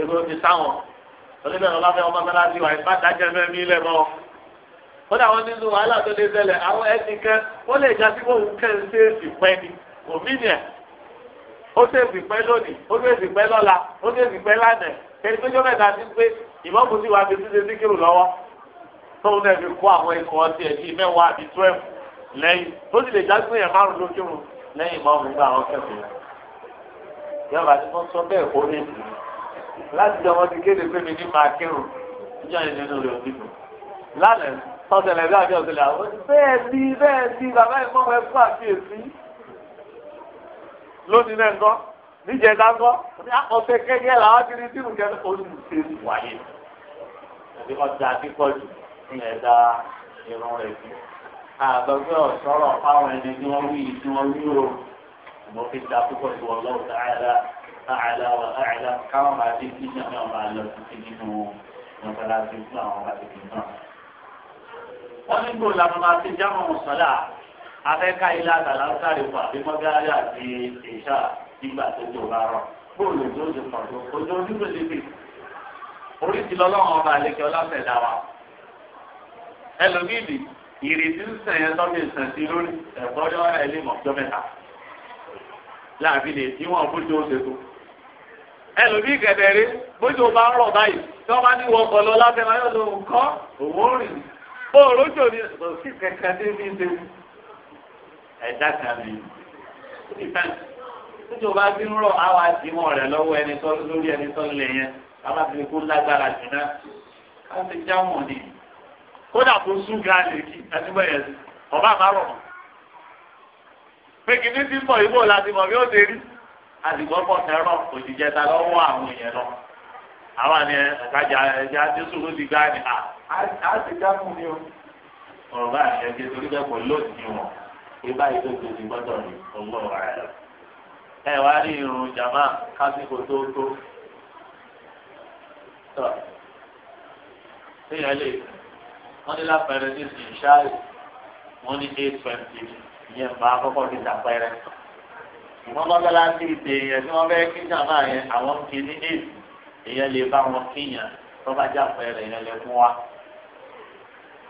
èrò ti sáwọn olùbẹ̀rẹ̀ ọlọ́fẹ́ ọmọ ó dà wọn nínú wàhálà tó lè ṣẹlẹ̀ àwọn ẹni kan ó lè já sí òun kẹ́ ń ṣe èsì pẹ́ ni òmìnì ẹ̀ ó ṣe èsì pẹ́ lónìí ó ṣe èsì pẹ́ lọ́la ó ṣe èsì pẹ́ lánàá ẹni tó jọ mẹ́ta ti pé ìmọ̀kù sí wa fi ti ṣe síkírù lọ́wọ́ tóun náà fi kó àwọn ikọ̀ ọtí ẹ̀ bíi mẹ́wàá àbí twelve lẹ́yìn ó sì lè já sí èèyàn márùn lókèrún lẹ́yìn ìmọ̀kù gba àwọn kẹfẹ́ yọba tí wọ́n sọ bẹ́ẹ̀ kó ní ìlú láti jọ wọn ti kéde pé mi ní máa kírun níjọ́ yẹn nínú rẹ̀ sọ́sẹ̀lẹ̀ bí àjọ ìṣẹ̀lẹ̀ àwọn bẹ́ẹ̀ ni bẹ́ẹ̀ ni bàbá ìmọ̀ ẹ fún àkíyèsí lónìí náà ńkọ́ níjẹta ńkọ́ ọ̀sẹ̀ kẹ́kẹ́ làwọn ti rí sínú kẹ́kẹ́ olùsè wáyé ẹ̀bí ọjà kíkọ́ jù ìyẹn dá irun rẹ̀ sí. àgbẹ̀gbẹ́ ọ̀sọ́rọ̀ fáwọn ẹni tí wọ́n wí tí wọ́n wí o mo fi ta púpọ̀ ju ọlọ́run àìlá àìlá àìlá káwọn máa wọ́n ní gbòòrò làwọn máa ti jámọ̀ mọ̀sálà afẹ́ká ilé àtàlà ń sáré fún àbí mọ́gàrí àti ìṣá nígbà tó tó bá rọ̀ bóòlù tó ti pọ̀ tó ojú ojú tó ti bì oríṣi lọ́lọ́run ọba àlekè ọlọ́sẹ̀dá wa ẹlòmíìlì ìrètí ń sẹ̀yẹ tọ́jú ìsẹ̀sí lórí ẹ̀kọ́ ọjọ́ ẹlẹ́mọ̀ ọjọ́ mẹ́ta láàfin lè tí wọ́n bójú oṣù tó ẹlòmíì kẹ̀dẹ̀rẹ́ bójú ọba ń rọ̀ báyìí tí wọ́n bá ní wọ́kọ̀ lọ lábẹ́ wọn yóò lọ kọ́ òun bó rojo ni kò sí ní bí ṣe ẹ̀dá kan ní nítorí bá fi ń rọ àwọn àdìmọ̀ rẹ̀ lọ́wọ́ ẹni tó lórí ẹni tó lè yẹn àwọn kó lágbára jù náà á ti já mọ̀ ni kódà kó sún ga lè kí ẹtúbọ̀ yẹn ọba àmárọ̀ mọ̀ pé kìíní ti mọ̀ ìbò láti mọ̀ bí ó ṣe rí àdìgbọ́ pọ̀ tẹ́rọ̀ kò lọ́wọ́ àwọn èèyàn lọ àwọn àni ẹ̀ka jà ẹ̀ka jésù ló ti gbá ni à á ti dá fún mi o. ọ̀rọ̀ bá àṣẹ ṣe torí dẹ́kun lónìí wọn pé báyìí tó ti di gbọ́dọ̀ rí ọgbọ́n ọ̀rọ̀ rẹ̀. ẹ wá rí irun jàmá kásìkò tó tó. tọ́ síyẹn lè wọ́n ní lápẹẹrẹ ní ìṣáàlì wọ́n ní eight twenty ìyẹn máa kọ́kọ́ fi dàpẹ́rẹ́. wọ́n bá bẹ́lá sí ìdè yẹn tí wọ́n fẹ́ kí jàmá yẹn àwọn kì í ní eight ìyẹn lè bá wọn kíyàn tó bá jà fún wa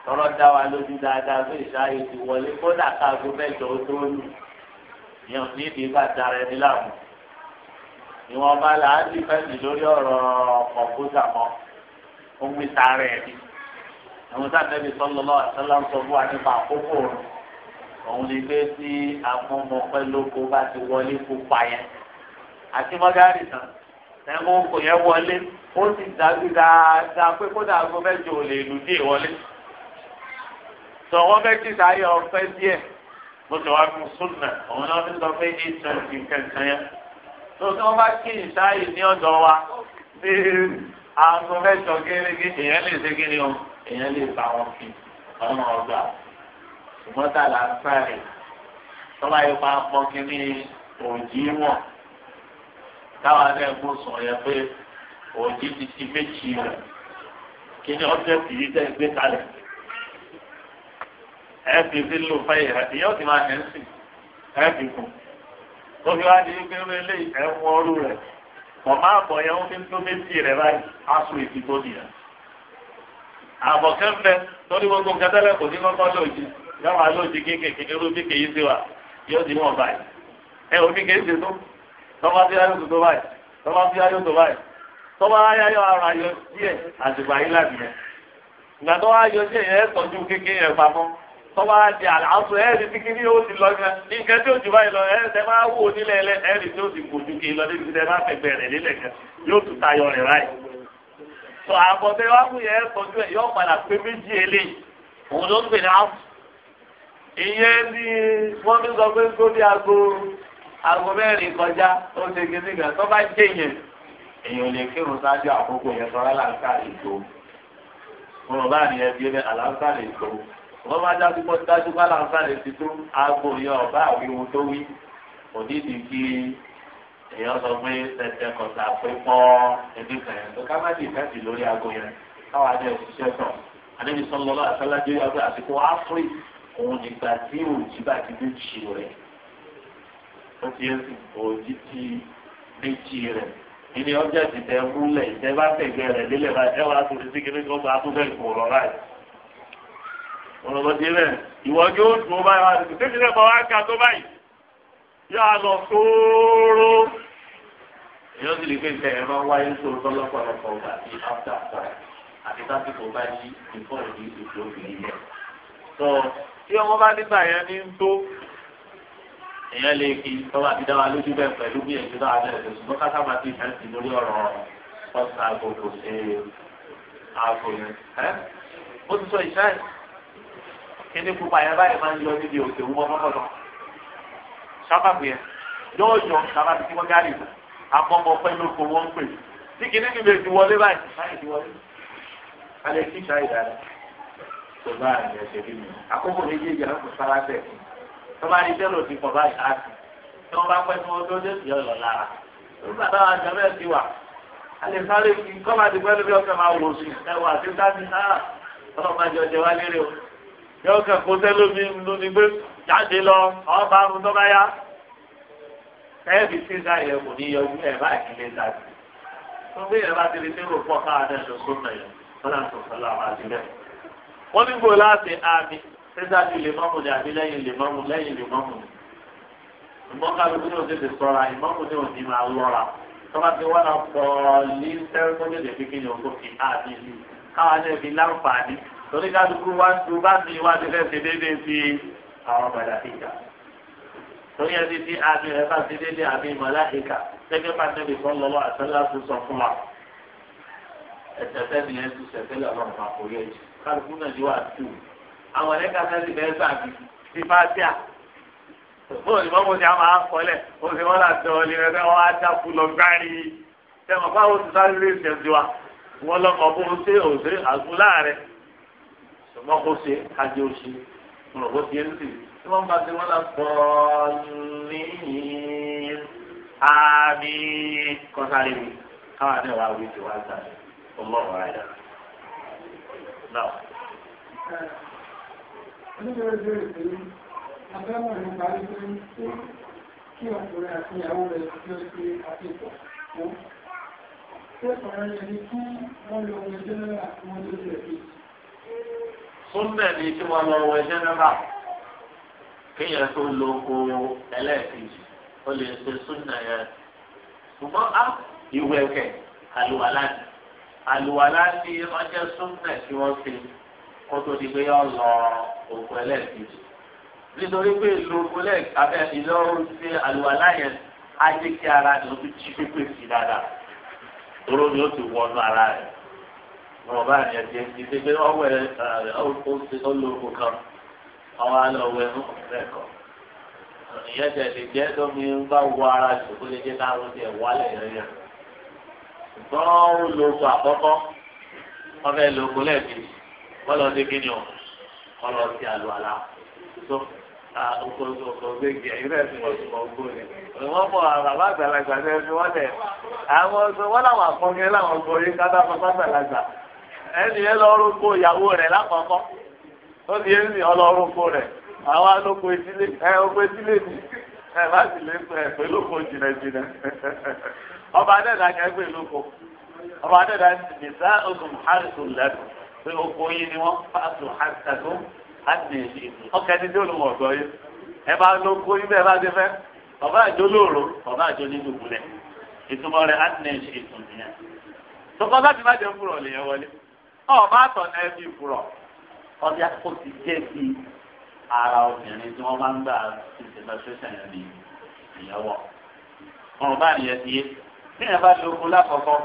tọrọ dá wa lójú dáadáa fún ìṣááyé ti wọlé kódà káàgó mẹ́jọ ó tó lù yàn níbi ìgbà dára ẹni láàmú ìwọ̀n ọba là á ní fẹ́ẹ̀sì lórí ọ̀rọ̀ kọ̀ǹpútà kan ó ń gbé sáré ẹni àwọn sábẹ́bí sọ́lọ́lọ́ àtàlà ń sọ fún wa nípa àkókò òun òun ni pé tí amọ́mọ́ pẹ́ bá ti wọlé kó pa àti mọ́gárì tán ẹ̀wọ̀n kò yẹ wọlé ó sì dájú dáadáa pé kódà aago mẹ́jọ ò lè lù dé ìwọlé sọ wọn fẹ́ kí sáyẹ ọpẹ díẹ̀ mo sọ wá fún súnà òun náà ti sọ pé ní twenty kẹsàn yẹn tó tí wọn bá kí ìsáyẹ ní ọ̀dọ̀ wa ní aago mẹ́jọ gẹ́gẹ́ èèyàn lè ṣe kí ni o èèyàn lè bá wọn fi ọmọ ọgbà ṣùgbọ́n tá là ń sáré tọ́lá yìí máa pọ́ kí ní òjì wọn táwọn náà kó sọ yẹn pé òjì ti ti méjì rẹ̀ kí ni ọjọ́ kìí tẹ́ gbé kalẹ̀ ẹ fi fi lò fẹyẹ rẹ ìyẹn ò ti máa ẹ ń sìn ẹ fi kù tó fi wá di wípé ó lé ẹ wọ ọrú rẹ mọ̀mọ́ àbọ̀ yẹn ń fi tó méjì rẹ báyìí aṣọ èsì tó nìyẹn. àbọ̀ kẹ́fẹ́ torí gbogbo nǹkan tẹ́lẹ̀ kò ní kọ́kọ́ lòdì yóò wá lòdì kéékèèké irú bí kèyí sí wa yóò di wọn báyìí ẹ omi kèyí sí tó tọ́ba tí a yóò tó báyìí tọ́ba tí a tó báyìí tọ́ba ayá yóò ara yọ díẹ̀ àtìgbà yìí láti yẹn ìgbà tó wá díẹ̀ yẹn tọ́ba di àlàáfù ẹ̀rí tí kìíní yóò ti lọ gan ní nǹkan tí ó ti báyìí lọ ẹ̀rí tẹ máa wò nílẹ̀ ẹlẹ́ ẹ̀rí tí ó ti gbòjú kì í lọ níbi tẹ máa fẹ̀gbẹ́ rẹ̀ nílẹ̀ gan yóò tún tayọ rẹ̀ ráì. sọ àbọ̀tẹ́ wa kú yẹn tọ́jú ẹ̀ yóò padà pé méjì eléyìí òun ló ń pè ní áfù. ìyẹn ni wọ́n fi sọ pé kó bí aago aago mẹ́rin kọjá ó ṣe gidi gan tó bá jẹ́ yẹn èèyàn lè wọ́n bá dájú pọ́ dájú bá láǹfààní ti tó aago yẹn ọ̀bá àwíwo tó wí òní ti kí èèyàn sọ pé tẹ̀tẹ̀ kọ̀tà pé pọ́n ẹbí kan yẹn tó ká má dì fẹ́ẹ̀sì lórí aago yẹn káwá dé òṣìṣẹ́ tán àdébí sọ́nù lọ́la àtàlájú yàgbé àsìkò áfírí òun nígbà tí òjì bá ti dé jì rẹ̀ ó ti yẹ òjì ti dé jì rẹ̀ ìní ọjà ti tẹ múlẹ̀ ìtẹ́ bá tẹ̀gbẹ́ rẹ̀ lélẹ̀ bá ẹ wá torí sí kíní kan bá tó fẹ́ ọ̀rọ̀lọ́dé rẹ̀ ìwọ́jú ó dùn ó báyìí wá sí títí lẹ́kọ̀ọ́ wá ká tó báyìí yóò lọ sóró èèyàn sì lè pè sẹ́ ẹ̀ máa ń wáyé sóòótọ́ lọ́pọ̀lọpọ̀ ọgbà bíi after five àti tásìkò bá yí ìfọ̀ ìdí ìfọ̀ obìnrin yẹn. sọ tí ọmọ bá nígbà yẹn ní ń tó èèyàn lè kí tọ́wọ́ àti dáwà lójú bẹ́ẹ̀ pẹ̀lú bí èsì náà alẹ́ Kini pupa yẹn báyìí máa ń yọ níbi òkè wú ọmọ kọlọ sábàbù yẹn yóò yọ sábàbù tí wọn gárì lọ àpọmọ pẹ̀lú oko wọn ń pè tí kíní níbi ètò wọlé báyìí báyìí ti wọlé alẹ́ kí sáyé dáadáa tó bá àyè ẹsẹ̀ bí mi àkókò méjèèjì àkókò sára tẹ tó bá rí tẹ́lẹ̀ òsì pọ̀ báyìí á sì tí wọn bá pẹ́ tí wọn tó dé sí ọlọ lára nígbà táwọn àjọ bẹ́ẹ̀ ti wà alẹ́ sáré kí kọ́ ti pẹ́ lórí ọ̀sẹ̀ máa wò sí ẹwà àti sáà ti sáà ọlọ́ọ̀ yóò kàn kó sẹ́lómi ló ní gbé jáde lọ ọba àrùn tó bá yá. ẹ̀ẹ́dì sí sáyẹn kò ní yọjú ẹ̀ bá ìkílé sáyẹn. wọ́n gbé yẹn bá ti lè ṣe kó pọ̀ káà náà lọ sóun náà yẹn wọ́n náà sọ sọ́lá àwọn àti bẹ́ẹ̀. wọ́n ní gbòòrò láti àmì sísájú lè mọ́mù ni àbí lẹ́yìn lè mọ́mù lẹ́yìn lè mọ́mù ni. ìmọ̀kálukú ní òṣèlú sọ́ra ìmọ̀mù ní òní máa lọ́ra tọ́ba torí kálukú wá ń tu bá mi wá ti fẹ́ ṣe déédéé sí àwọn padà ìjà torí ẹni tí àmì rẹ̀ bá ṣe déédéé àmì màláíkà gẹ́gẹ́ bá tẹ́lẹ̀ fún lọ́wọ́ àtẹ́lá tó sọ fún wa ẹ̀sẹ̀ tẹ́lẹ̀ yẹn tún ṣẹ̀fẹ́ lọ́wọ́ àkórí ẹ̀jẹ̀ kálukú náà ni wà á tù àwọn ẹ̀ka tẹ́lẹ̀ bẹ́ẹ̀ sàbí ti bá tíà bóò ní bọ́mọ ti a máa kọ́lẹ̀ o ti wọ́n láti ọ̀lẹ́ rẹ̀ wọ́n á dákú lọ gbárí tẹ̀mọ̀ fáwọn ti sáré lè ṣẹ̀ sí wa wọ́n lọ́kọ̀ bó ń ṣe òṣèré àgùn láàrẹ̀ wọn kó ṣe kájí ó ṣe wọn kó ṣe ń sì tí wọn bá ti wọn lọ pọ ní àmì kọsáré mi káwọn àti ìwà wíjì wá sáré ọmọ ọmọ rẹ dára. Now. Abẹ́mọ̀ nípa wípé ṣé kí ọkùnrin àti ìyàwó rẹ̀ tí ó ṣe yẹn ni kí wọ́n lo ohun ẹjọ́ náà àti wọ́n lórí ẹ̀ súnmẹ̀ ni tí wọ́n lọ wọ ẹ̀jẹ̀ náà kéèyàn tó lo oko ẹlẹ́ẹ̀kejì ó lè ṣe súnmẹ̀ yẹn ṣùgbọ́n á ìwé ẹ̀kẹ́ àlùwàlá ni àlùwàlá ni wọ́n jẹ́ súnmẹ̀ tí wọ́n ṣe kó tó di pé yọ lọ oko ẹlẹ́ẹ̀kejì nítorí pé ìlú oko abẹ́ ìlọ ṣe àlùwàlá yẹn á jẹ́ kí ara rẹ̀ ó tún jí pépè sí dáadáa oró ni ó ti wọnú ara rẹ̀ rọ̀bá yẹn ti ti ti pé ọwọ́ ẹ olóko kan àwọn alọ́wọ́ ẹ rẹ̀ kọ́ ìyẹn tẹ̀ lè jẹ́ tómi bá wọ ara ìṣòkò lè jẹ́ káwọn tiẹ̀ wálẹ̀ yẹn yẹn ṣùgbọ́n ó lóko àkọ́kọ́ wọ́n fẹ́ lóko lẹ́ẹ̀kejì wọ́n lọ sí kíni o wọ́n lọ sí àlọ́ àlá tó wọ́n mọ àbá àgbàlagbà ní ẹni wọ́n lẹ̀ àwọn ọ̀sán wọ́n làwọn àkọ́kẹ́ làwọn ọ̀gbọ́n yìí ká bá fọ́ àgbàlagbà. ẹni yẹn lọ rúkọ ìyàwó rẹ̀ lákọ̀ọ́kọ́ ó ní ẹni ọlọ́rúkọ rẹ̀ àwọn alóko etílé ẹ ni ẹ má sì lè pẹ pé lóko ọba adẹ́dá kẹ́ pé lóko ọba adẹ́dá nìta oṣù hàrìsù lẹ́nu pé oko yìí ni wọ́n fàṣù hàṣàtò àti èyí ọkẹ́ ní gbọ́ yìí ẹ bá lóko yìí bẹ́ẹ̀ bá ti fẹ́ ọba àjọ lóòrò ọba àjọ nínú ìbúlẹ̀ ìtumọ̀ rẹ̀ ìtumọ̀ yẹn tọkọ láti má lè wọlé. ọba àtọ̀nà ẹbí fúrọ̀ ọjà kò ti jẹ́ bí ara obìnrin tí wọ́n máa ń gbà títí lọ́sọ̀ọ̀sẹ̀ yẹn ní ìyàwó. ọ̀run bá nìyẹn ti yé bí ẹ bá lo oko lákọ̀ọ́kọ́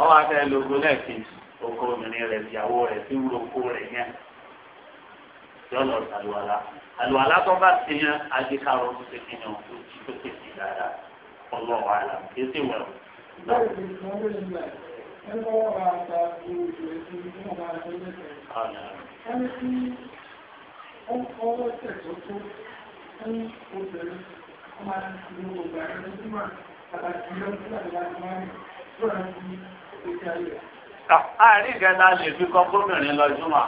ọwọ́ afẹ́ lo oko lẹ́ẹ̀kejì oko obìnrin rẹ̀ ìyàwó rẹ̀ tí ń lo oko rẹ̀ yẹn yọ lọ àlùwàlá àlùwàlá tó bá ti yẹn àdìkárò tó ti fi yàn tó ti tó ti fi dáadáa ọlọ́wọ́ kí ẹ sì wẹ̀ Ẹni tí ó Àárín ìkẹta lè fi kọ́ gómìnrin lọ Júmọ̀,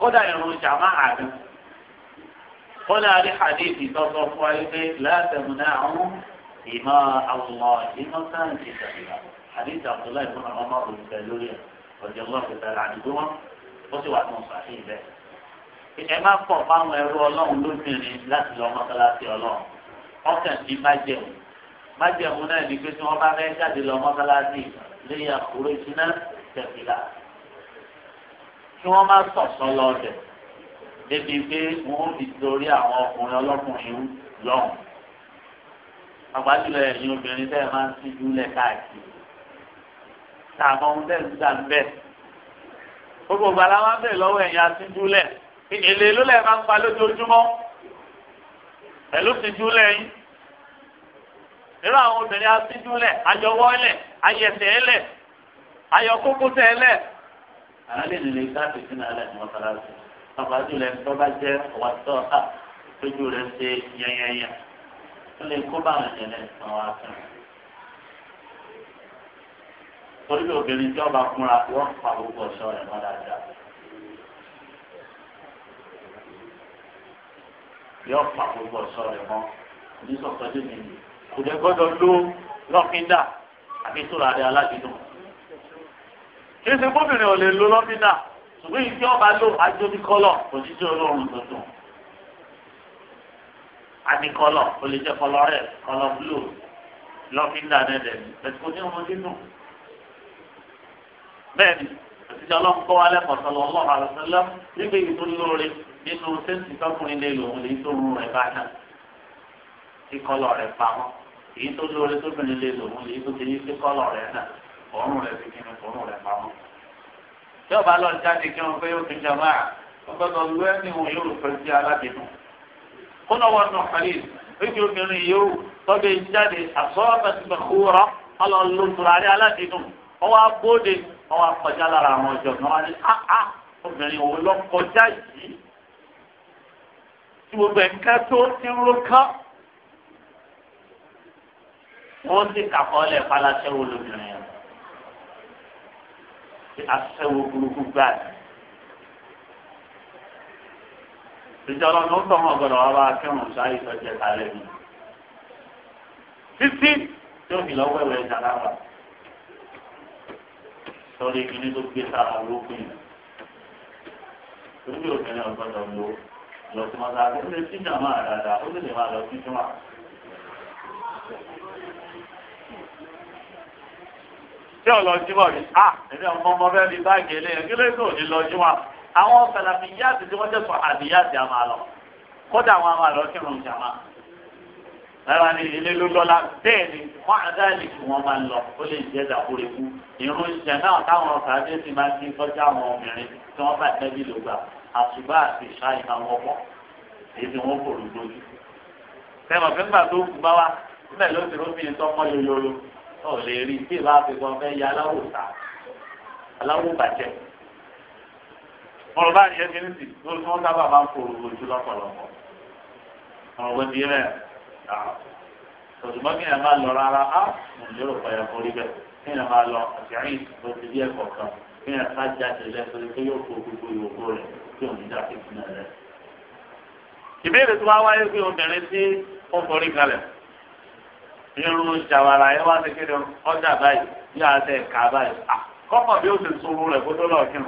kódà ìrun jàmá àdán. Kódà rí hadith ìtọ́sọ fún ayé pé látẹ̀mù náà ń ìmọ̀ àwòrán ìmọ̀ sáǹtì tàbí حديث عبد الله بن عمر الكالوريا رضي الله تعالى عنهما وسي وعد صحيح به ẹ má pọ̀ fáwọn ẹrú ọlọ́run lóbìnrin láti lọ mọ́sálásí ọlọ́run ọkàn sí májẹ̀mú májẹ̀mú náà ni pé tí wọ́n bá fẹ́ jáde lọ mọ́sálásí lẹ́yìn àkúrò ìṣúná tẹ̀sílà kí wọ́n má sọ̀sọ́ lọ́ọ̀dẹ̀ débi pé wọ́n fi torí àwọn ọkùnrin ọlọ́kùnrin lọ́hùn-ún àgbájúlẹ̀ ẹ̀yin obìnrin tẹ́ máa ń síjú lẹ̀ káàkiri tààmọ́ ohun tẹ̀ ń gbà ń bẹ̀. gbogbo gbala wa bẹ̀ lọ́wọ́ ẹ̀yìn asíjúlẹ̀ èlé ló lẹ̀ máa ń pa lójoojúmọ́ pẹ̀lú síjúlẹ̀ yín. nínú àwọn obìnrin asíjúlẹ̀ ayọwọ́lẹ̀ ayẹsẹ̀ẹ́lẹ̀ ayọkókósẹ̀ẹ́lẹ̀. àlálẹ́ ìlú káàpì sínú alẹ́ ni wọ́n fara sí pàpà jùlẹ̀ tó bá jẹ́ ọ̀wá tó tójú rẹ̀ ṣe yẹnyẹnyẹ ó lè kó bá àwọn ẹ̀jẹ̀ lẹ́sàn-án wá sẹ́yìn torí pé obìnrin tí ọba fúnra wọ́n fa gbogbo ọ̀ṣọ́ rẹ̀ mọ́ dáadáa. yọ fa gbogbo ọ̀ṣọ́ rẹ̀ mọ́ onísọ̀tọ́ dé nìyí kò dé gbọ́dọ̀ ló lọ́fíńdà àbí tóra rẹ̀ aládùúgbò. kí gómìnà ò lè lo lọ́fíńdà ṣùgbọ́n ìdí ọba lò ajóbi kọ́lọ̀ kò sí sí olóòórùn tuntun. àti kọ́lọ̀ o lè jẹ́ kọ́lọ̀ rẹ̀ kọ́lọ̀ blu lọ́fíńdà nẹ́ẹ̀dẹ̀ ẹ̀sìn kò ní ọmọdé nù bẹ́ẹ̀ ni àtijọ́ ọlọ́run kọ́ wa lẹ́kọ̀ọ́ sọ̀rọ̀ ọlọ́run àlọ́sọ́lá nígbà èyí tó lóore nínú sẹ́ǹtì tọkùnrin lè lòun lè tó rú rẹ̀ bàtà tí kọ́lọ̀ rẹ̀ pamọ́ èyí tó lóore tóbìnrin lè lòun lè tó ti yí sí kọ́lọ̀ rẹ̀ náà ọ̀run rẹ̀ fi kíni ọ̀run rẹ̀ pamọ́. tí ọba lọ jáde kí wọn fẹ́ yóò fi jàmbá ọgbọ́dọ̀ lu ẹni wọn yóò fẹ́ sí aládìmọ́. kó nù khalil wípé obìnrin yóò tọ́jú jáde àsọ́ọ́bẹ̀sibẹ̀kúrọ́ ọlọ́ọ̀lù tùràrí aládìmọ́ wọn wá kọjá lára àwọn ọjọ́ kan wá ní áá ah, ah, obìnrin òun lọ kọjá yìí tí gbogbo ẹ̀ka tó ti ń ronká wọn sì kàkọọ́lẹ̀ palasẹ́wò lóbìnrin yẹn tí asẹ́wò burúkú gbà ní. ìjọba ló ń tọ́ ọmọ gbọdọ̀ wá bá akẹ́wọ̀n sáyé sọ́jẹ́ kálẹ̀ mi títí tí ó fi lọ́wọ́ ẹ̀wẹ̀ ìjà lára sọ́rí kìíní tó gbé sára olókùn yìí orí òkè náà gbọ́dọ̀ lò lọ sí mọ́sáàsì ó lè sí jàmá dáadáa ó lè máa lọ sí jùmọ̀. tí ò lọ jímọ̀ rí a ẹ̀rí ọmọ ọmọ bẹ́ẹ̀ ní báàgì eléyẹn kí ló ń sọ òní lọ jímọ̀ àwọn fẹlẹ́fì yáàtì tí wọ́n jẹ́ sọ àdìyáàtì àmàlọ́ kódà àwọn àmàlọ́ kírun jàmá rárá ni ilé ló lọ́la bẹ́ẹ̀ ni wọ́n àdáyé kí wọ́n máa lọ ó lè jẹ́ dàkúrẹ́ kú ìrún ìṣẹ̀ náà táwọn ọ̀sán adé ti máa ti kọjá àwọn obìnrin tí wọ́n bá tẹ́bí ló gbà àṣùbà àti ìṣá ìta wọn pọ̀ èyí tí wọ́n fòrò lójú. sẹ́wọ̀n fún gbà tó kú bá wa síbẹ̀ ló ti rómi tọ́kọ́ yoyoro ó lè rí tí ìbá fi kan fẹ́ ya aláwò ta aláwò bàjẹ́. mọ̀lọ́bá ni ẹ tòṣùgbọ́n ah. kí ẹ máa lọ rárá á lérò pẹ̀lú orí bẹ́ẹ̀ kí ẹ máa lọ àtìrìn ló ti bí ẹ̀kọ́ kan kí ẹ ká jáde lẹ́sọ̀rọ̀ pé yóò kó gbogbo ìwòkó rẹ̀ tí òun ní dàbí fún ẹ rẹ̀. ìbéèrè tó wá wáyé pé obìnrin tí ó forí kalẹ̀ irun ṣàwàrà ẹ wá sí kí ni ọjà báyìí bí a tẹ̀ ká báyìí kọ́kọ́ bí ó ti sọ̀rọ̀ rẹ̀ kó tó lọ́ọ̀ kí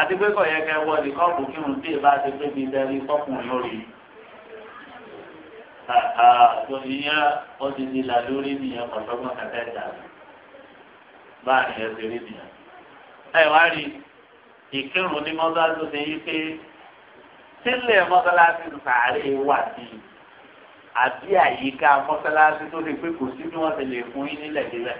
àti pé kò yẹ kẹ́ wọlé kọ́ọ̀bù kírun tí ì bá ti pé mi dẹ́rí kọ́kùnrin lórí tó ìyẹn ó ti di là lórí nìyẹn kọ̀tọ́gbọ́n kẹtẹ́ ìjà báà nìyẹn ti rí nìyẹn. ẹ wá rí ìkírun ní mọ́sálásí ṣe yí pé sílẹ̀ mọ́sálásí sàárè wà sí i àbí àyíká mọ́sálásí tó lè pé kò sí bí wọ́n ti lè fún yín nílẹ̀ nílẹ̀.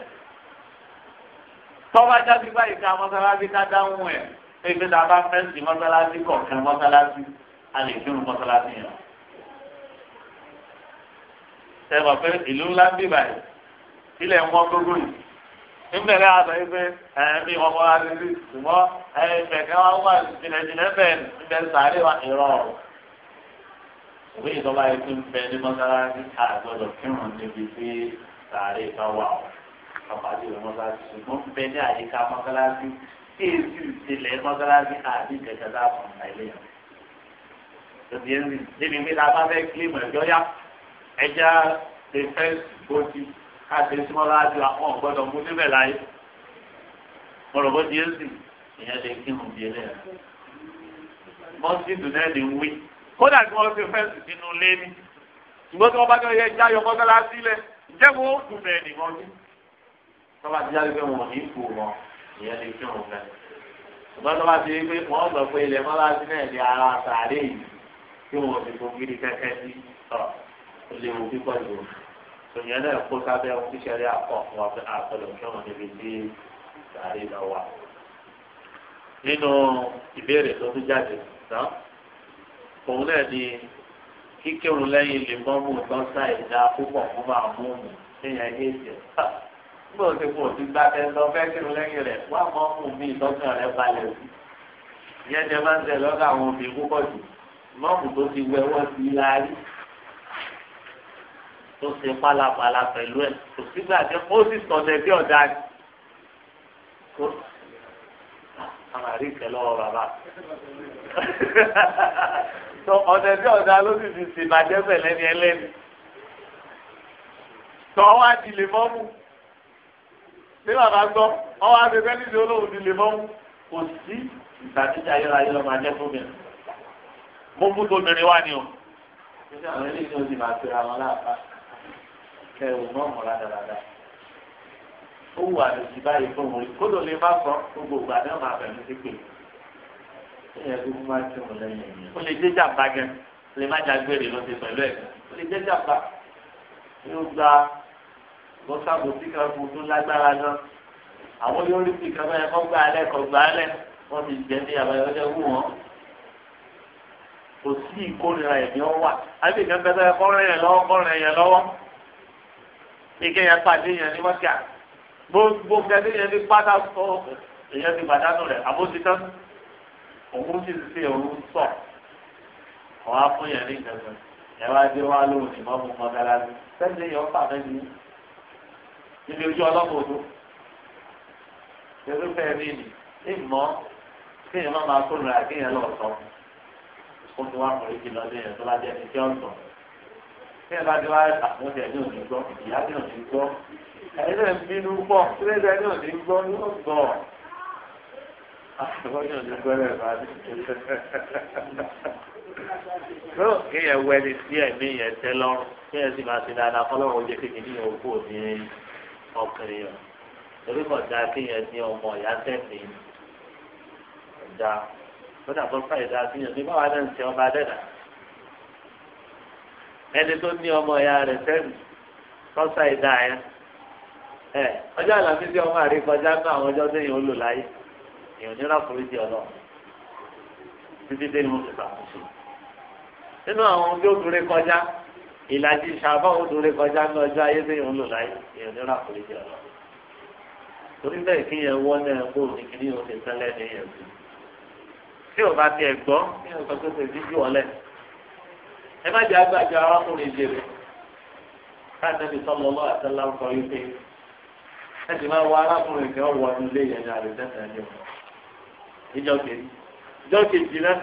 tọ́wájá ti bá ìka mọ́sálásí ká dáhùn ẹ̀ pé pé tá a bá fẹ́ sí mọ́sálásí kọ̀ọ̀kan mọ́sálásí a lè dúró mọ́sálásí yẹn. ṣe mọ̀ pé ìlú ńlá ń bíbà yìí sílẹ̀ ń wọ́n gbogbo yìí nígbẹ̀rẹ̀ àtọ̀ yìí pé ẹ̀ẹ́dì wọn bọ́ wá sí ṣùgbọ́n ẹ̀ẹ́dẹ̀kẹ́ wá wà jìnnàjìnnà bẹ́ẹ̀ níbẹ̀ sáré wa ìrọ̀ ìwé ìjọba yìí tún bẹ ní mọ́sálásí àgbọ̀dọ̀ kírun níbi tí sáré bá wà ọ́ ọ̀pá tí èsì ìṣẹ̀lẹ̀ mọ́sálásí àbí kẹ̀kẹ́ tá a fún ọ̀nà ilé yẹn. Tòbí ẹ̀ ń rìn débi pé tá a bá fẹ́ kílímù ẹ̀jọ́ yá ẹja lè fẹ́ gbòdì káṣe sí mọ́sálásí àwọn ọ̀gbọ́dọ̀ mú níbẹ̀ láyé. Mo rò bó ti èsì ìyẹn lè kí hùn bí ẹlẹ́yà. Mọ́sídùú náà lè wí. Kódà kí wọ́n fi fẹ́ǹsì sínú ilé ní. Ṣùgbọ́n tí wọ́n bá kẹ́ ẹja yọ mọ́sálásí lẹ̀ ǹjẹ́ wo dùn bẹ́ẹ̀ nìkan ní? Tọ́ba ti jáde ìyẹn lè fi hàn fẹ́. ṣùgbọ́n tó bá ti rí pé wọ́n gbọ́ pé ilẹ̀ mọ́láṣí náà di ara sàárè yìí tí wọ́n fi gbogbo gidi kẹ́kẹ́ sí tọ̀ ó lè wo pípọ̀ jù. ìyẹn náà kó sábẹ́ ohun tí sẹ́rí àpọ̀ fún wa pé àpẹẹrẹ òṣèlú níbi tí sàárè lọ wà. nínú ìbéèrè tó tún jáde tán òun náà ni kíkéwòn lẹ́yìn lè mọ́mú ìtọ́sà ìdá púpọ̀ fún màmúùmù níyẹn ní ìsìn bó ti kú òtí gba ẹ lọ fẹ́ kí n lẹ́yìn rẹ̀ wá mọ́ mú mi lọ́kàn rẹ̀ balẹ̀ o ìyẹn jẹ máa ń tẹ̀ lọ́kàn àwọn òbí púpọ̀ jù mọ́ọ̀mù tó ti wẹ wọ́n ti láàrí tó ṣe pálapàla pẹ̀lú ẹ̀ kò sígbà tí ó sì sọ̀tẹ̀ bí ọ̀dà ni. àwọn àríkẹ́ lọ́wọ́ bàbá. tó ọ̀tẹ̀ bí ọ̀dà ló sì ti sì bàjẹ́ pẹ̀lẹ́ni ẹlẹ́ni. tọ́ wá di lè mọ́mù ṣé bàbá gbọ́ ọwọ́ abẹ́fẹ́ nídìí olóhùn ti lè mọ́ kò sí ìtàkìjà ayérayé lọ́mọ ajẹ́ fún mi. mo mú tóbìnrin wá ni o. ṣé àwọn eléyìí ló ti máa pe ara wọn láàbá kẹ ò mọ ọmọ ládàládà. ó wù àlòjì báyìí fún mi kódò lè má sọ gbogbo ìgbà náà máa bẹ̀rù sí pé ẹ̀yẹ gbogbo máa tún un lẹ́yìn ẹ̀yẹ. ó lè jẹ́ jàmbá gan lè má jagbére ló ti pẹ̀lú ẹ̀ ó lè jẹ́ jàmbá wọ́n sábò sí kan fún tó lágbára gan àwọn yóò rí sí kan bẹ́ẹ̀ kọ́ gbá alẹ́ kọ́ gbá alẹ́ wọ́n ti jẹ́ ní àbáyọ́jẹ́ wù wọ́n kò sí ìkórira ẹ̀mí ọ wà àbí ìkan bẹ́ẹ̀ bẹ́ẹ̀ kọ́rin yẹn lọ́wọ́ kọ́rin yẹn lọ́wọ́ ìkẹ́ yẹn pàdé yẹn ní mọ́tíà gbogbo kẹ́tẹ́ yẹn ní pátá sọ èyàn ti pàdánù rẹ̀ àbójútán òun sì ṣe òun sọ ọ̀há fún yẹn ní ìgbẹ̀gbẹ̀ ẹ̀ wá dé wá lóhùn ìmọ̀ fún mọ́tàlá níbi ojú ọlọ́pàá odò irúfẹ́ rí ni ìmọ̀ kéèyàn má máa kórìíra kéèyàn lọ sọ kó tó wá pọ̀ ìjìnlọ sí yẹn tó bá jẹ́ ẹni tí ó sọ kéèyàn bá ti wá àkóńtẹ̀ ní òní gbọ́ ìyá ní òní gbọ́ ẹ̀yin náà ń bínú pọ̀ kílẹ̀dẹ̀ ní òní gbọ́ ní ó sọ àkókò kéèyàn wẹ́ni sí ẹ̀mí yẹn tẹ́ lọ́rùn kéèyàn sì máa ṣe dáadáa fọlọ́run ó jẹ́ kékeré ní òkú òní ọkùnrin yàn torí kò dáa kéèyàn ní ọmọ ìyá tẹ̀lé ọ̀dà lọ́dà tó fà ìdá kéèyàn ní báwa náà ń tẹ ọba dẹ́dà ẹni tó ní ọmọ ìyá rẹ̀ tẹ̀lé ìdá ọjọ́ àlàfíà tí ọmọ àwọn ọjọ́ tó yẹn lò láyé èèyàn ní títí dé ìlàjì ṣàbá odò rẹ kọjá ní ọjọ́ ayé ní ìhun lòlá èèyàn ní ọ̀rà kòlíjì ọ̀rọ̀ torí bẹ́ẹ̀ kí yẹn wọ́n náà kó nìkíní oṣù tẹ́lẹ̀ ní yẹn bí tí o bá tiẹ̀ gbọ́ kí o sọ pé kò sí jù ọ̀lẹ́ ẹ má jẹ́ agbájọ arákùnrin jèrè káàtẹ́bí sọ́mọ lọ́wọ́ àtẹ́lá ń kọ́ yípe ẹ sì máa wọ arákùnrin kan wọ ilé yẹn ní àrùtẹ́sẹ̀ ní o ìjọ kejì ìjọ kejì náà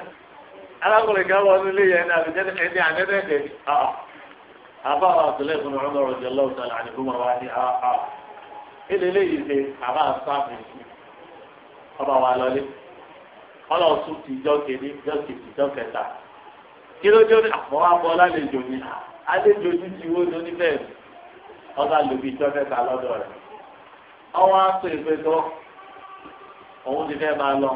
arákùnrin kan wọ ilé yẹn ní àrùtẹ́sẹ̀ ní àrùtẹ́sẹ̀ àbá àtúlẹ̀ fún ọmọ ọ̀rọ̀ jẹ́ lọ́wọ́ sọ̀rọ̀ àdìgúnmọ̀ wa ní àhà ilé eléyìí ṣe àbá sáfì ọba wa lọlé ọlọ́run tún ti jọ́ kéde jọ́ kejì jọ́ kẹta kí ló dé àfọwọ́ abọ́ lálejò ni àlejò ti ti wó ní oníbẹ̀rẹ̀ ọba lòbí jọ́ kẹta lọ́dọ̀ rẹ̀ ọwọ́ aṣọ ìpẹ́tọ́ òun ti fẹ́ máa lọ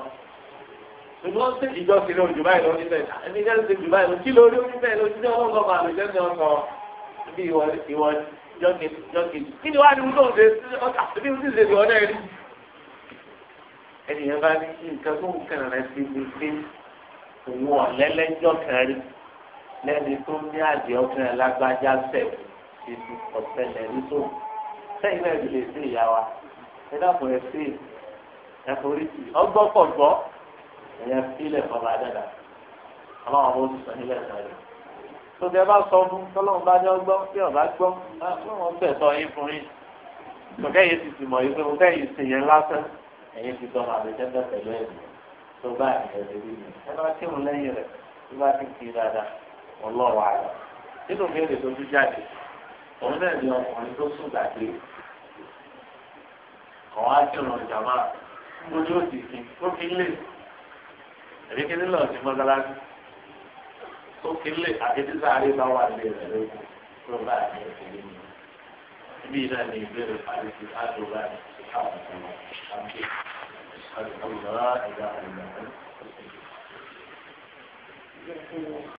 ṣùgbọ́n ṣé ìjọ kiri òjò báyìí lọ níbẹ̀ ẹni jẹ́ ṣe jù báyìí lọ kí lórí oníbẹ̀ bí ìwọ ìwọ jọ́kejì kí ni wàá ní wúlò ṣe ọkà bí wúlò ṣe ìwọ náà rí. ẹnìyẹn bá ní nǹkan tó ń kàn rẹ sí ni pé òun ọ̀lẹ́lẹ́jọ́ kan rí lẹ́ni tó ní àdìẹ ọkùnrin alágbájá sẹ̀ ìlú ọ̀sẹ̀lẹ̀ rí tó sẹ́yìn náà lè sí ìyá wa ẹ dákun ẹ sí ẹforí tì ọgbọ́n pọ̀ gbọ́ ẹ̀yẹ fílẹ̀ fọba dáadáa ọlọ́run ló tòtẹ́ bá sọ fún tọ́lọ́run bá jọ gbọ́ tí ọ̀bá gbọ́ ọlọ́run bẹ̀ sọ yín fún yín tòkẹ́ yìí ti tìmọ̀ yìí pé mo fẹ́ yìí sèyẹn lásán ẹ̀yìn ti tọ́ màá bẹ̀jẹ̀ bẹ̀ pẹ̀lú ẹ̀ tó bá ẹ̀rẹ́ rí mi ẹ bá kírun lẹ́yìn rẹ̀ tó bá ti kí dáadáa ọlọ́run àlọ́ nínú béèrè tó tún jáde òun àwọn akérò ìjàmbá gbójú òsì kí ó fi lè èmi kí nílò ọ̀sìn mọ́sálásí tó kílè àti títà bá wà lé rẹ̀ lórí tó bá àti ìṣẹ̀lẹ̀ mi. Ibi náà ni ìbéèrè parí sí àjò báyìí sí àwọn ọmọ àti àjò ìlọ́ra ìdá àrùn